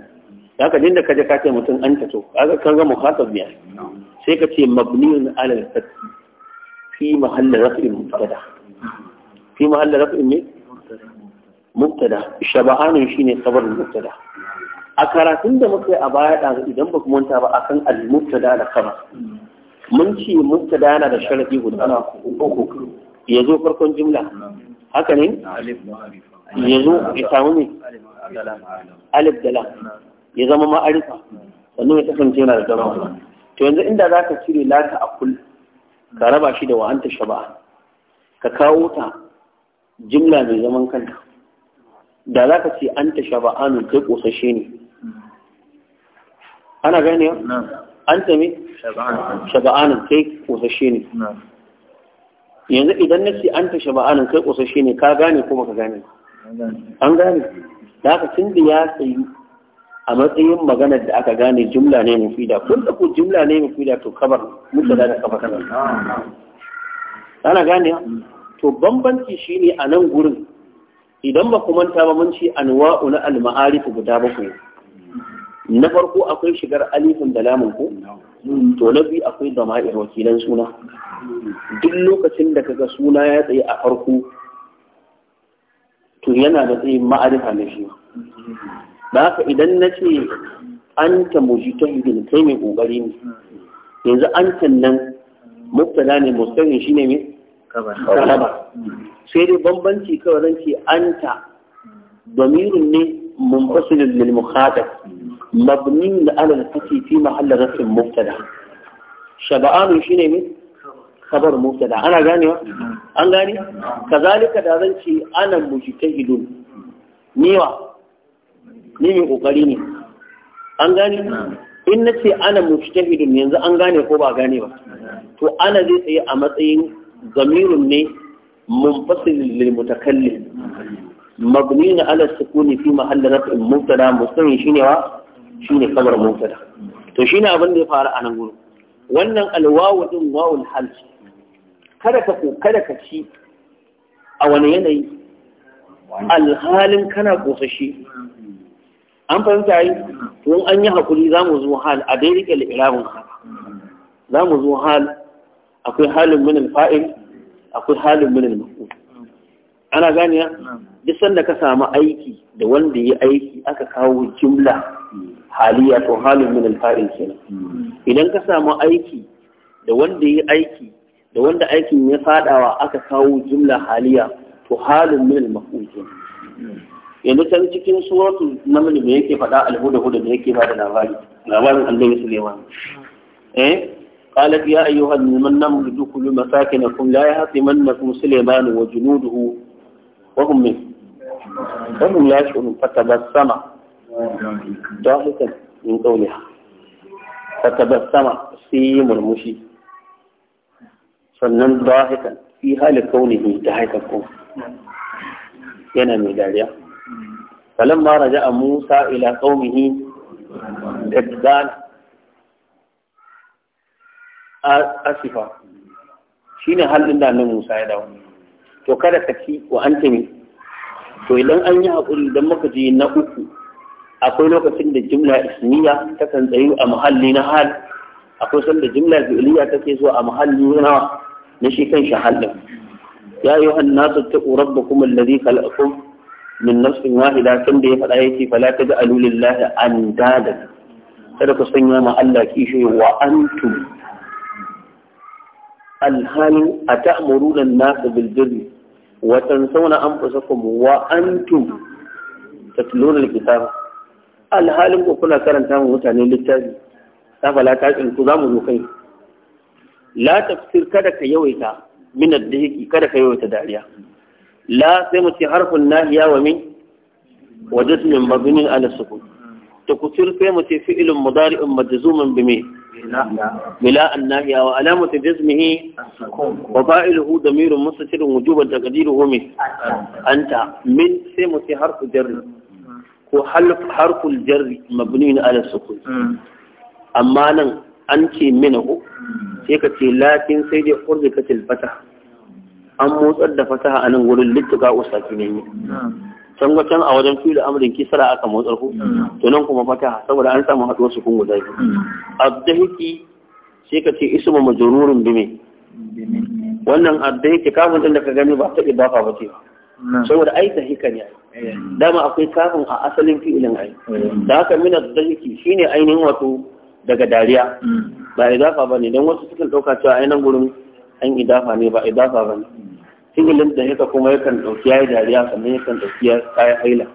da haka jinda kaje ka ce mutum anta to kaga kan ga mukhatab ne sai ka ce mabniyun alal fath في محل رفع مبتدا في محل رفع مبتدا شبعان شيني a karatun da muka yi a baya ɗazu idan ba kuma ba a kan al-mubtada da kama mun ce mubtada yana da sharadi guda uku ya zo farkon jimla haka ne ya zo ya ya zama ma'arifa sannan ya kasance yana da dama to yanzu inda za ka cire lata a kullum ka raba shi da wa'anta shaba'an, ka kawo ta jimla mai zaman kanta da za ka ce an ta shaba'anu kai ƙosashe ne ana gane an ta me shaba'anu kai ƙosashe ne yanzu idan na ce an ta shaba'anu kai ƙosashe ne ka gane ko baka gane an gane da aka tun da ya tsayi a matsayin maganar da aka gane jumla ne da kun da ku jumla ne da to kabar mutu da kabar ana gane to bambanci shine a nan gurin idan ba ku manta ba mun ci anwa'u na al-ma'arif guda bakwai na farko akwai shigar alifin da lamun ku to na biyu akwai dama'ir wakilan suna duk lokacin da kaga suna ya tsaye a farko to yana da tsayin ma'arifa ne shi da haka idan na ce an ta mujtahidin kai mai kokari ne yanzu an ta nan mubtada ne mustahin shine mai kalaba sai dai bambanci kawai zan ce an ta damirin ne منفصل للمخاطب مبني على الفتي في محل رفع مبتدا شبعان shi ne خبر مبتدا انا غاني ان غاني كذلك da zan ce ana mujtahidun niwa ni mai kokari ne an gane in na ce ana mujtahidun yanzu an gane ko ba gane ba to ana zai tsaye a matsayin zamirun ne munfasil lil mutakallim mabni na ala sukuni fi mahalli raf'in mubtada mustamin shine wa shine kamar mubtada to shine abin da ya faru a nan gurin wannan alwawu din wawul hal kada ka ko kada ka ci a wani yanayi alhalin kana kosashi an fahimta yi tun an yi hakuri za mu zo hal a dai rike li'irabin za mu zo hal akwai halin min fa'il akwai halin min maf'ul ana gane ya duk sanda ka samu aiki da wanda ya aiki aka kawo jimla haliya to halin min fa'il kenan hmm. idan ka samu aiki da wanda ya aiki da wanda aikin ya fadawa aka kawo jimla haliya to halin min maf'ul kenan hmm. yanzu can cikin suratu na mini me yake faɗa alhuda huda me yake bada labari labarin annabi ya sulewa eh kalafi ya ayyuhal mu'minuna mudkhulu masakinakum la yahtimannakum sulaymanu wa junuduhu wa hum min dan la yashun fatabassama dahikan min qawliha fatabassama sai murmushi sannan dahikan fi hali kaunihi dahikan ko yana mai dariya a Musa فلما رجع موسى إلى قومه كذبان أسفا شين da إن Musa ya dawo. to kada ka ci wa an ne to idan an yi haƙuri don maka je na uku akwai lokacin da jimla ismiya ta kan tsayu a muhalli na hal akwai da jimla fi'liya ke so a muhalli na na shi kan shi halin ya yi hannu ta taɓo rabbakum alladhi khalaqakum min nafsin wahida tun da ya faɗa yake fala ta ga alulillahi an dada kada ku sanya ma Allah kishi wa antum alhalin a ta'amuruna nasu biljirri wa tansawna anfusakum wa antum tatluna alkitab alhalin ku kuna karanta mu mutane littafi ta fala ta ku za mu zo kai la tafsir kada ka yawaita min ad kada ka yawaita dariya la sai mu ce harfin nahiya wa min wa jismin mabinin ala sukun to kusur sai mu ce fi'ilun mudari'un majzumun bi me bila an nahiya wa alamatu jismihi wa fa'iluhu damirun mustatirun wujuban taqdiruhu min anta min sai mu ce harfu jarri ko harful jarri mabnin ala sukun amma nan an ce minahu sai ka ce lakin sai dai urzi katil fata an motsar da fasaha a nan wurin littuka usaki ne can wacan a wajen fi da amurin kisara aka motsar ku to nan kuma fataha saboda an samu haɗuwar su kun guda biyu abdahiki sai ka ce ismu bi bime wannan abdahiki kafin din da ka gani ba ta idafa ba ce saboda ai ta hika ne dama akwai kafin a asalin fi'ilin ai da haka min abdahiki shine ainihin wato daga dariya ba idafa ba ne don wasu sukan ɗauka cewa ainihin gurin An idafa ne ba idafa ba ne fi'ilin da yaka kuma yakan ɗauki ya yi dariya sannan yakan ɗauki ya kayan haila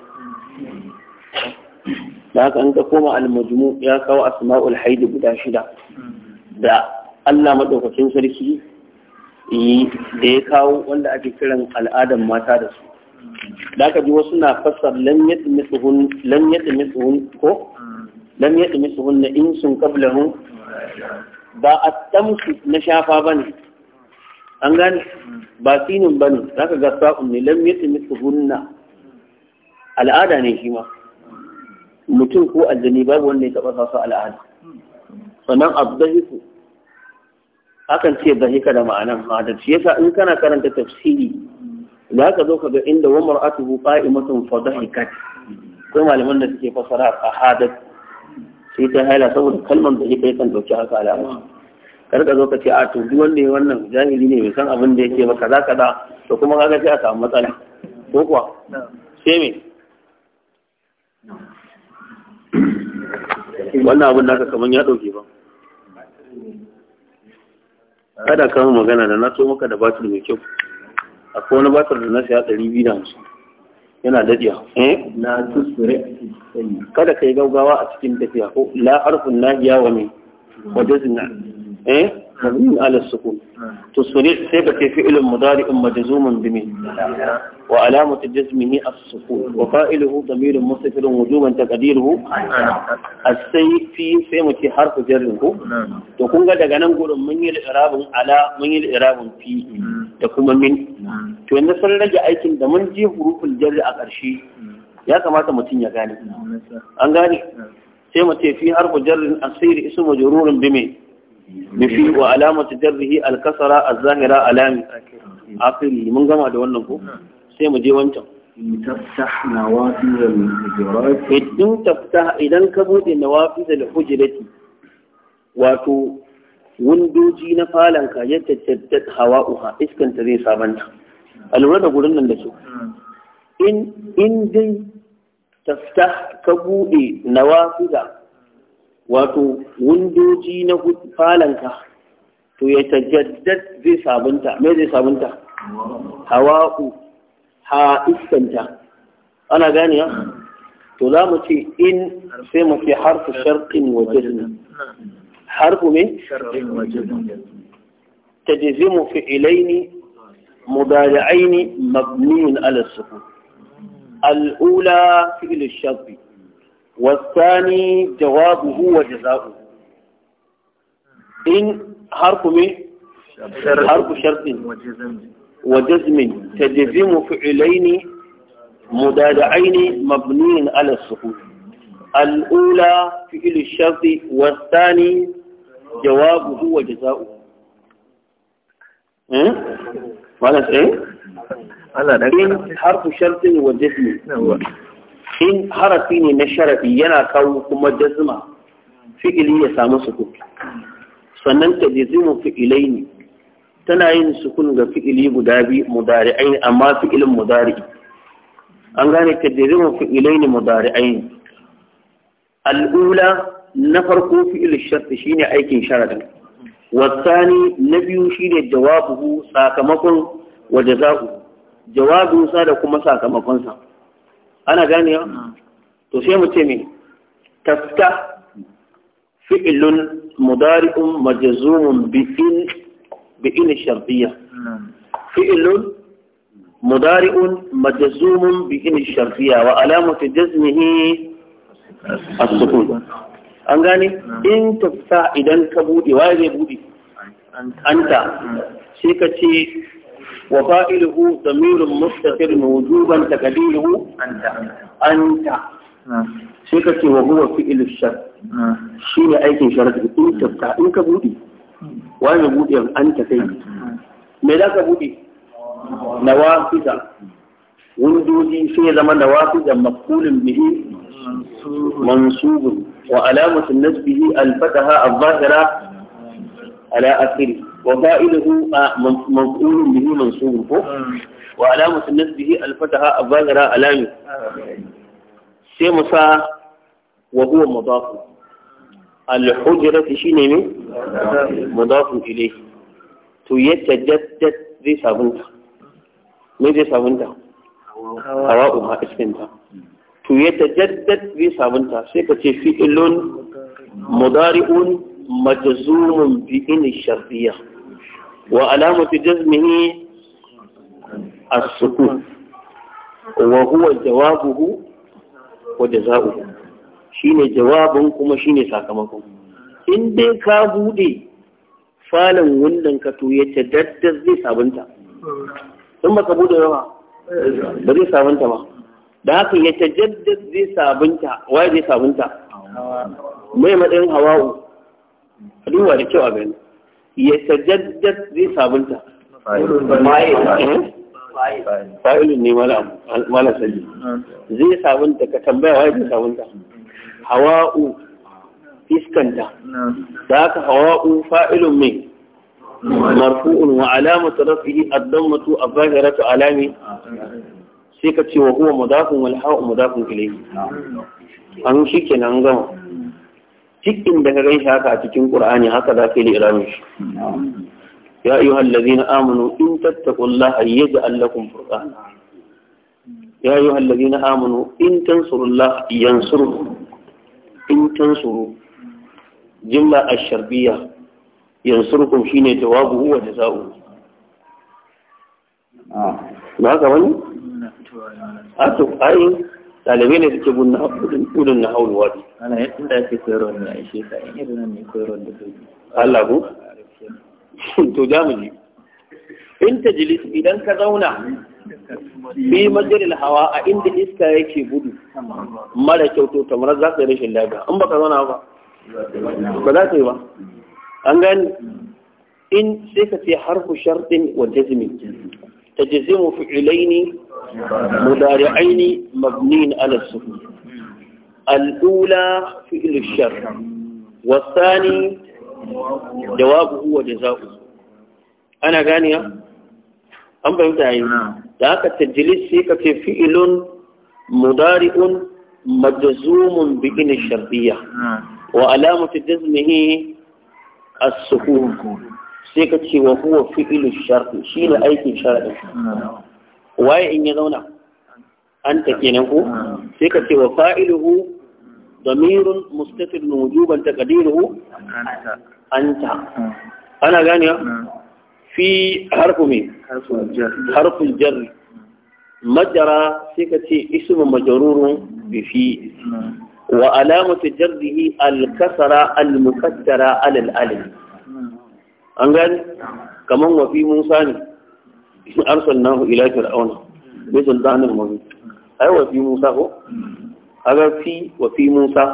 da haka an ka koma almajmu ya kawo asma'ul haidu guda shida da Allah maɗaukakin sarki da ya kawo wanda ake kiran al'adan mata da su da aka ji wasu na fassar lam yadda mitsuhun ko lam yadda mitsuhun na insun kablahun ba a tamsu na shafa ba ne an gane ba sinin ba ne za ka ga sa'un ne lam yata al'ada ne shi ma mutum ko aljani babu wanda ya taɓa sasa al'ada sannan abdahiku akan ce dahika da ma'anan hadar shi yasa in kana karanta tafsiri za ka zo ka ga inda wa mar'atuhu qa'imatun fa dahikat ko malaman da suke fasara a hadar sai ta haila saboda kalmar da yake kan dauki haka al'ada kar ka zo ka ce a to duk wanda wannan jahili ne bai san abin da yake ba kaza kaza to kuma ga sai a samu matsala ko kuwa sai me wannan abin naka kaman ya dauke ba kada ka mu magana da na so maka da batir mai kyau akwai wani batir da na siya ɗari biyu da hamsin yana daɗiya eh? na tusure kada ka yi gaugawa a cikin tafiya ko la na nahiya wa mai wajen zina eh مبني على السكون تسريع سيبك فعل مضارع مجزوم بمن وعلامة جزمه السكون وفائله ضمير مستتر وجوبا تقديره السي في سيمتي حرف جره تكون قد غنم قول من الإراب على من الإراب في تكون من تكون سرجع أيكم دمن جي حروف الجر أقرشي يا كما تمتين يا غاني أن غاني سيمتي في حرف جر أصير اسم مجرور بمن bifi wa alamatu jarrihi alkasara az-zahira alami akiri mun gama da wannan ko sai mu je wancan taftah nawafil al idan taftah idan ka bude nawafil al-hujurati wato windoji na falanka ya tattaddad hawa'uha iskan ta zai sabanta a lura da gurin nan da su hmm. in in dai taftah ka bude nawafila wato windoji na falanka to ya tajaddad zai sabunta me zai sabunta hawa'u ha iskanta ana gani ya to za mu ce in sai mu fi harfu sharqin wa jazm harfu me sharqin wa jazm تجزم فعلين مضارعين مبني على السكون الأولى فعل الشرط والثاني جوابه وجزاؤه إن حرف من حرف شرط وجزم تجزم فعلين مدادعين مبنيين على السكون الأولى فعل الشرط والثاني جوابه وجزاؤه ماذا تقول؟ إن حرف شرط وجزم in harafi ne na sharafi yana kawo kuma jazma fi'ili ya samu sukun sannan ta jazimu fi'ilai ne tana yin sukun ga fi'ili guda biyu mudari'ai amma fi'ilin mudari'i an gane ta jazimu fi'ilai ne mudari'ai al'ula na farko fi'il sharti shine aikin sharadin wasani na biyu shi ne jawabu sakamakon wa jaza'u jawabu sa da kuma sakamakonsa ana ganewa mm. to sai mu ce me tafta fi'lun mudari'un majzumun bi bi'in bi in mm. fi'lun mudari'un majzumun bi in wa alamatu jazmihi as-sukun an gane mm. in tafta idan ka bude waye zai bude anta sai ka ce وفائله ضمير مستقر وجوبا تقليله أنت أنت سيكتي نعم. وهو فعل الشر نعم. شيء أيك شرط أنت بتاع أنت بودي وأنا بودي أنت كيف نعم. ملاك بودي نوافذ وندوزي في زمن نوافذ مقبول به منصوب وعلامة النسبه الفتحة الظاهرة على آخره وفائده مفعول به منصوب وعلامة نسبه الفتحة الظاهرة علامة سيمسا وهو مضاف الحجرة شيني مضاف إليه تيتجدد ذي سابنتا ما ذي سابنتا هواؤها اسمنتا تيتجدد ذي سابنتا سيكتشي في اللون مضارئ Wa alama مجزوم بإن الشرطية وعلامة جزمه السكون وهو جوابه Shi ne jawabin kuma shine sakamakon in dai ka bude falon wundan ka to ya tadaddar zai sabunta in baka bude ba ba zai sabunta ba da haka ya tajaddad zai sabunta waye zai sabunta mai matsayin hawa'u a duba da kyau a gani ya tajaddad zai sabunta fa'ilun ne mana sali zai sabunta ka tambaya wa zai sabunta hawa'u iskanta da haka hawa'u fa'ilun mai marfu'un wa alamatu rafihi ad a az-zahiratu alami sai ka ce wa huwa mudafun wal ha'u mudafun ilayhi an kenan gama cikin da ka gaishe haka a cikin ƙur'ani haka za ka yi iramin shi ya ayu hallazina amanu in tattaqullaha yaj'al lakum furqana ya ayu hallazina amanu in tansurullaha yansurkum in tansuru jumla ash-shartiyya shi ne jawabu wa jazaa'u ba haka wani a to ai dalibai ne suke gudun na haulwa ne ana yadda da ake koyarwa ne a ishe ka in irin ne koyarwa da su Allah ko to za mu ji in ta jilis idan ka zauna bi majalil hawa a inda iska yake gudu mara kyau to tamar za ka yi rashin lafiya in baka zauna ba ba za ka yi ba an gani in sai ka ce harfu sharɗin wa jazmi تجزم فعلين مضارعين مبنين على السكون الأولى فعل الشر والثاني جوابه وجزاؤه أنا غانية أم فهمت ذاك التجلس سيكة فعل مضارع مجزوم بإن الشرطية وعلامة جزمه السكون سيكة وهو فعل الشرط شيل أيك شرط واي إن يزونه anta kenan ko sai ka ce wa fa'iluhu damirun mustatir wujuban taqdiruhu anta hmm. ana gane hmm. fi harfu me harfu jar majara sai ka ce ismu majrurun bi fi hmm. wa alamatu jarrihi al-kasra al-mukaddara ala al-alif an gani? kaman wa fi musa ne arsalnahu ila fir'auna bi sultanin mubin ai wa fi musa ko aga fi wa fi musa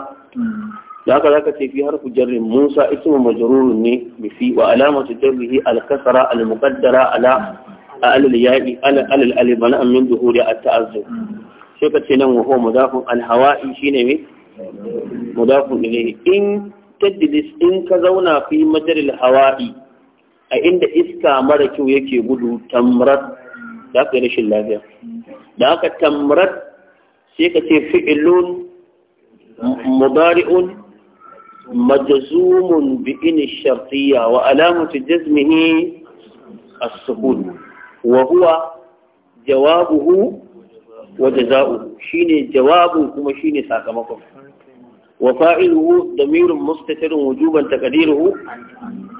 da haka zaka ce fi harfu jarrin musa ismu majrurun ne bi fi wa alamatu jarrihi al kasra al muqaddara ala al ya'i ala al alif bana min duhuri at ta'azzur sai ka ce nan wa huwa mudafun al hawa'i shine me mudafun ilayhi in tadlis in ka zauna fi majaril hawa'i a inda iska mara kyau yake gudu tamrat za ka yi rashin lafiya da aka tamrat sai ka ce fi'ilun mubari'un majazumun bi’in in wa alamatu jazmihi a sukun wa huwa jawabuhu wa shi shine jawabu kuma shine sakamakon wa fa'iluhu damirun mustatirun wujuban an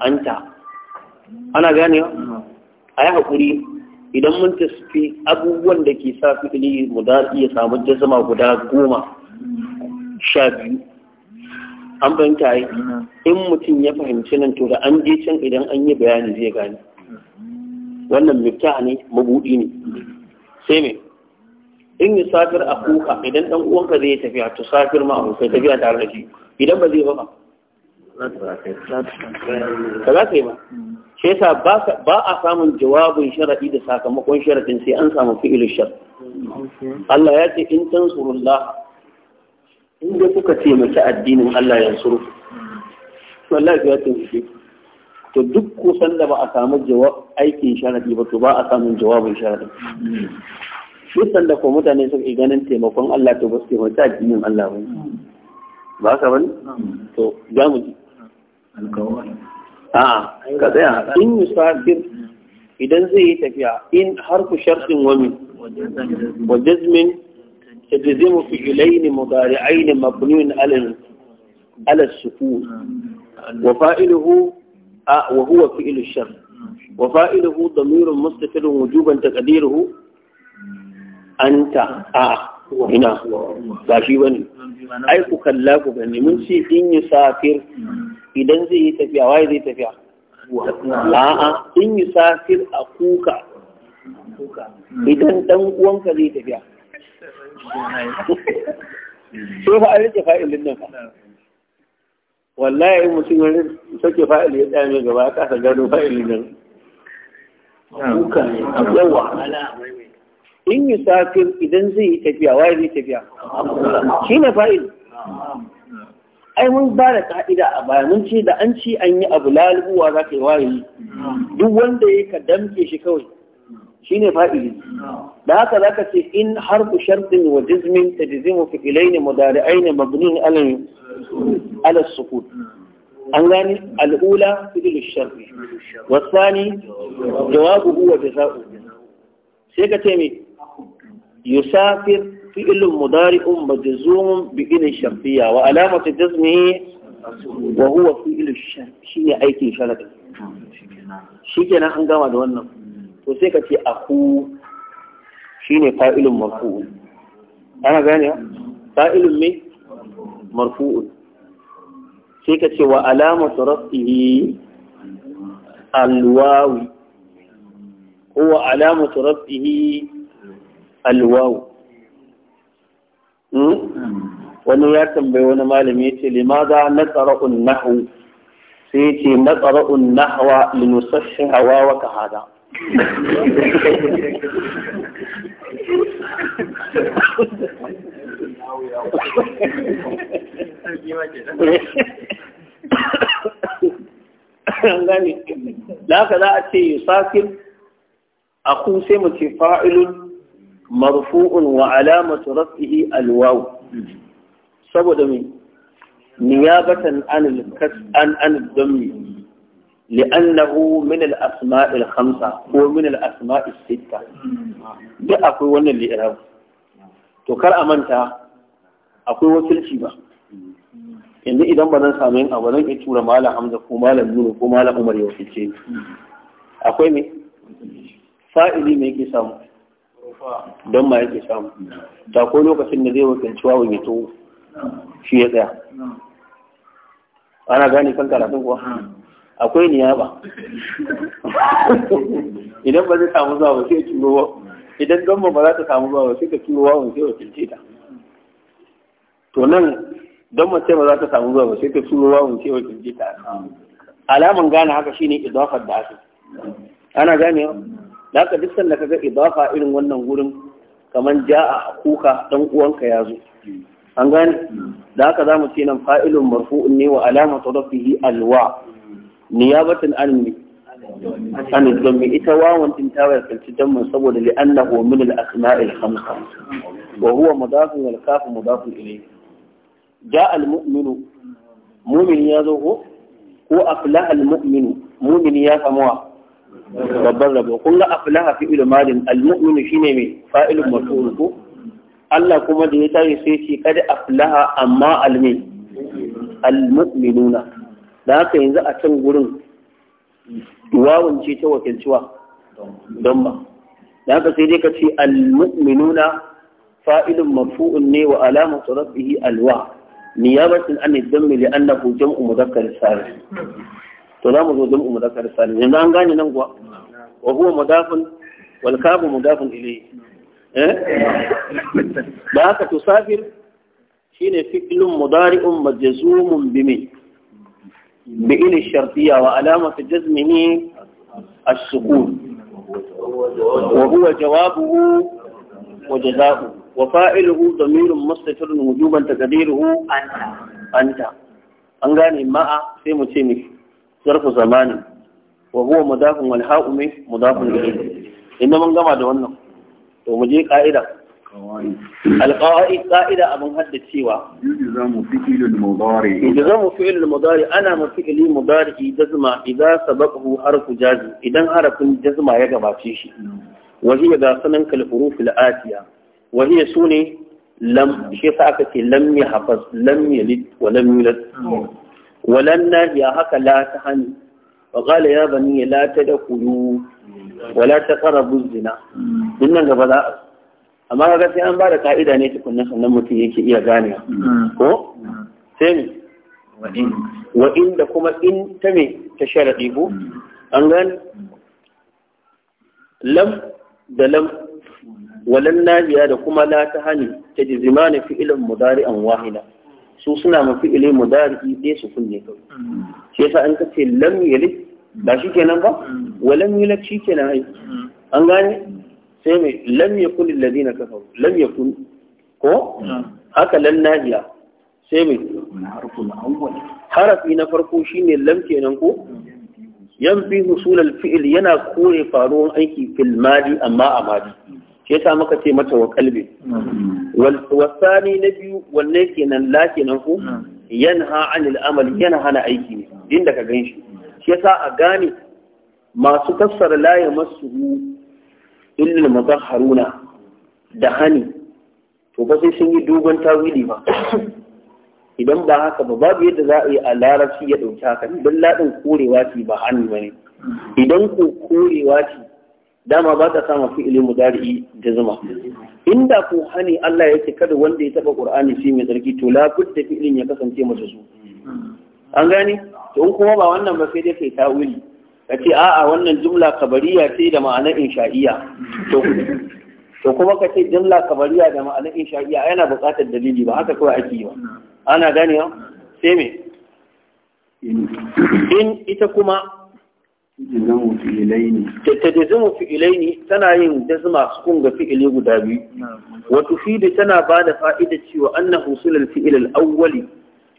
anta ana gane yi haƙuri idan mun tasfi abubuwan da ke sa mu mudari ya samu jazama guda goma sha biyu an fahimta yi in mutum ya fahimci nan to da an je can idan an yi bayani zai gane wannan mifta ne mabudi ne sai me in yi safir a kuka idan dan uwanka zai tafiya a tusafir ma a kai tafiya tare da shi idan ba zai ba ba ka za ka yi ba shi yasa ba a samun jawabin sharaɗi da sakamakon sharaɗin sai an samu fi'ilin shar Allah ya ce in tansurullah in da kuka taimaki addinin Allah ya suru wallahi ya taimake to duk kusan da ba a samu aikin sharaɗi ba to ba a samun jawabin sharadi duk sanda ko mutane suka yi ganin taimakon Allah to ba su taimaki addinin Allah ba ba ka bane to za mu ji alkawari a ga zai haɗa in musafir idan zai yi tafiya in har ku sharfin wani wa jazmin ta jazi mu fi ilaini mu gari aini mabnuin alas suku wa fa'iluhu a wa huwa anta a ina ba shi bane ai ku kalla ku gani mun ce in yi safir idan zai yi tafiya waye zai tafiya a'a in yi safir a kuka idan dan uwanka zai tafiya so fa a rike fa'ilin nan fa wallahi mutum ya sake fa'il ya tsaya mai gaba ya kasa gano fa'ilin nan A kuka ne yawa in yi safir idan zai yi tafiya waye zai tafiya shi ne fa'il ai mun ba da ka'ida a baya mun ce da an ci an yi abu lalubuwa za ka yi waye duk wanda ya ka damke shi kawai shi ne fa'ili da haka za ka ce in har ku sharɗin wa jizmin ta jizimu fi'ilai ne aini mabinin mabnin alas sukut an gani al'ula fi'il Wasu wasani jawabu huwa jaza'u sai ka ce mai يسافر فعل مضارع مجزوم بإن الشرطية وعلامة جزمه وهو فعل الشرط شيء أيتي شرط شيء أنا أنقام وسيكا في أخو شيء فاعل مرفوع أنا غاني فاعل مي مرفوع في وعلامة رفعه الواوي هو علامة رفعه alwawu wani ya tambayi wani malami ya ce limaza na tsara'un nahu sai ya ce na tsara'un nahawa linusashi hawa wa kahada gane da haka za a ce yusafir a kun sai mu ce fa'ilun marfu'un wa alamatu raf'ihi alwaw saboda me niyabatan anil kas an an dammi لأنه من asma'il الخمسة ko من الأسماء الستة ده أقوى وانا اللي إرهاب to kar a manta akwai wakilci ba yanzu idan ba zan samu yin abu zan iya tura malam hamza ko malam nuna ko malam umar ya wakilce akwai me fa'ili me yake samu don ma yake samu ta ko lokacin da zai wakilci wawon ya to shi ya tsaya ana gane kan karatun kuwa akwai niyaba idan ba zai samu zuwa ba sai turo wa idan gamba ba za ta samu zuwa ba sai ka turo wawon sai wakilce ta to nan don mace ba za ta samu zuwa ba sai ka turo wawon sai wakilce ta alaman gane haka shine idafar da ake ana gane da haka duk sanda kaga ibafa irin wannan gurin kaman ja'a kuka dan uwanka ya zo an gane da haka zamu ce nan fa'ilun marfu'un ne wa alama ta rafihi alwa niyabatan an an dhammi ita wawan tin ta wakilci mun saboda li annahu min al asma'il khamsa wa huwa mudafun wal kafu mudafun ilayhi ja al mu'minu mu'min ya zo ko ko aflaha al mu'minu mu'min ya samuwa babban rabo kun ga aflaha fi ilmalin almu'minu shine mai fa'ilun maf'ul ko Allah kuma da ya tashi sai ce kada aflaha amma almi almu'minuna da haka yanzu a can gurin wawance ta wakilciwa don ba da haka sai dai ka ce almu'minuna fa'ilun maf'ul ne wa alamatu rabbihi alwa niyabatin an dammi mili annahu jam'u mudhakkar salim to za mu zo jam'u mudakkar salim yanzu an gane nan kuwa wa huwa mudafun wal kabu mudafun ilayhi da eh? haka tusafir shine fi'lun mudari'un majzumun mun bi ilal shartiyya wa alamati jazmihi as-sukun wa huwa jawabuhu wa jazahu wa fa'iluhu damirun mustatirun wujuban taqdiruhu anta anta an ta, an gane ma'a sai mu ce miki zarfu zamani wa huwa mudafun wal ha'u min mudafun ilayhi inda mun gama da wannan to mu je ka'ida القواعد قاعدة أبن هدد سوى يلزم فعل المضارع يلزم فعل المضارع أنا مفعل مضارع جزمة إذا سبقه حرف جازم إذا حرف جزمة يقبع شيشي وهي غاسنا كالحروف الآتية وهي سوني لم شيء ساكتي لم يحفظ لم يلد ولم يولد walan nahiya haka la ta hani wa qala ya bani la tadkhulu wa la taqrabu zina dinnan gaba za a amma kaga sai an ba da ka'ida ne tukunna sannan mutum yake iya ganewa ko sai ne wa inda kuma in ta me ta sharaɗi ko an gani lam da lam walan ya da kuma la ta hani ta jizima na fi'ilan an wahida su suna mafi ilai mudari ɗaya su kunne kawai shi yasa an kace lam yalid ba shi kenan ba wa lam yulad shi kenan ai an gane sai mai lam yakun alladhina kafaru lam yakun ko haka lan nahiya sai mai harafi na farko shine lam kenan ko yan fi husul al yana kore faruwar aiki fil madi amma a madi shi yasa muka ce mata wa kalbi wasani na biyu wanne kenan la kenan ku hmm. yanha anil amali yana hana aiki ne din da ka ganshi shi yasa a gane masu fassara la ya masu illal mutahharuna da hani to ba sai sun yi dogon tawili ba idan ba haka ba babu yadda za a yi a larabci ya ɗauki haka don laɗin korewa ce ba hannu ba ne hmm. idan ko korewa ce dama ba ta sama fi'ilin mudari'i da zama inda ko hani Allah ya ce kada wanda ya taba Qur'ani shi mai tsarki to la da fi'ilin ya kasance masa su an gane to in kuma ba wannan ba sai dai kai tawili kace a'a wannan jumla kabariya ce da ma'anar insha'iya to to kuma ka ce jumla kabariya da ma'anar insha'iya yana buƙatar dalili ba haka kawai ake yi ba ana ganewa sai me in ita kuma tattajizimu fi'ilaini tana yin jazma su kunga fi'ili guda biyu wa tufidi tana ba da fa'ida cewa anna husulul fi'il al-awwali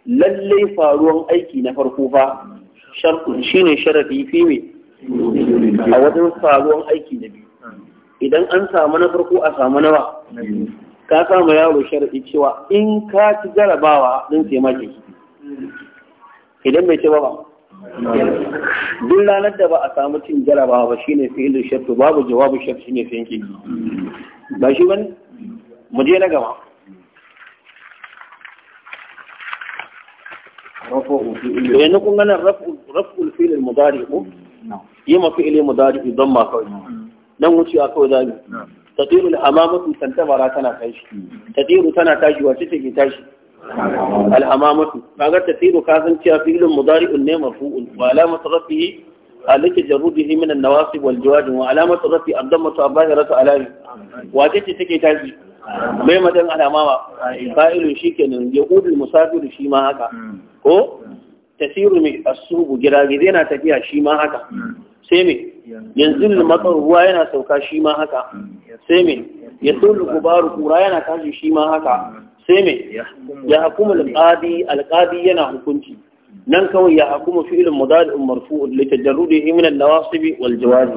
lallai faruwan aiki na farko fa shi shine sharafi fi me a wajen faruwan aiki na biyu idan an samu na farko a samu nawa ka samu yaro sharadi cewa in ka ci jarabawa din sai maki mm. idan bai ci ba duk ranar da ba a samu cin jarabawa ba shine fi'ilul shart babu jawabu ne shine fi'il ba shi wani mu je na gaba yanzu kun ganin raf'ul mu mudari ko yi ma fi'il ku, don ma kawai wuce a kawai zamu tatiru amma amamatu tantabara tana tashi tatiru tana tashi wace take tashi alhamamatu kaga tasiru ka san cewa filin mudari'un ne marfu'un wa alamatu rafihi alaka jarudihi min an-nawasib wal jawazim wa alamatu rafi ad-dammatu abahiratu alami Wace ce take tashi mai madan alama fa'ilun shikenan yaqudul musafir shi ma haka ko tasiru mai asubu girage yana tafiya shi ma haka sai me yanzu matsar ruwa yana sauka shi ma haka sai me ya tulu gubaru kura yana tashi shi ma haka سيمي يحكم القاضي القاضي ينا حكمتي ننكو يحكم فعل مضارع مرفوع لتجرده من النواصب والجواز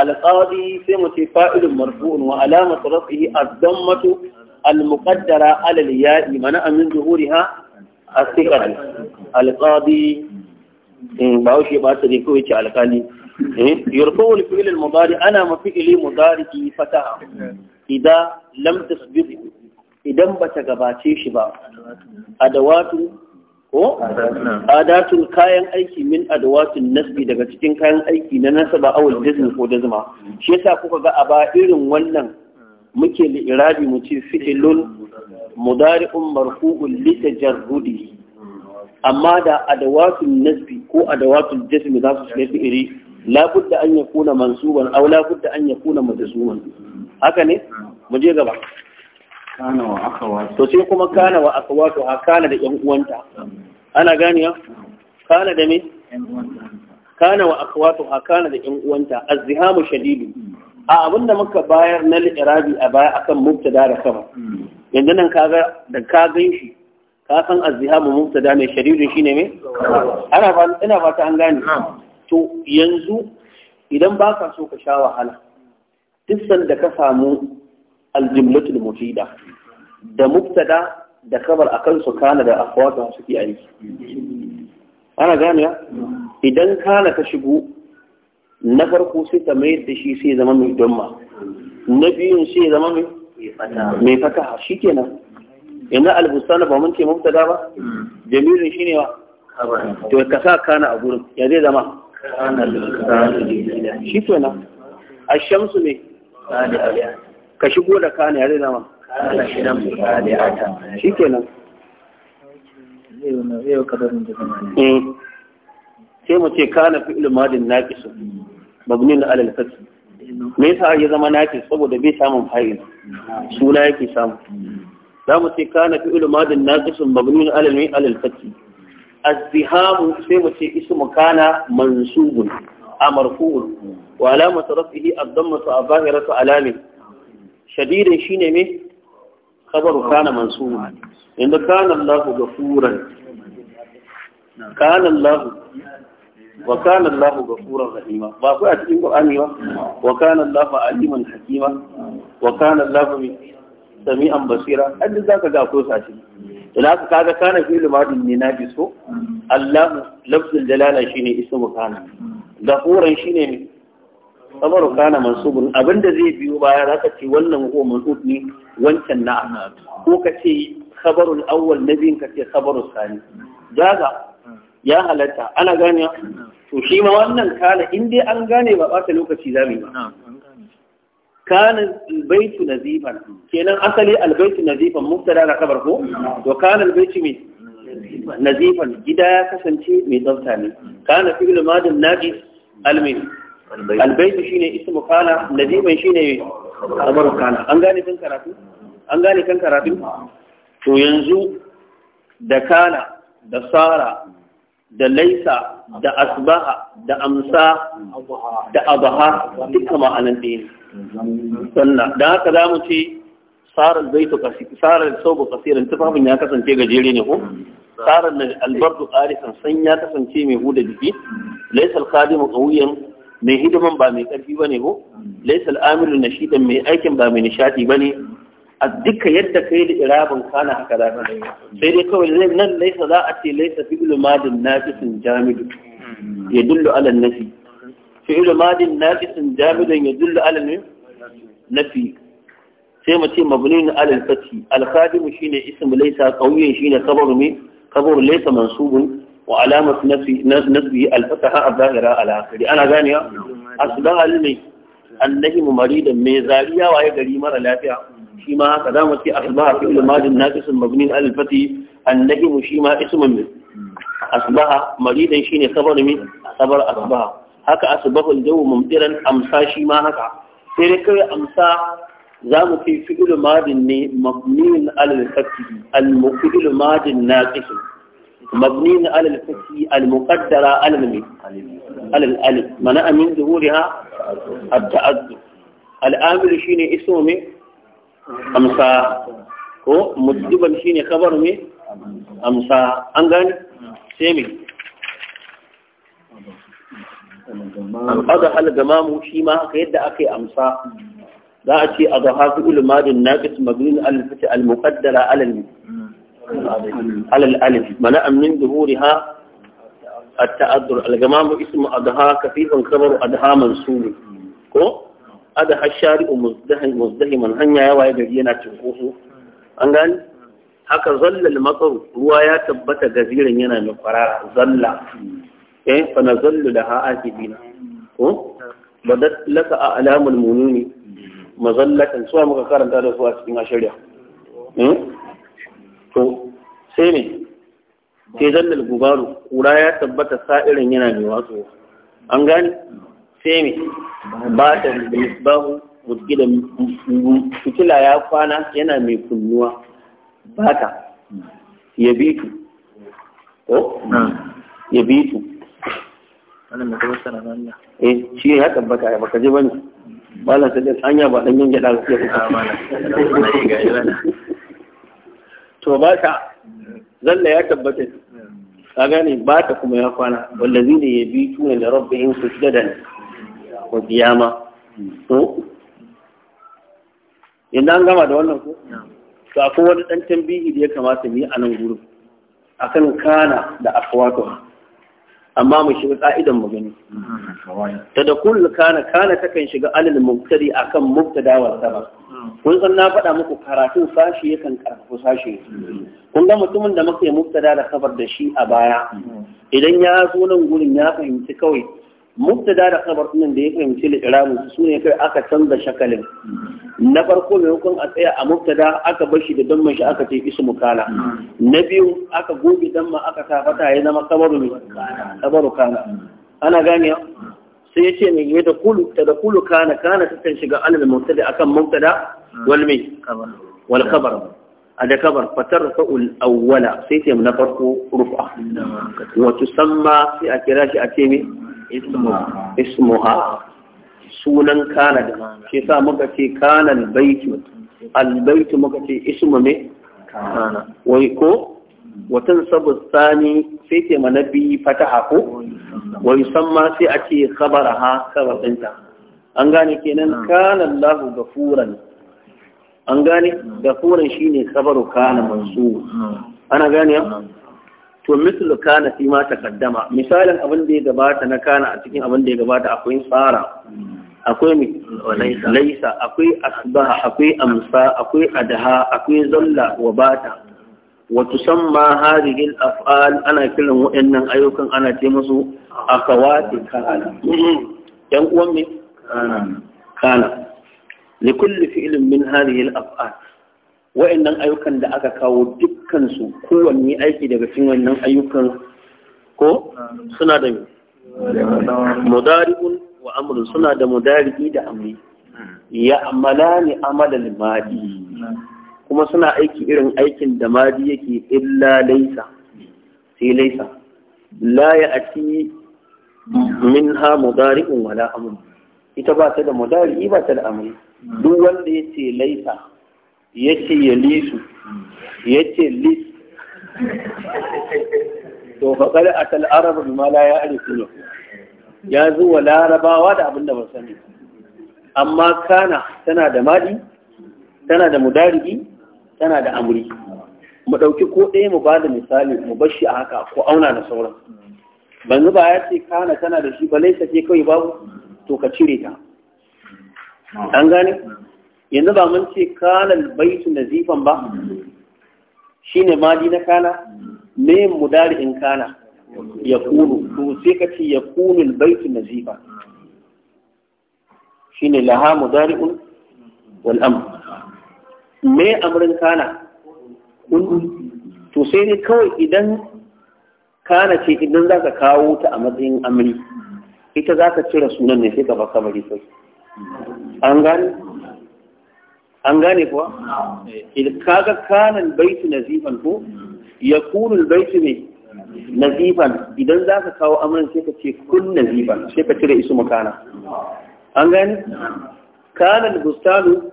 القاضي سيمة فائل مرفوع وعلامة رفعه الضمة المقدرة على الياء منع من ظهورها الثقل القاضي باوشي باسل ديكويتي على القاضي يرفو الفعل المضارع أنا ما في لي مضارعي فتاة إذا لم تثبت idan ba ta gabace shi ba adawatun ko adatun kayan aiki min adawatun nasbi daga cikin kayan aiki na nasaba awul jizmi ko jazma shi yasa kuka ga a ba irin wannan muke li'irabi mu ce fi'ilun mudari'un marfu'un li tajarrudi amma da adawatun nasbi ko adawatun jizmi za su shiga fi'iri labudda an yakuna mansuban aw labudda an yakuna majzuman haka ne mu je gaba to sai kuma kana wa akawatu ha kana da yan uwanta ana ya kana da me kana wa akawatu ha kana da yan uwanta azzihamu shadidu a abinda muka bayar na irabi a baya akan mubtada da kama hmm. yanzu nan kaga da ka ganshi ka san azzihamu mubtada mai shadidu shine me ana ba ina fata an gane to yanzu idan ba ka so ka sha wahala duk sanda ka samu aljumlatul mufida da mubtada da kabar akan su kana da akwata suke aiki ana gane idan kana ka shigo na farko sai ta mai da shi sai zama mai domma na biyun sai zama mai mai shi shikenan yanzu albustana ba mun ce mubtada ba shi shine wa to ka sa kana a gurin ya zai zama shikenan ashamsu ne ka shigo da kana yare zama kana shidan misali a zai zama eh. sai mu ce kana fi ilmadin naqis mabnin ala al-fath me yasa ya zama naqis saboda bai samun fa'il suna yake samu za mu ce kana fi ilmadin naqis mabnin ala al-ala al-fath az-ziham sai mu ce ismu kana mansubun amarfuun wa alamatu rafihi ad-dammatu a zahiratu alamin shadidin ne mai kabaru kana mansub inda kana Allah gafuran kana Allahu wa kana Allah gafuran rahima ba ku a cikin Qur'ani ba wa kana Allah aliman hakima wa kana Allah sami'an basira an zaka ga ko sashi ina ka kaga kana fi limadin ne nafi so Allah lafzul jalala shine ismu kana gafuran shine khabaru kana mansubun da zai biyo baya zaka ce wannan ko mansub ne wancan na ko ka ce khabarul awwal nabiyin ka ce khabarul sani jaza ya halatta ana gane to shi ma wannan kana in dai an gane ba bata lokaci za mu yi. kana albaytu nazifan kenan asali albaytu nazifan mubtada na khabar ko to kana albaytu me nazifan gida ya kasance mai tsafta ne kana fi'lu madin najis almin albaitu shine ismu kana nadiban shine khabaru kana an gane kan karatu an gane kan karatu to yanzu da kana da sara da laisa da asbaha da amsa da abaha duka ma'anan ɗaya ne sannan da haka za mu ce sarar baito sarar sauko kasirin tufafin ya kasance gajere ne ko sarar albardu ƙarisan san ya kasance mai huda jiki laisa alƙadimu ƙauyen mai hidiman ba mai ƙarfi ba ne ko laisal amiru na shi mai aikin ba mai nishaɗi ba ne a duka yadda ka yi da irabin kana haka za ka sai dai kawai nan laisa za a ce laisa fi'lu madin nafisin jamidu ya dullu alal nafi fi'lu madin nafisin jamidun ya dullu alal nafi sai mu ce mabnin alal fati al khadimu shine ismu laisa qawiyyan shine khabaru me khabaru laisa mansubun wa alamat nasbi alfataha a zahira alakari ana gani ya asbahal ne annahi maridan me zariya waye gari mara lafiya shi ma haka zamu ce asbaha fi ulmadin naqisun mabni al fati annahi shi ma ismun min asbaha maridan shine sabar min sabar asbaha haka asbahu jawu mumtiran amsa shi ma haka sai dai kai amsa zamu ce fi ulmadin ne mabni al fati al mufidul madin naqisun مبني على الفتح المقدرة على المي على الألف منع من ظهورها التعذر الآمل شيني اسمه مي أمسا هو مجدبا شيني خبر مي أمسا أنغاني سيمي أضح الجمام شيما كيدا أكي أمسا ذاتي أضحاك أول ماد الناقص مبني على الفتح المقدرة على المي على الألف مناء من ظهورها التأذر الجمام اسم أدها كثيف خبر أدها منصوب كو أدها man hanya مزدهما هنيا يا yana cin تنقوسو an gani haka zallal matsar ruwa ya tabbata gazirin yana mai kwarara zalla eh fa na zallu laha akibina ko badat laka a alamar mununi mazallatan suwa muka karanta da su a cikin ashirya. to sai ne sai zallal gubaru kura ya tabbata sa'irin yana mai watsu an gani. sai ne ba da misbahu mutgida fitila ya kwana yana mai kunnuwa ba ta ya bitu ko ya bitu wannan eh shi ya tabbata ya baka ji bane malam sai anya ba dan yin gida ah, ga sai ka malam to ba ta zalla ya tabbata ka gane ba ta kuma ya kwana wanda ne ya bi tuna da in rabbihim da ko qiyama to yanda an gama da wannan ko to akwai wani dan tambihi da ya kamata mu yi a nan gurin akan kana da akwato amma mu shiga ka'idan mu gani ta da kullu kana kana takan shiga alal mubtadi akan mubtada wa sabab kun san na faɗa muku karatun sashi yakan karfafa sashi kun ga mutumin da muka yi muftada da kabar da shi a baya idan ya zo nan gurin ya fahimci kawai Muftada da kabar nan da ya fahimci iramu su ne kai aka canza shakalin na farko hukun a tsaya a muftada aka bar shi da damman shi aka ce isu mukala. na biyu aka goge damma aka sa fata ya zama kabaru kabaru kana ana gane sai ya ce mai ya da kulu ta da kulu kana kana ta kan shiga alal mubtada akan mubtada wal mai wal khabar a da khabar fatar fa'ul awwala sai ce na farko rufa wa samma sai a kira shi a ce me ismuha sunan kana da shi sa muka ce kana al baitu al baitu muka ce ismu me kana wai ko watan sabu tsani sai ke manabi fataha ko wa yusamma sai a ce khabara ha khabar dinta an gane kenan ah. kana Allahu gafuran an gane gafuran shine khabaru kana mansu ah. ana gane ah. to mislu kana fi ma taqaddama misalin abin da ya gabata na kana a cikin abin da ya gabata akwai tsara akwai laisa akwai asbaha akwai amsa akwai adha akwai zalla wa bata wa tusamma hadhihi al-af'al ana kiran wayannan ayukan ana ce musu akawati kana dan uwan fi'lin min hadhihi al-af'al wayannan ayukan da aka kawo dukkan su aiki daga cikin wayannan ayukan ko suna da mudari'un wa amrun suna da mudari'i da amri hmm. ya amalani amalan madi hmm. kuma suna aiki irin aikin da madi yake illa laisa sai laisa la ya ati min ha mudari'un wala amr ita ba ta da mudari'i ba ta da amri duk wanda ya ce laisa ya ce ya lisu ya ce lis to faƙar a tal'arabar ma la ya arifu ne ya zuwa larabawa da abin da ba sani amma kana tana da madi tana da mudari'i tana da amuri mu ɗauki ko ɗaya mu ba da misali mu bar shi a haka ko auna da sauran Ban ba ya ce kana tana da shi ba laisa ce kawai babu to ka cire ta an gane yanzu ba mun ce kana baitu nazifan ba shine madi na kana me mudari in kana ya kunu to sai ka ce ya kunu baitu nazifa shine laha mudari'un wal amr me amrin kana to sai ne kawai idan kana ce idan za ka kawo ta a matsayin amri ita za ka cire sunan ne sai ka baka mari sai an gane an gane kuwa eh. kaga kanan baitu nazifan ko ya kunul baitu ne nazifan idan za ka kawo amrin sai ka ce kun nazifan sai ka cire isu makana an gane kanan bustanu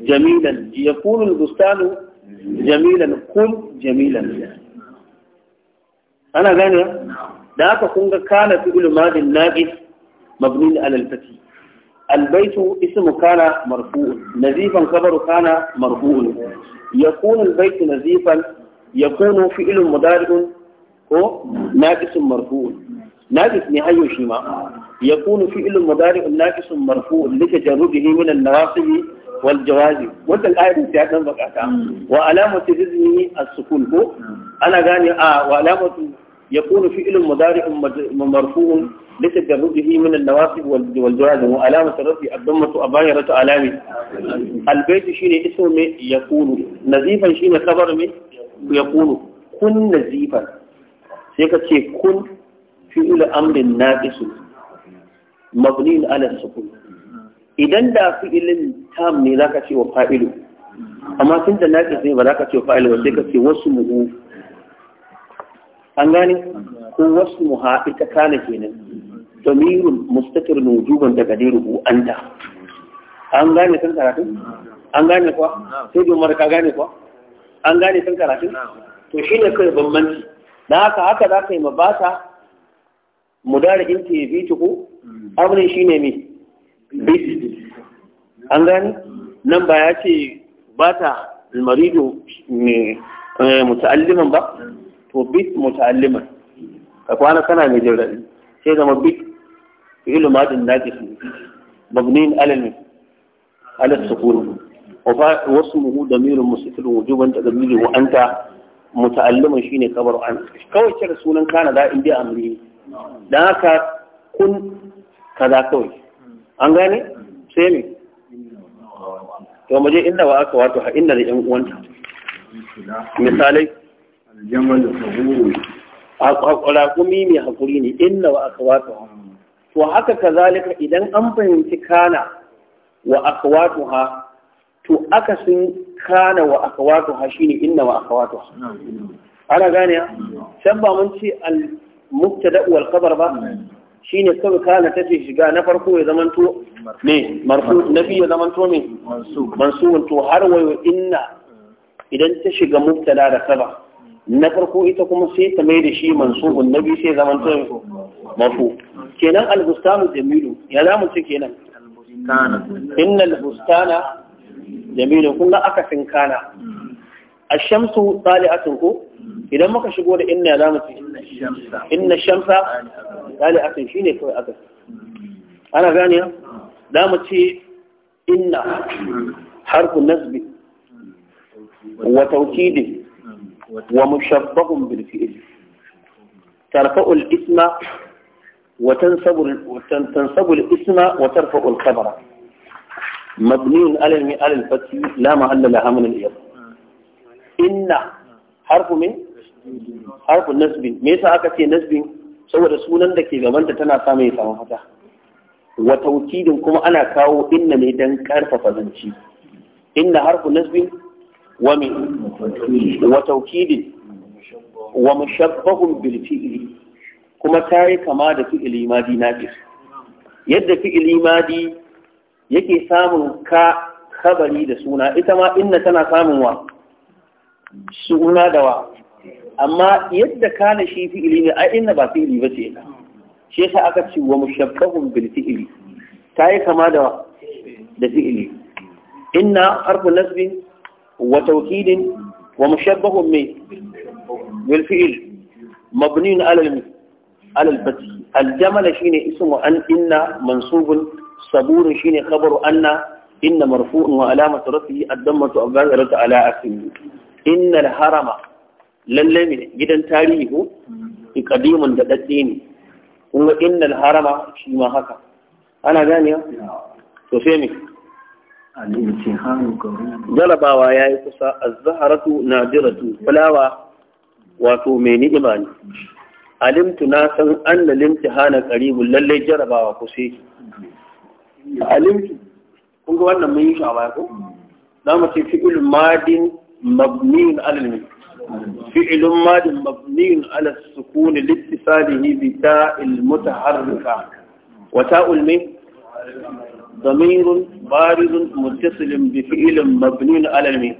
جميلا يكون البستان جميلا كن جميلا أنا غني لا تكون كان في كل ماد ناقص مبني على الفتي البيت اسمه كان مرفوع نزيفا خبر كان مرفوع يكون البيت نزيفا يكون فعل مضارع هو ناقص مرفوع ناقص نهاية شيما يكون فعل مضارع ناقص مرفوع لتجربه من النواصب wal jawazi wannan ayatin ta dan bakata wa alamatu jazmi as-sukun ko ana gane a wa alamatu yakunu fi'lun mudari'un marfu'un لتجرده من النواصب والجوازم وعلامة الرفع الضمة أبايرة علامة البيت شين اسم يكون نزيفا شين خبر من يكون كن نزيفا سيكت شيء كن فعل أمر ناقص مبني على السكون idan da fi'ilin tam ne za ka ce wa fa'ilu amma tun da naƙi ne ba za ka ce wa fa'ilu ba sai ka ce wasu mu'u an gane ko wasu muha ita kana kenan damirun mustatir nujuban daga dai anta an gane kan karatu an gane kuwa sai domar ka gane kuwa an gane kan karatu to shine kai bambanci dan haka haka za ka yi mabata mudara in ya bi ko abin shi ne mai bisi an gani nan ba ya ce ba ta marido ne eh, muta'alliman ba to bit muta'alliman ka kwana kana mai jin raɗi sai zama bit ilu madin na ke jifi mabnin alalmi alas su sukuni wasu muhu da mirin musu tilin wujuban ta zamiri wa anta muta'alliman shi ne kabar an kawai cire sunan kana da biya amuri don haka kun kaza kawai an gane sai ne to muje inda wa aka wato ha inda da yan uwanta misalai raƙumi mai haƙuri ne inda wa aka wato to haka kazalika idan an fahimci kana wa aka wato ha to aka sun kana wa aka wato ha shine inda wa aka wato ana gane ya can ba mun ce al mubtada wal khabar ba shine kawai kana ta ce shiga na farko ya zamanto me marfu na biyu ya zamanto me mansubun to har wayo inna idan ta shiga mubtada da saba na farko ita kuma sai ta mai da shi mansubun na biyu sai zamanto mafu kenan al-bustanu jamilu ya mu ce kenan inna al-bustana jamilu kun ga aka tinkana ash-shamsu tsali'atun ko idan muka shigo da inna ya zamu ce inna shamsa misali akan shi ne kawai akan ana gane da mu ce inna harfu nasbi wa taukidi wa mushabbahun bil fi'l tarfa'u al isma wa tansabu tansabu al isma wa tarfa'u al khabara مبني على على الفتح لا محل لها من الإضافة إن حرف من حرف النسب ميسا أكتي نسب saboda sunan da ke gabanta tana sa mai samu fata wa taukidin kuma ana kawo inna ne dan karfafa zanci inna harfu nasbin wa min wa taukidin wa mushabbahun bil fi'li kuma tayi kama da fi'li madi ke. yadda fi'li madi yake samun ka khabari da suna ita ma inna tana samun wa suna da wa amma yadda kana shi fi'ili ne ai inna ba fi'ili ba ce shi yasa aka ce wa mushabbahun bil fi'ili ta yi kama da da fi'ili inna harfu nasbin wa tawkidin wa mushabbahun mai bil fi'il mabni ala al ala al fath al jamala shine ismu an inna mansubun saburun shine khabaru anna inna marfu'un wa alamatu rafihi ad-dammatu abghayratu ala asmi inna al harama lalle ne gidan tarihi ko kadiman da dadde ne kuma innal harama shi ma haka ana gane to sai me jalabawa ya yi kusa azzaharatu nadiratu fulawa wato mai ni'ima ne alimtu na san an da limti hana karibun lallai jarabawa kusa alimtu kun ga wannan mun yi shi a baya ko hmm. za mu ce fi'il madin mabniin alal فعل ماد مبني على السكون لاتصاله بتاء المتحركة وتاء المين ضمير بارز متصل بفعل مبني على المين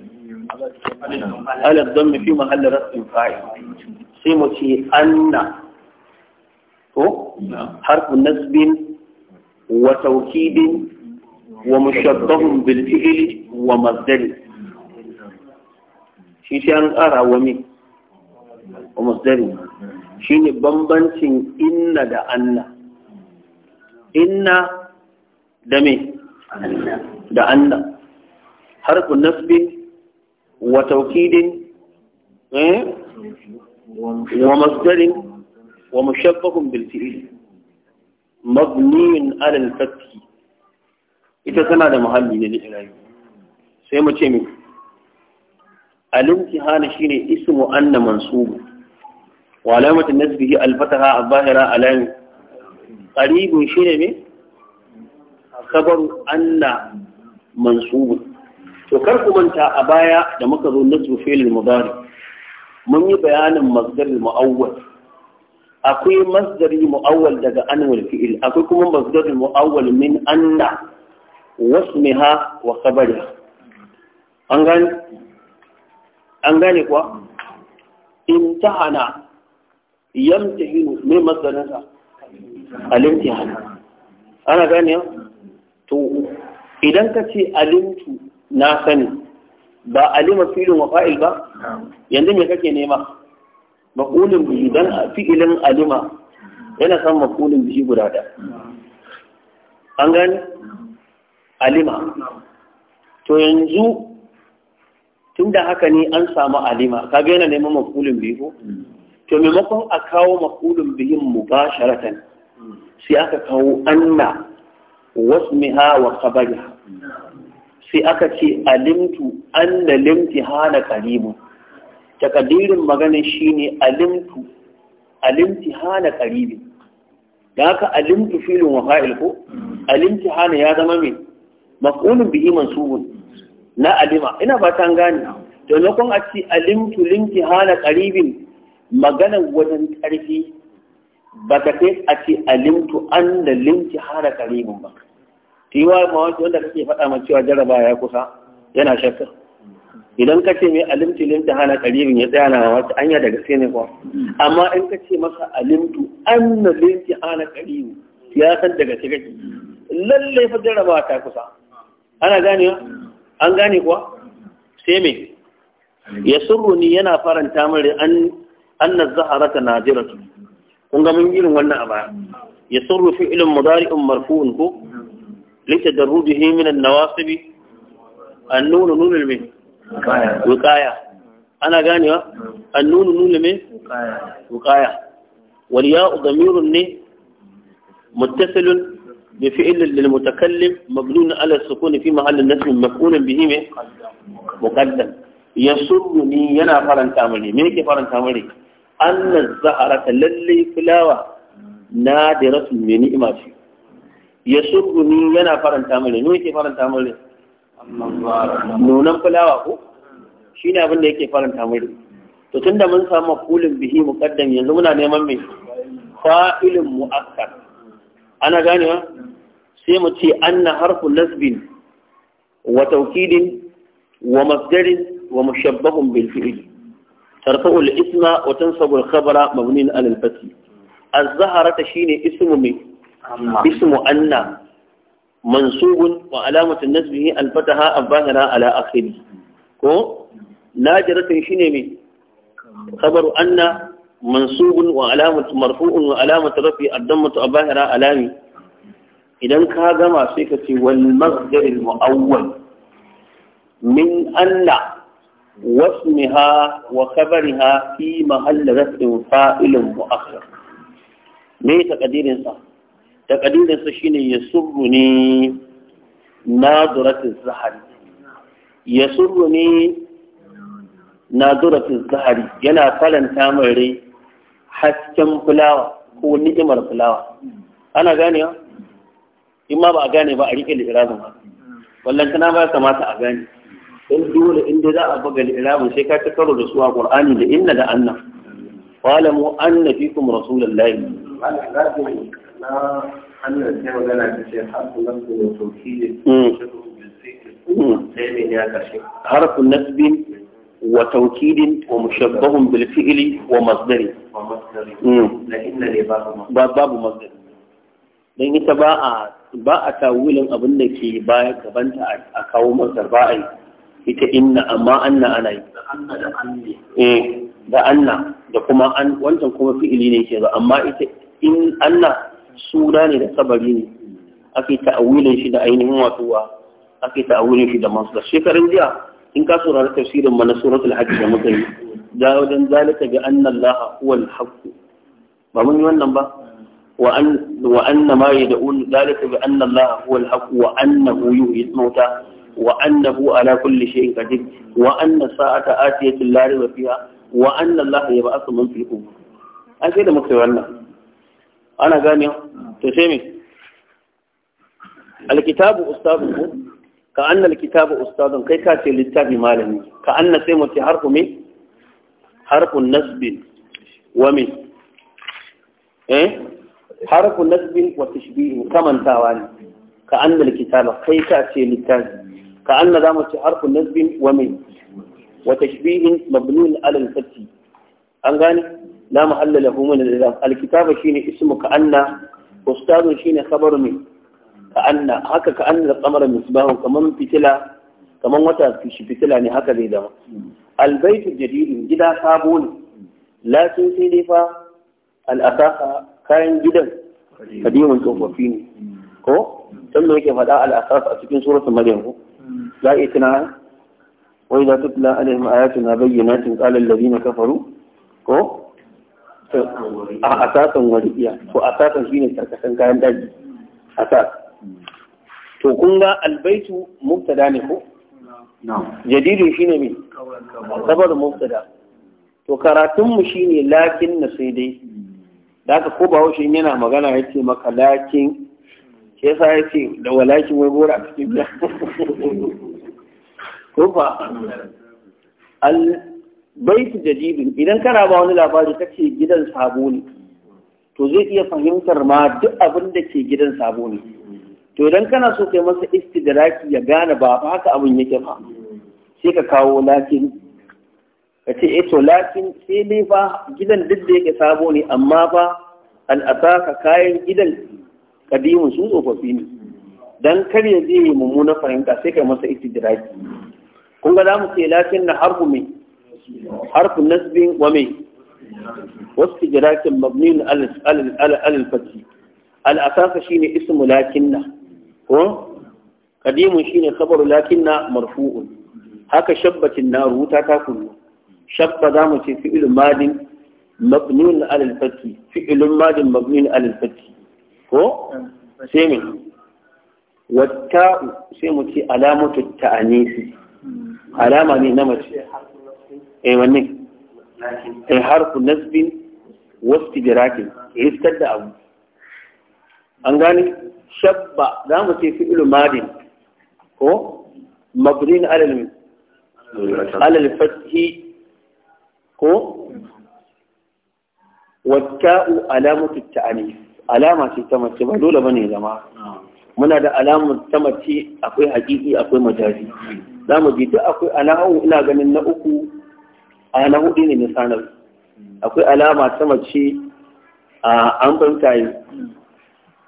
على الضم في محل رفع فاعل سيمتي أن حرف نسب وتوكيد ومشبه بالفعل ومصدره shi sai an ƙara wa me wa masdari ne bambancin inna da anna inna da me da anna harfu nasbi wa taukidin eh? wa masdarin wa mushabbahun bil Mabniyun mabniyin ala ita tana da muhalli ne da ilahi sai mu ce mai الامتحان شيني اسم أن منصوب وعلامة نسبه الفتحة الظاهرة على قريب شيني من خبر أن منصوب وكركم أنت أبايا لما النسب فعل المضارع mun yi bayanin masdar mu'awwal akwai masdari mu'awwal daga anwal fi'il akwai kuma masdar mu'awwal min anna wasmiha wa an an gane kuwa imtihana yamtihinu mai matsalinsa alimtihana ana gane ya to idan ka ce alimtu na sani ba alima filin wa fa'il ba yanzu me kake nema makulin bihi dan fi'ilin alima yana san makulin biyu guda da an gane alima to yanzu tun da haka ne an samu alima kaga yana neman makulin biyu hmm. to maimakon a kawo makulin biyun mubasharatan sai aka kawo anna wasmiha wa khabariha sai aka ce alimtu anna Hana qaribun takadirin maganin shi ne alimtu Alimti Hana qaribin da aka alimtu filin wa fa'il ko hmm. Hana ya zama mai maf'ulun bihi mansubun na alima ina ba ta gane maimakon a ce alimtu limti hana karibin maganar wajen ƙarfi ba ta kai a ce alimtu an da limti hana karibin ba tiwa yi wa mawaki wanda kake faɗa ma cewa jaraba ya kusa yana shakka idan ka ce mai alimtu limti hana karibin ya tsaya na mamaki anya daga gaske ne kuwa amma in ka ce masa alimtu an da limti hana karibin ya san daga gaske kake lalle fa jaraba ta kusa ana ganewa an gane kuwa sai me ya surruni yana faranta mari an anna zaharata nadiratu kun ga mun irin wannan a baya ya surru fi'lun mudari'un marfu'un ko lita himinan na wasu bi an nuna nuna mai wukaya ana ganewa an nuna nunul min wiqaya wal ya'u damirun ne muttasilun بفعل للمتكلم مبنون على السكون في محل النسب مفعول به مقدم يسرني ينا فرنتا مني me yake faranta mani anna zaharata lalle fulawa nadiratun min ni'ima ce yasurruni yana faranta mani me yake faranta mani nunan fulawa ko shine abin da yake faranta mani to tunda mun samu kulin bihi muqaddam yanzu muna neman mai fa'ilun mu'akkar ana ganewa sai mu ce anna harfu nasbin wa taukidin wa masdarin wa mushabbahun bil fi'li tarfa'u isma wa tansabu al khabara mabnin ala al az shine ismu mai ismu anna mansubun wa alamatu nasbihi al fataha al zahira ala akhiri ko najiratin shine mai khabaru anna mansubun wa alamatu marfu'un wa alamatu rafi addammatu a bahira alami idan ka gama sai ka ce wal masdaril mu'awwal min anna wasmiha wa khabariha fi mahalli rafin fa'ilin mu'akhir me taqdirin sa shine yasurru ne naduratu zahari yasurru ne naduratu zahari yana faranta min hasken fulawa ko ni'imar fulawa ana gane ganewa in ma ba a gane ba a riƙe li'irabin ba wallan kana ba mata a gane in dole in za a buga li'irabin sai ka ta karo da su a qur'ani da inna da anna walamu anna fikum rasulullahi hmm. hmm. harfin nasbin وتوكيد ومشبه بالفعل ومصدر باب مصدر dan ita ba a ba a tawilin abin da ke baya gabanta a kawo masar ba yi ita inna amma anna ana yi eh da anna da kuma an wancan kuma fi'ili ne ke ba amma ita in anna suna ne da sabari ne ake ta'awilin shi da ainihin wato ake ta'awilin shi da masu da shekarun jiya in ka saurari tafsirin mana suratul hajj da muka yi da wajen zalika bi anna allaha huwal haqq ba mun yi wannan ba wa an wa anna ma yad'un zalika bi anna allaha huwal haqq wa annahu yuhyil mauta wa annahu ala kulli shay'in qadir wa anna sa'ata atiyatu la rayba fiha wa anna allaha yab'athu man fil qubur an sai da muka yi wannan ana gane to sai me alkitabu ustadukum ka annal kitabu ustadun kai ka ce littafi malami ka anna sai mutu harfu me harfun nasbin wa me eh harfun nasbin wa tashbihin kamantawa ne ka annal kitaba kai ka ce littafi ka anna zamu ce harfun nasbin wa me wa tashbihin mabniun ala al-fath an gane la mahalla lahu min al-ilaf al-kitaba shine ismu ka anna ustadun shine khabaru min ka haka ka anna qamara misbahu kaman fitila kaman wata fitila ne haka zai zama albaytu jadidin gida sabo ne lakin sai dai fa al'asasa kayan gidan kadimun tsofaffi ne ko san me yake faɗa al'asasa a cikin suratul maryam ko za a iya tuna wai za ta tula alaihim tun bayyinatin qala alladhina kafaru ko a asasan iya, ko asasan ne karkashin kayan daji asas to kun ga albaitu mubtada ne ko jadidin shine me sabar mubtada to karatunmu shine lakin na sai dai da ka ko ba haushe yana magana ya ce maka lakin shi yasa ya ce da walakin wai gora a cikin ta ko ba al jadidin idan kana ba wani labari kace gidan sabo ne to zai iya fahimtar ma duk abin da ke gidan sabo ne to idan kana so kai masa istidraki ya gane ba haka abin yake ba sai ka kawo lakin ka ce eh to lakin sai ne fa gidan duk da yake sabo ne amma fa al'asaka kayan gidan kadimin su tsofaffi ne dan kar ya je mummuna fahimta sai kai masa istidraki kun ga zamu ce lakin na harfu mai harfu nasbin wa mai wasu jirakin mabnin al-fatih al-asasa shine ismu ko qadimun shine khabaru lakinna marfu'un haka shabbatin nar wuta ta kullu shabba zamu ce fi'il madin mabniun ala al-fath fi'il madin mabniun ala al-fath ko sai min watta'u sai mu ce alamatu ta'anisi alama ne na mace eh wannan eh harfu nasbin wastidrakin iskar da abu an gane shabba za mu ce fi'il madin ko mabirin alal alal fathi ko watta'u alamatu ta'anif alama ce ta mace ba dole bane zama muna da alamar ta mace akwai hakiki akwai majazi za mu ji duk akwai alamu ina ganin na uku a na hudu ne na sanar akwai alama ta mace a an fahimta yi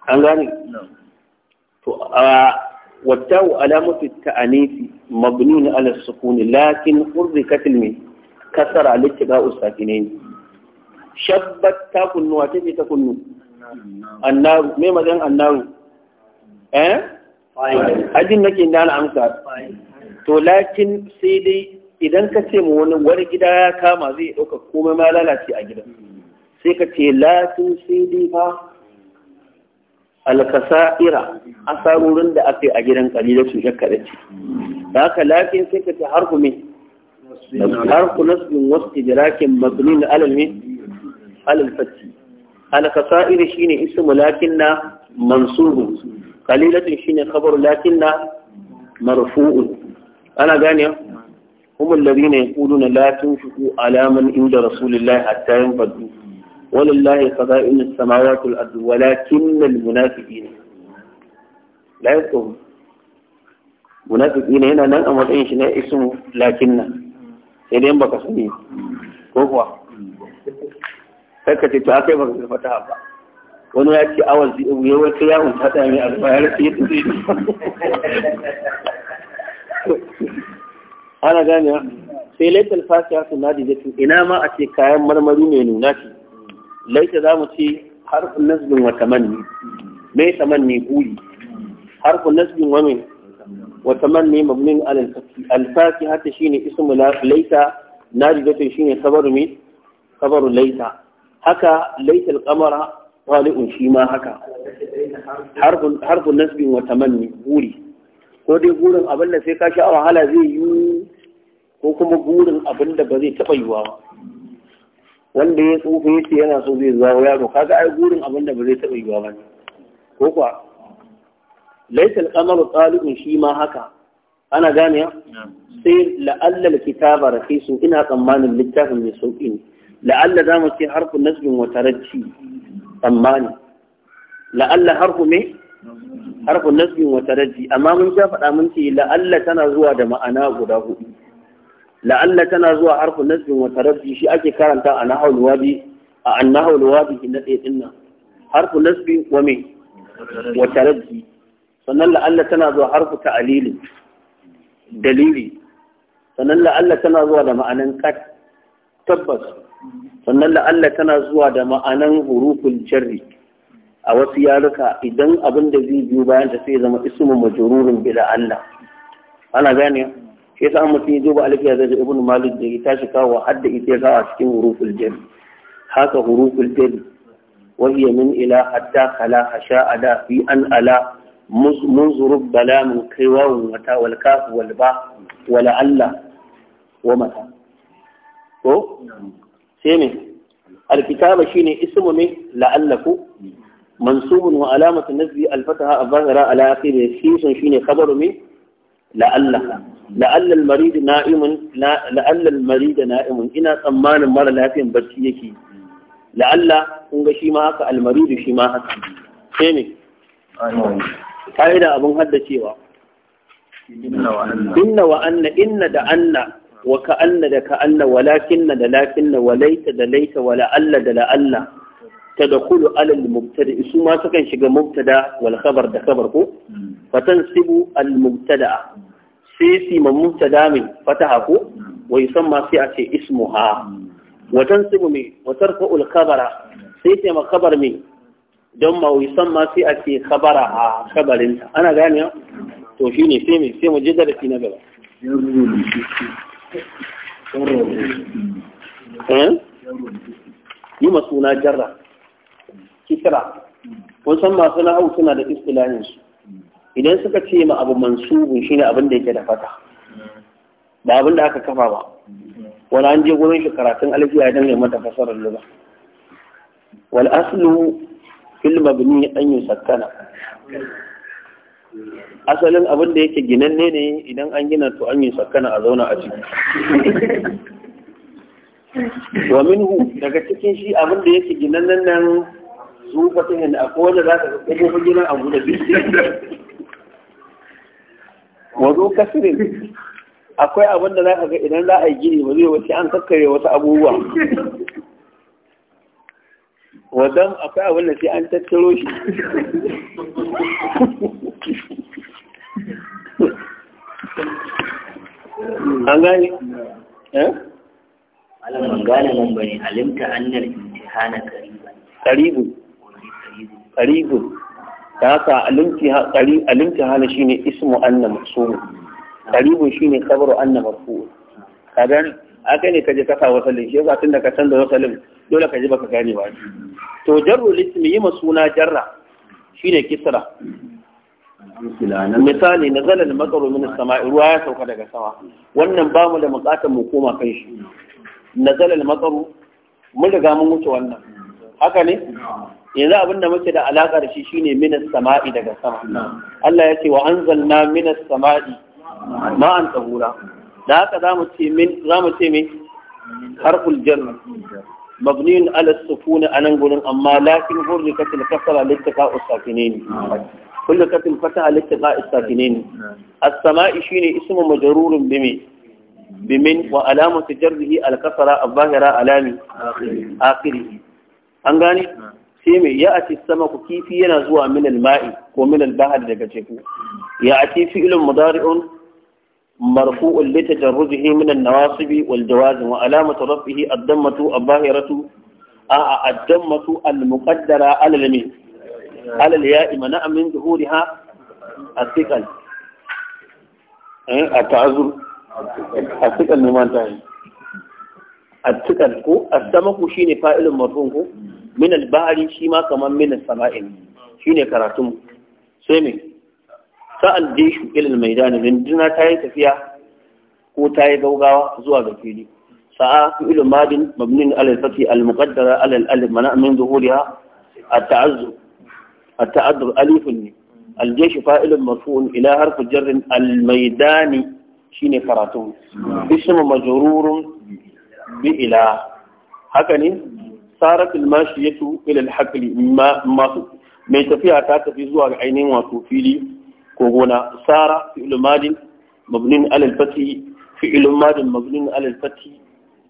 an gane to a wattau alamatu ta'anisi mabni ala sukuni lakin hurrikat al kasara littiba'u ne shabbat ta kunnu a tafi ta kunnu annaru me magan annaru eh ajin nake da na amsa to lakin sai dai idan ka ce mu wani wani gida ya kama zai ɗauka komai ma lalace a gidan sai ka ce lakin sai dai fa alkasa'ira asarorin da aka yi a gidan kalila su shakka ce da haka lakin sai ka ce harfu me harfu nasbin wasu tijirakin mabni na alalmi alalfatti alkasa'ira shine ismu lakin na mansubu kalilatin shine khabar lakin na marfu'un ana gane هم الذين يقولون لا تنفقوا shuku alaman inda رسول الله حتى ينفضوا ولله خزائن السماوات والأرض ولكن المنافقين لا يذكرون munafiki ne yana nan a matsayin shi na ismu lakinna sai dai baka sani ko kuwa ce baka ta wani ya ce awal zai ya wata yawon ta tsaya mai alfa ya rasu yadda ana gane sai laitar fasiya su nadi zai ina ma a ce kayan marmari mai nuna shi laita za mu ce harfin nasbin wa tamanni mai tamanni buri harfin nasbin wa min wa tamanni mabnin alfaki hatta shine ismu laita naridatu shine sabaru mi sabaru laita haka laita alqamara talibun shi ma haka harfin nasbin wa tamanni buri ko dai gurin abin da sai ka sha wahala zai yi ko kuma gurin abin da ba zai taɓa yiwa ba wanda ya tsufa yake yana so zai zawo yaro kaga ai gurin abin da ba zai taɓa yiwa ba ne ko kuwa laisal qamaru talibun shi ma haka ana gane sai la'alla kitaba rakisu ina tsammanin littafin mai sauƙi ne la'alla za mu ce harfu nasbin wa taracci tsammani la'alla harfu me harfu nasbin wa taracci amma mun ja faɗa mun ce la'alla tana zuwa da ma'ana guda hudu la'alla tana zuwa harfin nasbin wa tarabbi shi ake karanta a nahawul wadi a annahawul wadi na ɗaya din nan harfin nasbi wa me wa tarabbi sannan la'alla tana zuwa harfu ta'alilin dalili sannan la'alla tana zuwa da ma'anan kat tabbas sannan la'alla tana zuwa da ma'anan huruful jarri a wasu yaruka idan abin da zai biyo bayan ta sai zama ismu majrurin bila Allah ana gane shi yasa mutum ya duba alfiya zai ibn malik da ya tashi kawo hadda ita ya a cikin huruful jam haka huruful jam وهي من إلى حتى خلا خشاء دا في أن ألا منذ رب بلا من كوا ومتى ko sai ne alkitaba shine ismu ne la'allaku mansubun wa alamatu nasbi alfataha al-zahira ala akhirih sisun shine khabaru la'alla la'allal maridu na'imun la'allal maridu na'imun ina tsammanin mara lafiyan barci yake la'alla kun ga shi ma haka al almaridu shi ma haka sai ne ka'ida abin haddacewa inna wa anna inna da anna wa ka'anna da ka ka'anna walakinna da lakinna wa laita da laita wa la'alla da la'alla ta da alal-mubtada." تدخل على المبتدئ ثم سكن شيغا مبتدا والخبر ده خبر كو فتنسب المبتدا sai si mamun ta damin fataha ko wai san ma sai a ce ismuha watan sibu mai watar ko ulkabara sai ce kabar mai don ma wai san ma sai a ce kabara a kabarinta ana gane to shi ne sai mai sai mu je darasi na gaba eh? yi suna jarra kisra kun san masu na'au suna da su. idan suka ce ma abu shi shine abin da yake da fata ba abin da aka kafa ba wani an je gurin shi karatun alfiya don ya mata fasarar lura wal aslu fil mabni an yi sakkana asalin abin da yake ginanne ne idan an gina to an yi sakkana a zauna a ciki wa minhu daga cikin shi abin da yake ginannen nan su fatihin akwai wanda za ka kaje gidan abu da biyu wazo kasirin akwai abin da za ka ga idan za a yi gini ba zai wace an kakkare wasu abubuwa wadan akwai abin da sai an tattaro shi an gani eh alaman gane nan bane alimta annar imtihana qariban karibu karibu da haka alinki hala shi ne ismu anna maksumu karibun shi ne kabaru anna marfu ka gane aka ne kaje kafa wasu wasalin shi yasa da ka canza wasalin dole ka ji baka gane ba to jarru lismi yi masuna jarra shi ne kisra misali na zalar matsaro min sama ruwa ya sauka daga sama wannan ba mu da bukatar mu koma kan shi na zalar matsaro mun riga mun wuce wannan haka ne yanzu abin da muke da alaƙar shi shine minas sama'i daga sama Allah ya ce wa na minas sama'i ma'an tahura da haka za mu ce min za mu ce min harful jar mabniun ala sukun anan gurin amma lakin hurrikat al kasra littaqa usakinin kullu katil fata littaqa usakinin as-sama'i shine ismu majrurun bimi bimin wa alamatu jarrihi al kasra al-zahira alami akhiri an gane sai mai ya ati sama ku kifi yana zuwa min ma'i ko min bahar daga teku ya ati fi'ilun mudari'un marfu'un li tajarrujihi min an-nawasibi wal jawazim wa alamatu rafihi ad-dammatu abahiratu a ad-dammatu al-muqaddara ala al-min ala al-ya'i mana'a min zuhuriha as-sikal eh at-ta'azzur as-sikal ne man ta'i at-sikal ko as-samaku shine fa'ilun marfu'un ko min al-bahri shi ma kaman min as-sama'in shine karatu. sai me sa'al jishu ila al-maidan rinduna ta yi tafiya ko ta yi gaugawa zuwa ga fili sa'a fi'il madin mabnin ala al-fathi al-muqaddara ala al-alif mana min zuhuriha at-ta'azzur at-ta'azzur alifun الجيش فائل مرفوع إلى حرف جر الميدان شين كراتون bi ila. Haka ne? sarat al-mashiyatu ila al-haql mai tafiya ta tafi zuwa a ainihin wato fili ko gona sara fi ulumadin mabnin ala al-fathi fi ulumadin mabnin ala al-fathi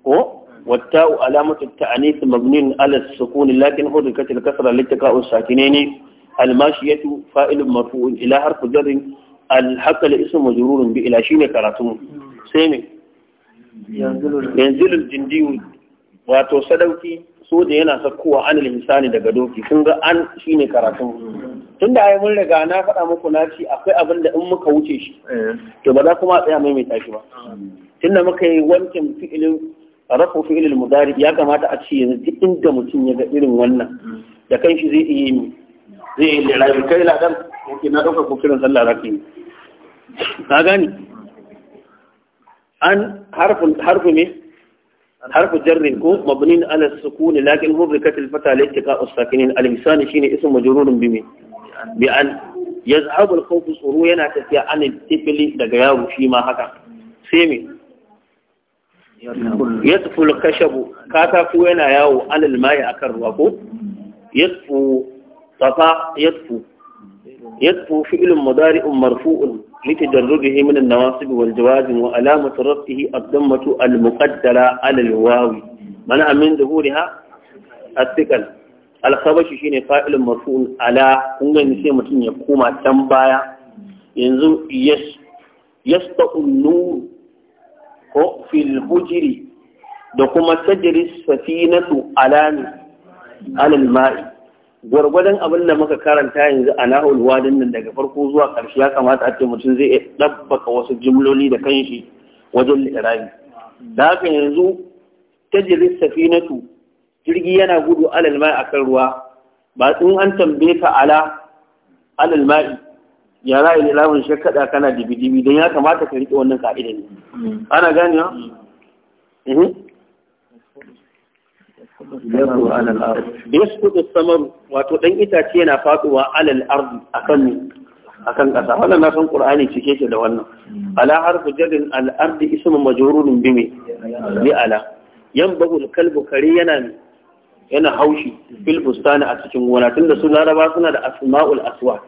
ko watta alamatu ta'anith mabnin ala al lakin hudu katil kasra litaka'u sakinaini al-mashiyatu fa'il marfu'un ila harfi jarr al-haql ismu majrurun ila shine karatu sai ne yanzu wato sadauki soja yana sakkowa an misali daga doki kun ga an shine karatu tun da ai mun riga na faɗa muku na ci akwai abin da in muka wuce shi to ba za kuma tsaya mai mai tashi ba tun da muka yi wancan fi'ilin rafu fi'ilin mudari ya kamata a ce yanzu duk inda mutum ya ga irin wannan da kan shi zai iya yi zai yi lalabi kai ladan ke na ɗaukar kukirin sallah za ka yi ka gani an harfin harfi ne حرف جر الكون مبني على السكون لكن حركت الفتى لاتقاء الساكنين اللسان شين اسم مجرور بمن بأن يذهب الخوف صرو yana tafiya an tifli daga yaro shi ma haka sai me yatfu al katako yana yawo alal mai akan ruwa ko yatfu tafa yatfu yatfu fi'lun mudari'un marfu'un mita darrubihi min an-nawasib wal jawazim wa alamat rafihi ad-dammatu al-muqaddara 'ala al-waw man amin dhuhuriha athiqal al-khabashi shine fa'il maf'ul 'ala kun ga nishe ya koma can baya yanzu yas yasta'u ko fil da kuma tajri safinatu 'ala al-ma'i gwargwadon abin da muka karanta yanzu a na'ul wadin nan daga farko zuwa ƙarshe ya kamata a ce mutum zai iya ɗabbaka wasu jimloli da kanshi wajen littafi da haka yanzu ta jirin safinatu jirgi yana gudu alal mai a kan ruwa ba in an tambaye ka ala alal mai ya ra'ayi littafin shi kaɗa kana dibi-dibi don ya kamata ka riƙe wannan ka'idan ana ya? yasqutu alal samar wato dan itace yana faduwa alal ard akan akan kasa wannan na san qur'ani cike ce da wannan ala harfu jadin al ard ismu majrurun bi bi ala yanbahu al kalbu kari yana yana haushi fil bustani a cikin gona tunda su laraba suna da asma'ul aswa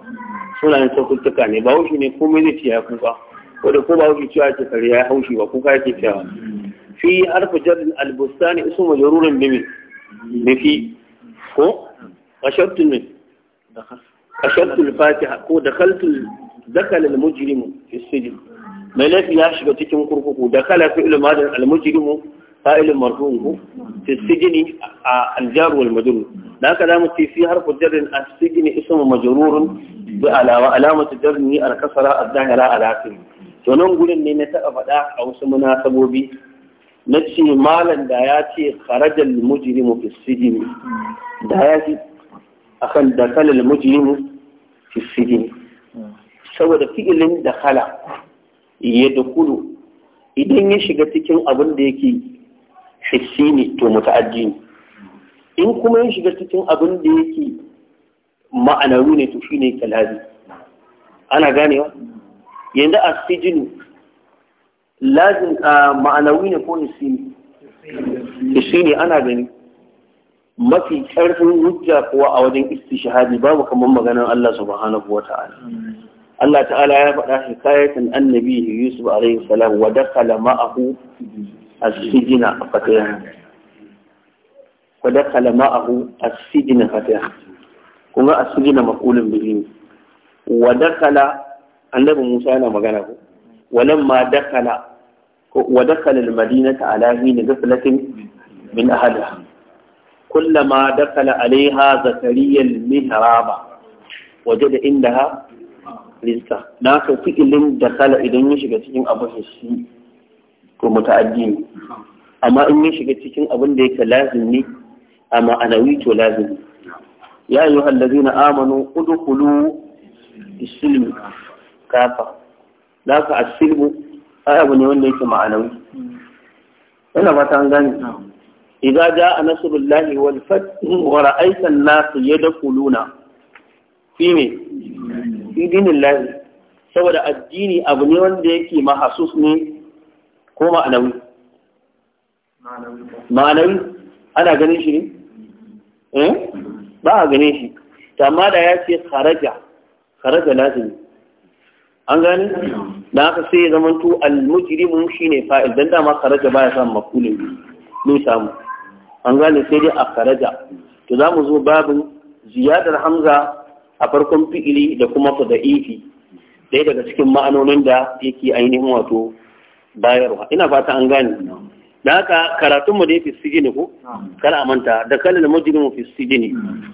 suna yin sakultuka ne ba haushi ne me zai ce ya kuka ko da ko ba haushi cewa ce kare ya haushi ba kuka yake cewa fi harfu jadin al bustani ismu majrurun bi bifi ko kashartul fatiha ko da dakhala al mujrimu fi sijn mai laifi ya shiga cikin kurkuku dakhala fi ilmadin da al mujrimu fa'ilun marfu'un ko fi sijn a aljaruwar jar wal majrur da haka har ce fi harfu jar al sijn ismu majrur bi alawa alamatu jarri al kasra al zahira al akhir to nan gurin ne na taɓa faɗa a wasu munasabobi na ce malam da ya ce kharajal mujrimu fi da ya ce akan dakalal mujrimu fi saboda fi'ilin dakala ya kudu idan ya shiga cikin abin da yake hissi ne to muta'addi ne in kuma ya shiga cikin abin da yake ma'anaru ne to shine kalabi ana ganewa yanzu a sijinu lazim ma'anawi ne ko Isini? Isini ana gani mafi ƙarfin hujja kuwa a wajen istishhadi babu kamar maganar Allah subhanahu wa ta'ala Allah ta'ala ya faɗa hikayatan annabi Yusuf alaihi salam wa dakala ma'ahu as-sijna fatayan wa dakala ma'ahu as-sijna fatayan kuma as-sijna maf'ulun bihi wa dakala annabi Musa yana magana ko walamma dakala ودخل المدينة على حين غفلة من أهلها كلما دخل عليها زكريا المهراب وجد عندها rizka da haka fi'ilin da kala idan ya shiga cikin abu hissi ko muta'addi ne amma in ya shiga cikin abin da yake lazim ne a ma'anawi to lazim ya yi hallazina amanu udkhulu isilmi kafa da haka asilmu ai abu ne wanda yake ma'anawi ina fata an gane idza jaa nasrullahi wal fath wa ra'aita an-nas yadkhuluna fi me fi dinillahi saboda addini abu ne wanda yake mahasus ne ko ma'anawi ma'anawi ana ganin shi ne eh ba a ganin shi amma da ya ce kharaja kharaja lazimi an gane da haka sai ya zamanto al shi shine fa'il don dama karaja baya samun mafulin ne samu an gane sai dai a karaja to za mu zo babin ziyadar hamza a farkon fi'ili da kuma fada'ifi ɗaya daga cikin ma'anonin da yake ainihin wato bayarwa ina fata an gane da haka karatunmu da ya fi ko kala manta da kalin mujrimu fi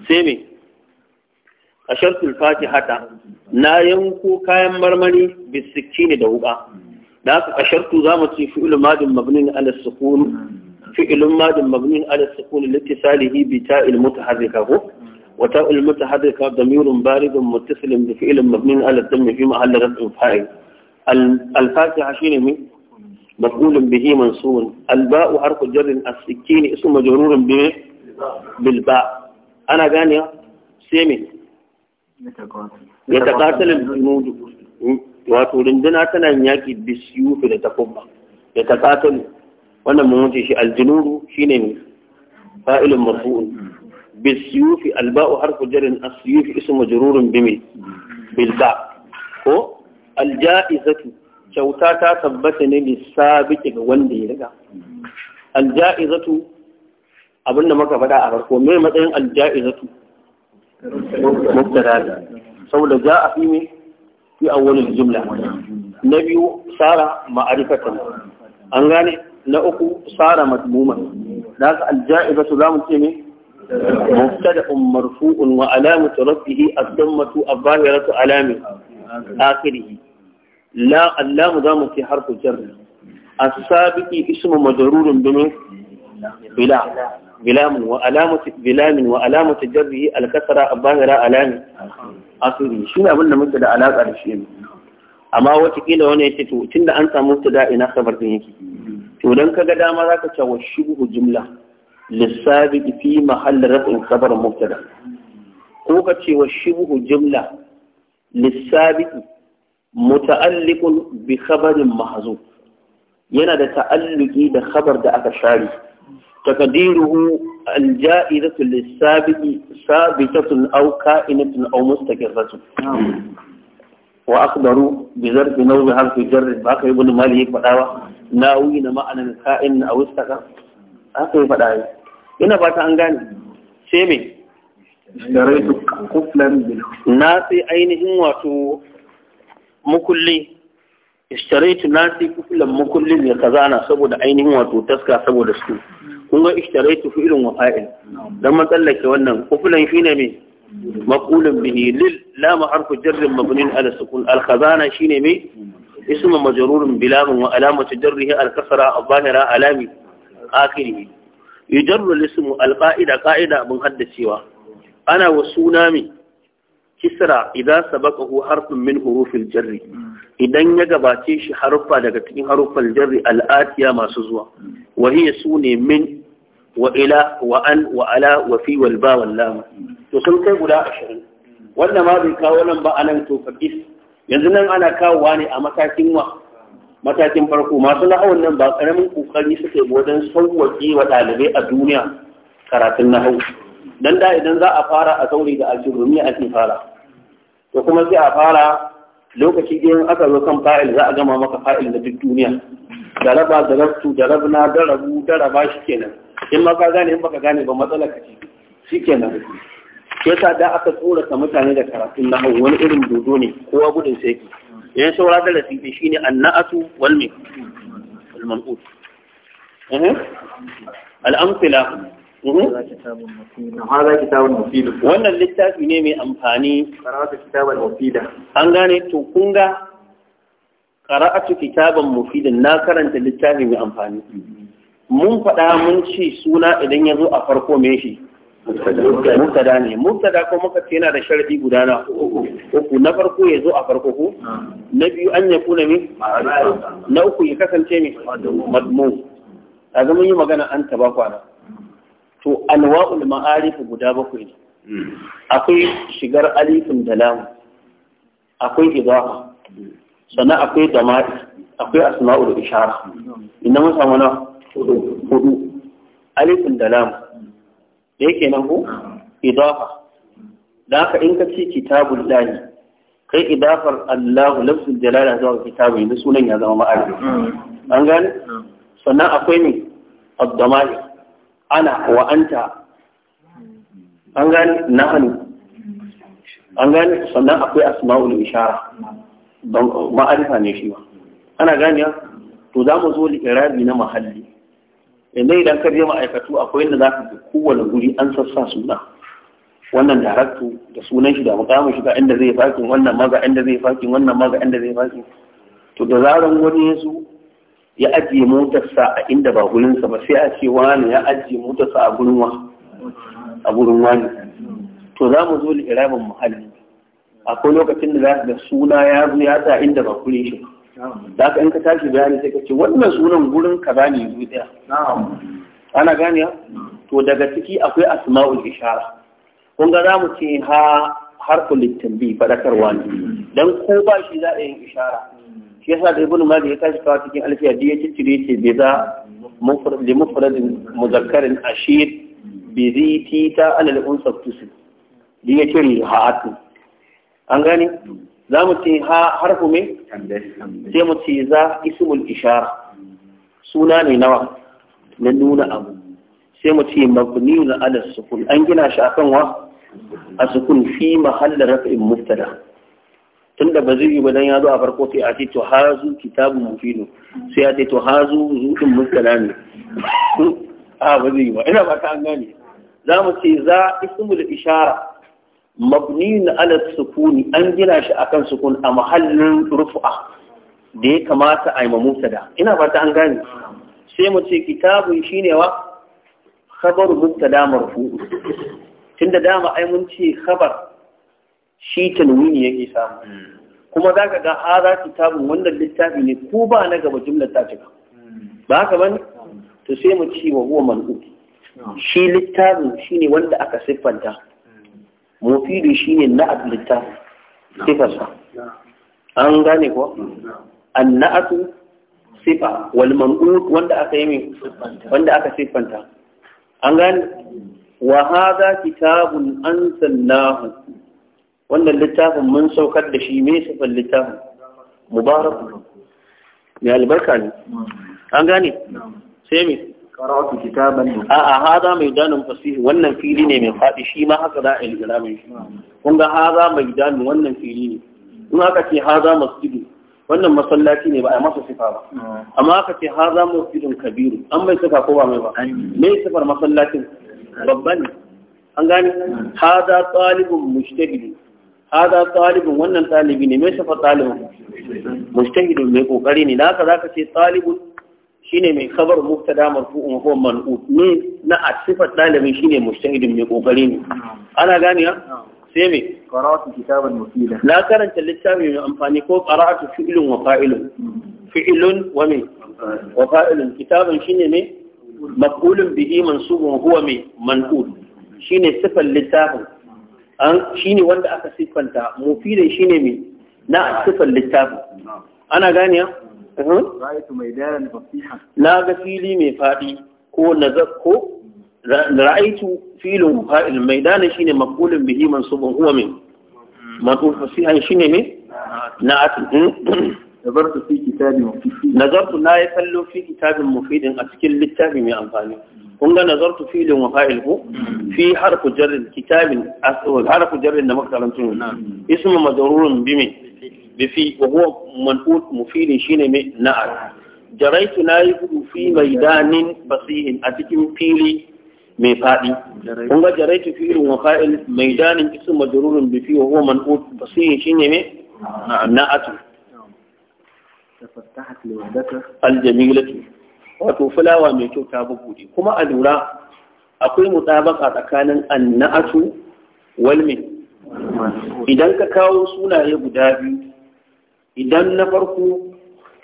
sai me A Fati fatihata na yanko kayan marmari bisikki ne da wuka da haka shartu za mu ce fi'ilun madin mabnin ala sukun fi'ilun madin mabnin ala sukun litisalihi bi ta'il mutaharrika ko wa ta'il mutaharrika damirun baridun muttasilin bi fi'ilin mabnin ala dammi fi mahall raf'in fa'il al-fatiha shine mai مفعول به منصوب الباء حرف جر السكين اسم مجرور بالباء انا غانيه سيمين ya taƙatalin junudu wato runduna tana yin yaƙi bisiyufi da takubba ya taƙatalin wannan mun wuce shi aljunudu shi ne fa'ilin marfu'un bisiyufi alba'u har harfu jarin asiyufi isu majururin bimi bilba ko alja'izatu kyauta ta tabbata ne lissabiki ga wanda ya riga alja'izatu abinda muka faɗa a farko me matsayin alja'izatu مبتدا saboda za a fi me fi awwalil jumla na biyu sara ma'arifatan an gane na uku sara madmuman da haka aljaibatu za zamu ce ne مبتدا مرفوع وعلامة رفعه الضمة الظاهرة علامة آخره لا اللام دام في حرف جر السابق اسم مجرور بمن بلا بلام وعلامة بلام وعلامة جره الكسرة الظاهرة علامة أصلي شنو أقول لك مبتدا علاقة لشيء amma watakila wani ya ce to tun da an samu da ina khabar din yake to dan kaga dama za ka wa shubhu jimla, lissabi fi mahall raf'in khabar mubtada ko ka ce wa shubhu jumla lissabi muta'alliqun bi khabarin mahzuf yana da ta'alluki da khabar da aka share تقديره الجائزة للسابق ثابتة أو كائنة أو مستقرة وأخبروا بظرف نوع حرف جر باقي يقول ما لي فداوا ناوين معنى كائن أو استقر haka ya faɗa yi ina ba an gane sai me na sai ainihin wato mukulli kuflan mukullin ya kazana saboda ainihin wato taska saboda su kun ga ishtaraitu fi'lun wa fa'il dan matsallake wannan kufulan ne mai maqulun bihi lil lam harfu jarrin mabnin ala sukun al khazana shine me ismu majarurin bilam wa alamatu jarrihi al a al zahira alami akhirih yujarru al ismu al qa'ida qa'ida bin haddacewa ana wa sunami kisra idza sabaqahu harfun min hurufil jarri idan ya gabace shi haruffa daga cikin haruffal jarri al atiya masu zuwa wa hiya sune min wa ila wa ba wal to sun kai guda 20 wannan ma bai kawo nan ba anan to faqis yanzu nan ana kawowa ne a matakin farko masu nahawun nan ba karamin kokari suka yi wajen sauwaƙe wa ɗalibai a duniya karatun nahawu dan da idan za a fara a sauri da aljubrumi ake fara to kuma sai a fara lokaci ɗayan aka zo kan fa'il za a gama maka fa'il na duk duniya daraba darabtu darabna darabu daraba shikenan in ma ka gane in baka gane ba matsala ka ce shikenan Ke sa da aka tsorata mutane da karatun na wani irin dodo ne kowa gudun sai yan saura da rafi shine annatu wal min al al Mhm. Haza kitabun mufidu. Wannan littafi ne mai amfani. Qara'atu kitaban mufida. An gane to kun ga qara'atu kitaban mufidan na karanta littafi mai amfani. Mun faɗa mun ci suna idan ya zo a farko me shi. Mubtada ne. Mubtada ko muka ce yana da sharadi guda na uku. Na farko ya zo a farko ko? Na biyu an ya kuna me? Na uku ya kasance me? Madmu. A zama yi magana an taba kwana. to anwa'ul ma'arif guda bakwai ne akwai shigar alifin da lamu akwai idaha sannan akwai dama'i akwai asma'ul ishara inda mun samu na hudu alifin da lamu da yake nan ko idaha da haka in ka ci kitabul lahi kai idafar Allahu lafzul jalala zuwa kitabu yanzu sunan ya zama ma'arifi mm. an gane mm. sannan akwai ne abdamali ana wa anta an gane hannu an gane sannan akwai asma'ul ishara don ma'arifa ne shi ba. ana gane to za mu zo li'irabi na mahalli inda idan ka je ma'aikatu akwai inda za ka ga kowane guri an sassa suna wannan daraktu da sunan shi da mukamin shi ga inda zai fakin wannan maza inda zai fakin wannan maza inda zai fakin to da zaran wani yasu ya ajiye motarsa a inda ba gurinsa ba sai a ce wani ya ajiye motarsa a gurin wa a gurin wani to za mu zo li'irabin muhalli akwai lokacin da za da suna ya zo ya sa inda ba gurin shi za ka in ka tashi bayani sai ka ce wannan sunan gurin kaza ne zuwa ɗaya. ana gane to daga ciki akwai asma'ul ishara kun ga za mu ce ha harkulittin bi faɗakarwa ne don ko ba shi za a yin ishara shi yasa da ibnu malik ya tashi kawo cikin alfiya ya cire ce bai za li mufradin muzakkarin ashir bi zi tita alal unsa tusi li ya cire ha'atu an gane za mu ce ha harfu me sai mu ce za ismul ishara suna ne nawa na nuna abu sai mu ce mabni na ala sukun an gina shi akan wa a sukun fi mahalla rafin muftada tunda ba zai yi ba ya zo a farko sai a ce to hazu kitabun mufinu sai a ce to hazu zuɗin mustala ne a ba zai yi ba ina ba ta an gane za mu ce za da ishara na ala sukuni an gina shi akan sukun a mahallin rufu'a da ya kamata a yi ma mamutada ina ba ta an gane sai mu ce kitabun ne wa khabaru mubtada marfu tunda dama ai mun ce khabar shi ya yake samu kuma za ka ga haza kitabun wannan littafi ne ko ba na gaba jumlar ta cika ba haka bane to sai mu ci wa huwa man'u shi littafin shine wanda aka siffanta mufidu shine na'at littafin sifarsa an gane ko an na'atu sifa wal man'u wanda aka yi wanda aka siffanta an gane wa hada kitabun ansalnahu wannan littafin mun saukar da shi me sifan littafin mubarak mai albarka ne an gane sai me karatu kitaban a a hada mai danin fasihi wannan fili ne mai faɗi shi ma haka za a yi mai shi kun ga hada mai danin wannan fili ne in aka ce hada masjidu wannan masallaci ne ba a masa sifa ba hmm. amma aka ce hada masjidun kabiru an mai sifa ko ba mai ba me sifar masallacin babban an gane hmm. hada talibun mujtahid hada talibin wannan talibi ne mai shafa talibin mujtahidun mai kokari ne da haka zaka ce talibun shine mai khabar mubtada marfu'un wa huwa man'ut ne na asifat talibin shine mujtahidun mai kokari ne ana gane ya sai me qara'atu kitaban mufida la karanta littafi mai amfani ko qara'atu fi'lun wa fa'ilun fi'lun wa me wa fa'ilun kitaban shine ne maf'ulun bihi mansubun huwa me man'ut shine sifar littafin an ne wanda aka siffanta mufidin ne mai na siffar littafin ana gane uh-huh. na ga fili mai faɗi ko nazar ko ra'aitu filin fa'il mai dana shine maqulun bihi mansubun huwa min hmm. matufasihan shi ne na atin nazartu fi kitabin mufid na yi kallo fi kitabin mufidin a cikin littafi mai amfani kun nazartu filin wa fa'il ko fi harfu jarrin kitabin harfu jarrin da muka karanta yau ismu majrurun bi me bi fi wa huwa man'ut mufidin shine jaraitu na yi fi fasihin a cikin fili mai faɗi kun ga jaraitu fi irin mai danin isu majarurin bifi wa huwa man'ut fasihin shine mai na'atu aljamilatu wato fulawa mai kyau ta bubuɗe kuma a lura akwai mutabaka tsakanin annatu walmi idan ka kawo sunaye guda biyu idan na farko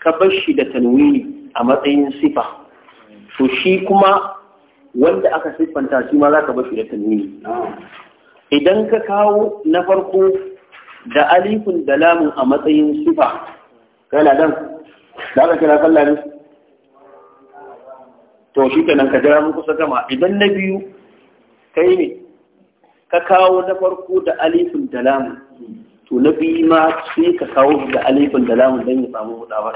ka bar shi da tanwini a matsayin sifa to shi kuma wanda aka siffanta shi ma za ka bar shi da tanwini idan ka kawo na farko da alifin da lamun a matsayin sifa yana nan da aka kira sallah ne to shi kenan ka jira mun kusa gama idan na biyu kai ne ka kawo na farko da alifin da to na biyu ma sai ka kawo da alifin da lamun don ya samu hudawar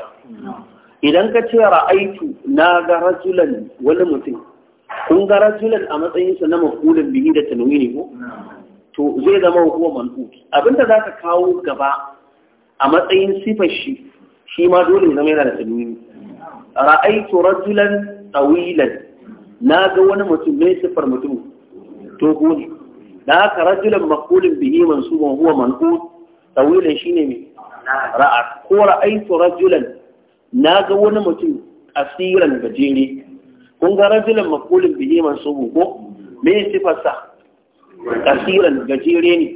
idan ka ce ra'aitu na ga rajulan wani mutum kun ga rajulan a matsayinsa na makulin bihi da tanwini ko to zai zama huwa man'ut abinda za ka kawo gaba a matsayin sifar shi shi ma dole zama yana da tsanani ra'aitu rajulan tawilan na ga wani mutum mai sifar mutum to gode da haka rajulan maqulun bihi mansubun huwa manqul tawilan shine mai ra'a ko ra'aitu rajulan na ga wani mutum asiran gajere kun ga rajulan maqulun bihi mansubun ko me sifar sa asiran gajere ne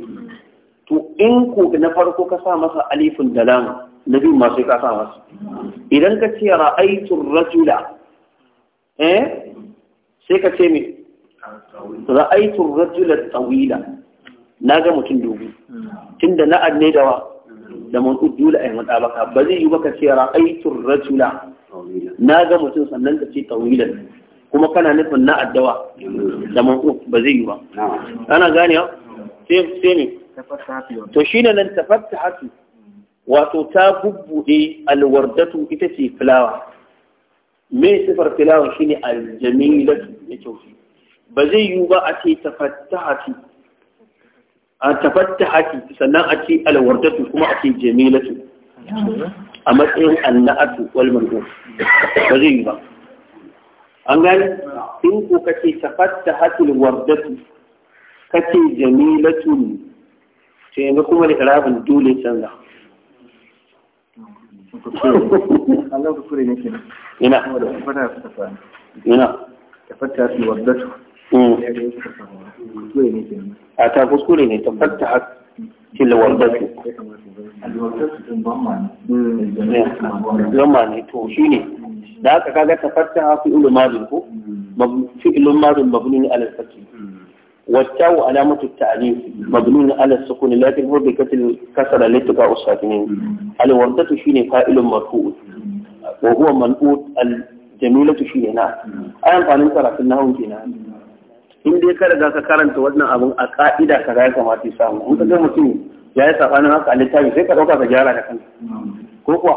to in ko na farko ka sa masa alifin da na biyun ma sai ka masu idan ka ce ra'aitu rajula eh sai ka ce me ra'aitu rajula tawila na ga mutum dubu tunda na'ad ne da wa da man udula ay baka. ba zai yi ba ka ce ra'aitu rajula na ga mutum sannan ka ce tawilan kuma kana nufin na'ad da wa. da man ba zai yi ba ana gane sai sai ne to shine nan tafattahatu wato ta bubbuɗe alwardatu ita ce filawa me sifar filawa shine aljamilatu ya kyauci ba zai yiwu ba a ce tafattahati a tafattahati sannan a ce alwardatu kuma a ce jamilatu a matsayin annatu wal mandu ba zai yiwu ba an gani in ku kace tafattahati alwardatu ce jamilatu sai yanzu kuma da karabin dole canza Allah ku kure yake ina fara fara ina tafatta fi waddatu hmm. a ta kuskure ne tafatta til waddatu zama hmm. ne to shine da aka kaga tafatta fi ulumazin ko hmm. fi ulumazin mabni ala al والتاء علامة التعريف مبنون على السكون لكن هو بكسر كسر لاتقاء الساكنين الوردة شين فائل مرفوع وهو منقوط الجميلة شين نعم أنا قال انت في النهو جنان in dai ka riga karanta wannan abin a ka'ida kamata ya samu in ka mutum ya yi sabanin haka a littafi sai ka ɗauka gyara da kanka ko kuwa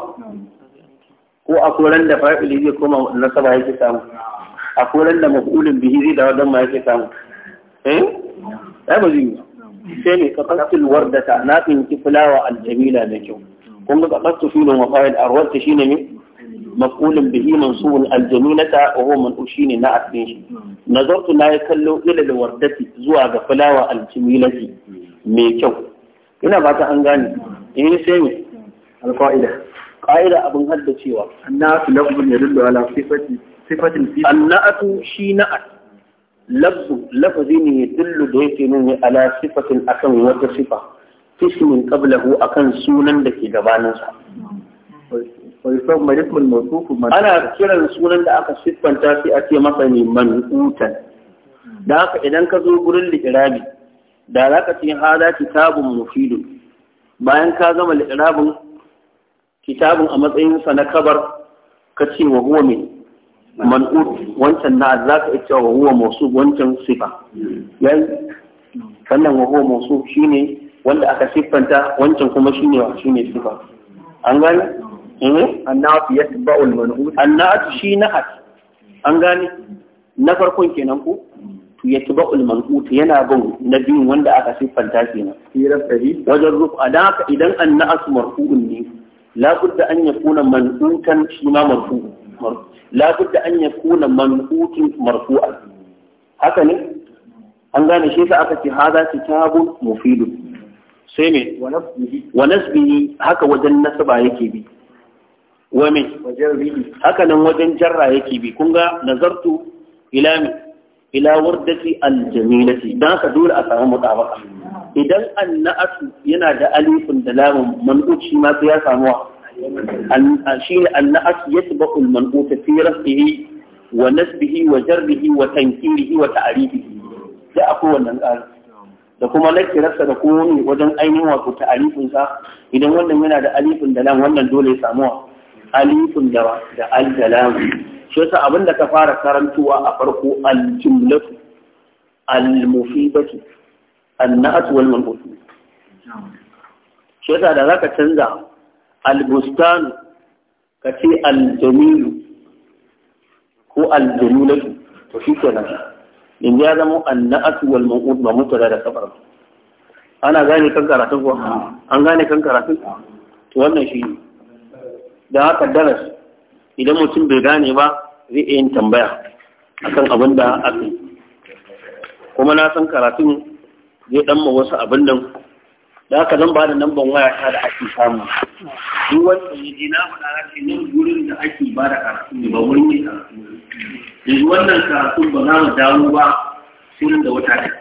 ko a koran da fa'ili zai koma nasaba yake samu a koran da maf'ulin bihi zai da wadan ma yake samu eh ai ba zai sai ne kaqatul ta na tsinci fulawa aljamila da kyau kun ga kaqatu filin wa fa'il arwata shine ne maf'ulun bihi mansubun ta a huwa man'u shine na asbin shi nazartu na ya kallo ila alwardati zuwa ga fulawa aljamilati mai kyau ina fata an gane eh sai ne alfa'ida ƙa'ida abin haddacewa annatu lafzun yadullu ala sifati sifatin annatu shi na'at lafzu lafazi ne ya dillu da yake nuni ala sifatin akan wata sifa ismin qablahu akan sunan da ke gabaninsa ana kiran sunan da aka siffanta sai a ce masa ne man'utan da haka idan ka zo gurin likirabi da za ka ce hada kitabun mufidun bayan ka gama likirabin kitabun a matsayinsa na kabar ka ce wa huwa mai. man'ud wancan na za ka ita wa huwa masu wancan sifa yayi sannan wa huwa masu shine wanda aka siffanta wancan kuma shine wa shine sifa an gane eh annatu yatba'ul man'ud annatu shi nahat an gani na farkon kenan ku ya ci ba'ul yana bin na biyun wanda aka siffanta kenan wajen rufa da haka idan an na'as marfu'un ne labudda an yakuna man'utan shi ma marfu'un labudda an ya kuna manhutun marfu'a haka ne an gane shi sa aka ce haza kitabun mufidu sai me wa nasbihi haka wajen nasaba yake bi wa me haka nan wajen jarra yake bi kun ga nazartu ila me ila wardati aljamilati dan ka dole a samu mutabaka idan annatu yana da alifin da lamun man'ut shi ma sai ya samu Shi ne shine annas yatba'u al-manqut fi rafihi wa nasbihi wa jarrihi wa tankirihi wa ta'arifi, da akwai wannan ƙari da kuma lakirarsa da kuma wani wajen ainihin wato ta'arifin sa idan wannan yana da alifin da lam wannan dole ya samu alifin da da al da lam shi yasa abinda ka fara karantuwa a farko al jumlatu al mufidatu an na'at wal manqut shi yasa da zaka canza البستان ka ce aljamilu ko aljamilatu to shi kenan yanzu ya zama annatu wal mawqut ba mutara da kabar ana gane kan karatun ko an gane kan karatun wannan shi da haka Daras, idan mutum bai gane ba zai iya yin tambaya akan abinda kuma na san karatun zai dan ma wasu abin da haka zan ba da namban waya ta da ake samu duk wanda ya ji na faɗa ake nan gurin da ake ba da karatu ne ba wurin ne karatu yanzu wannan karatun ba za mu dawo ba sai da wata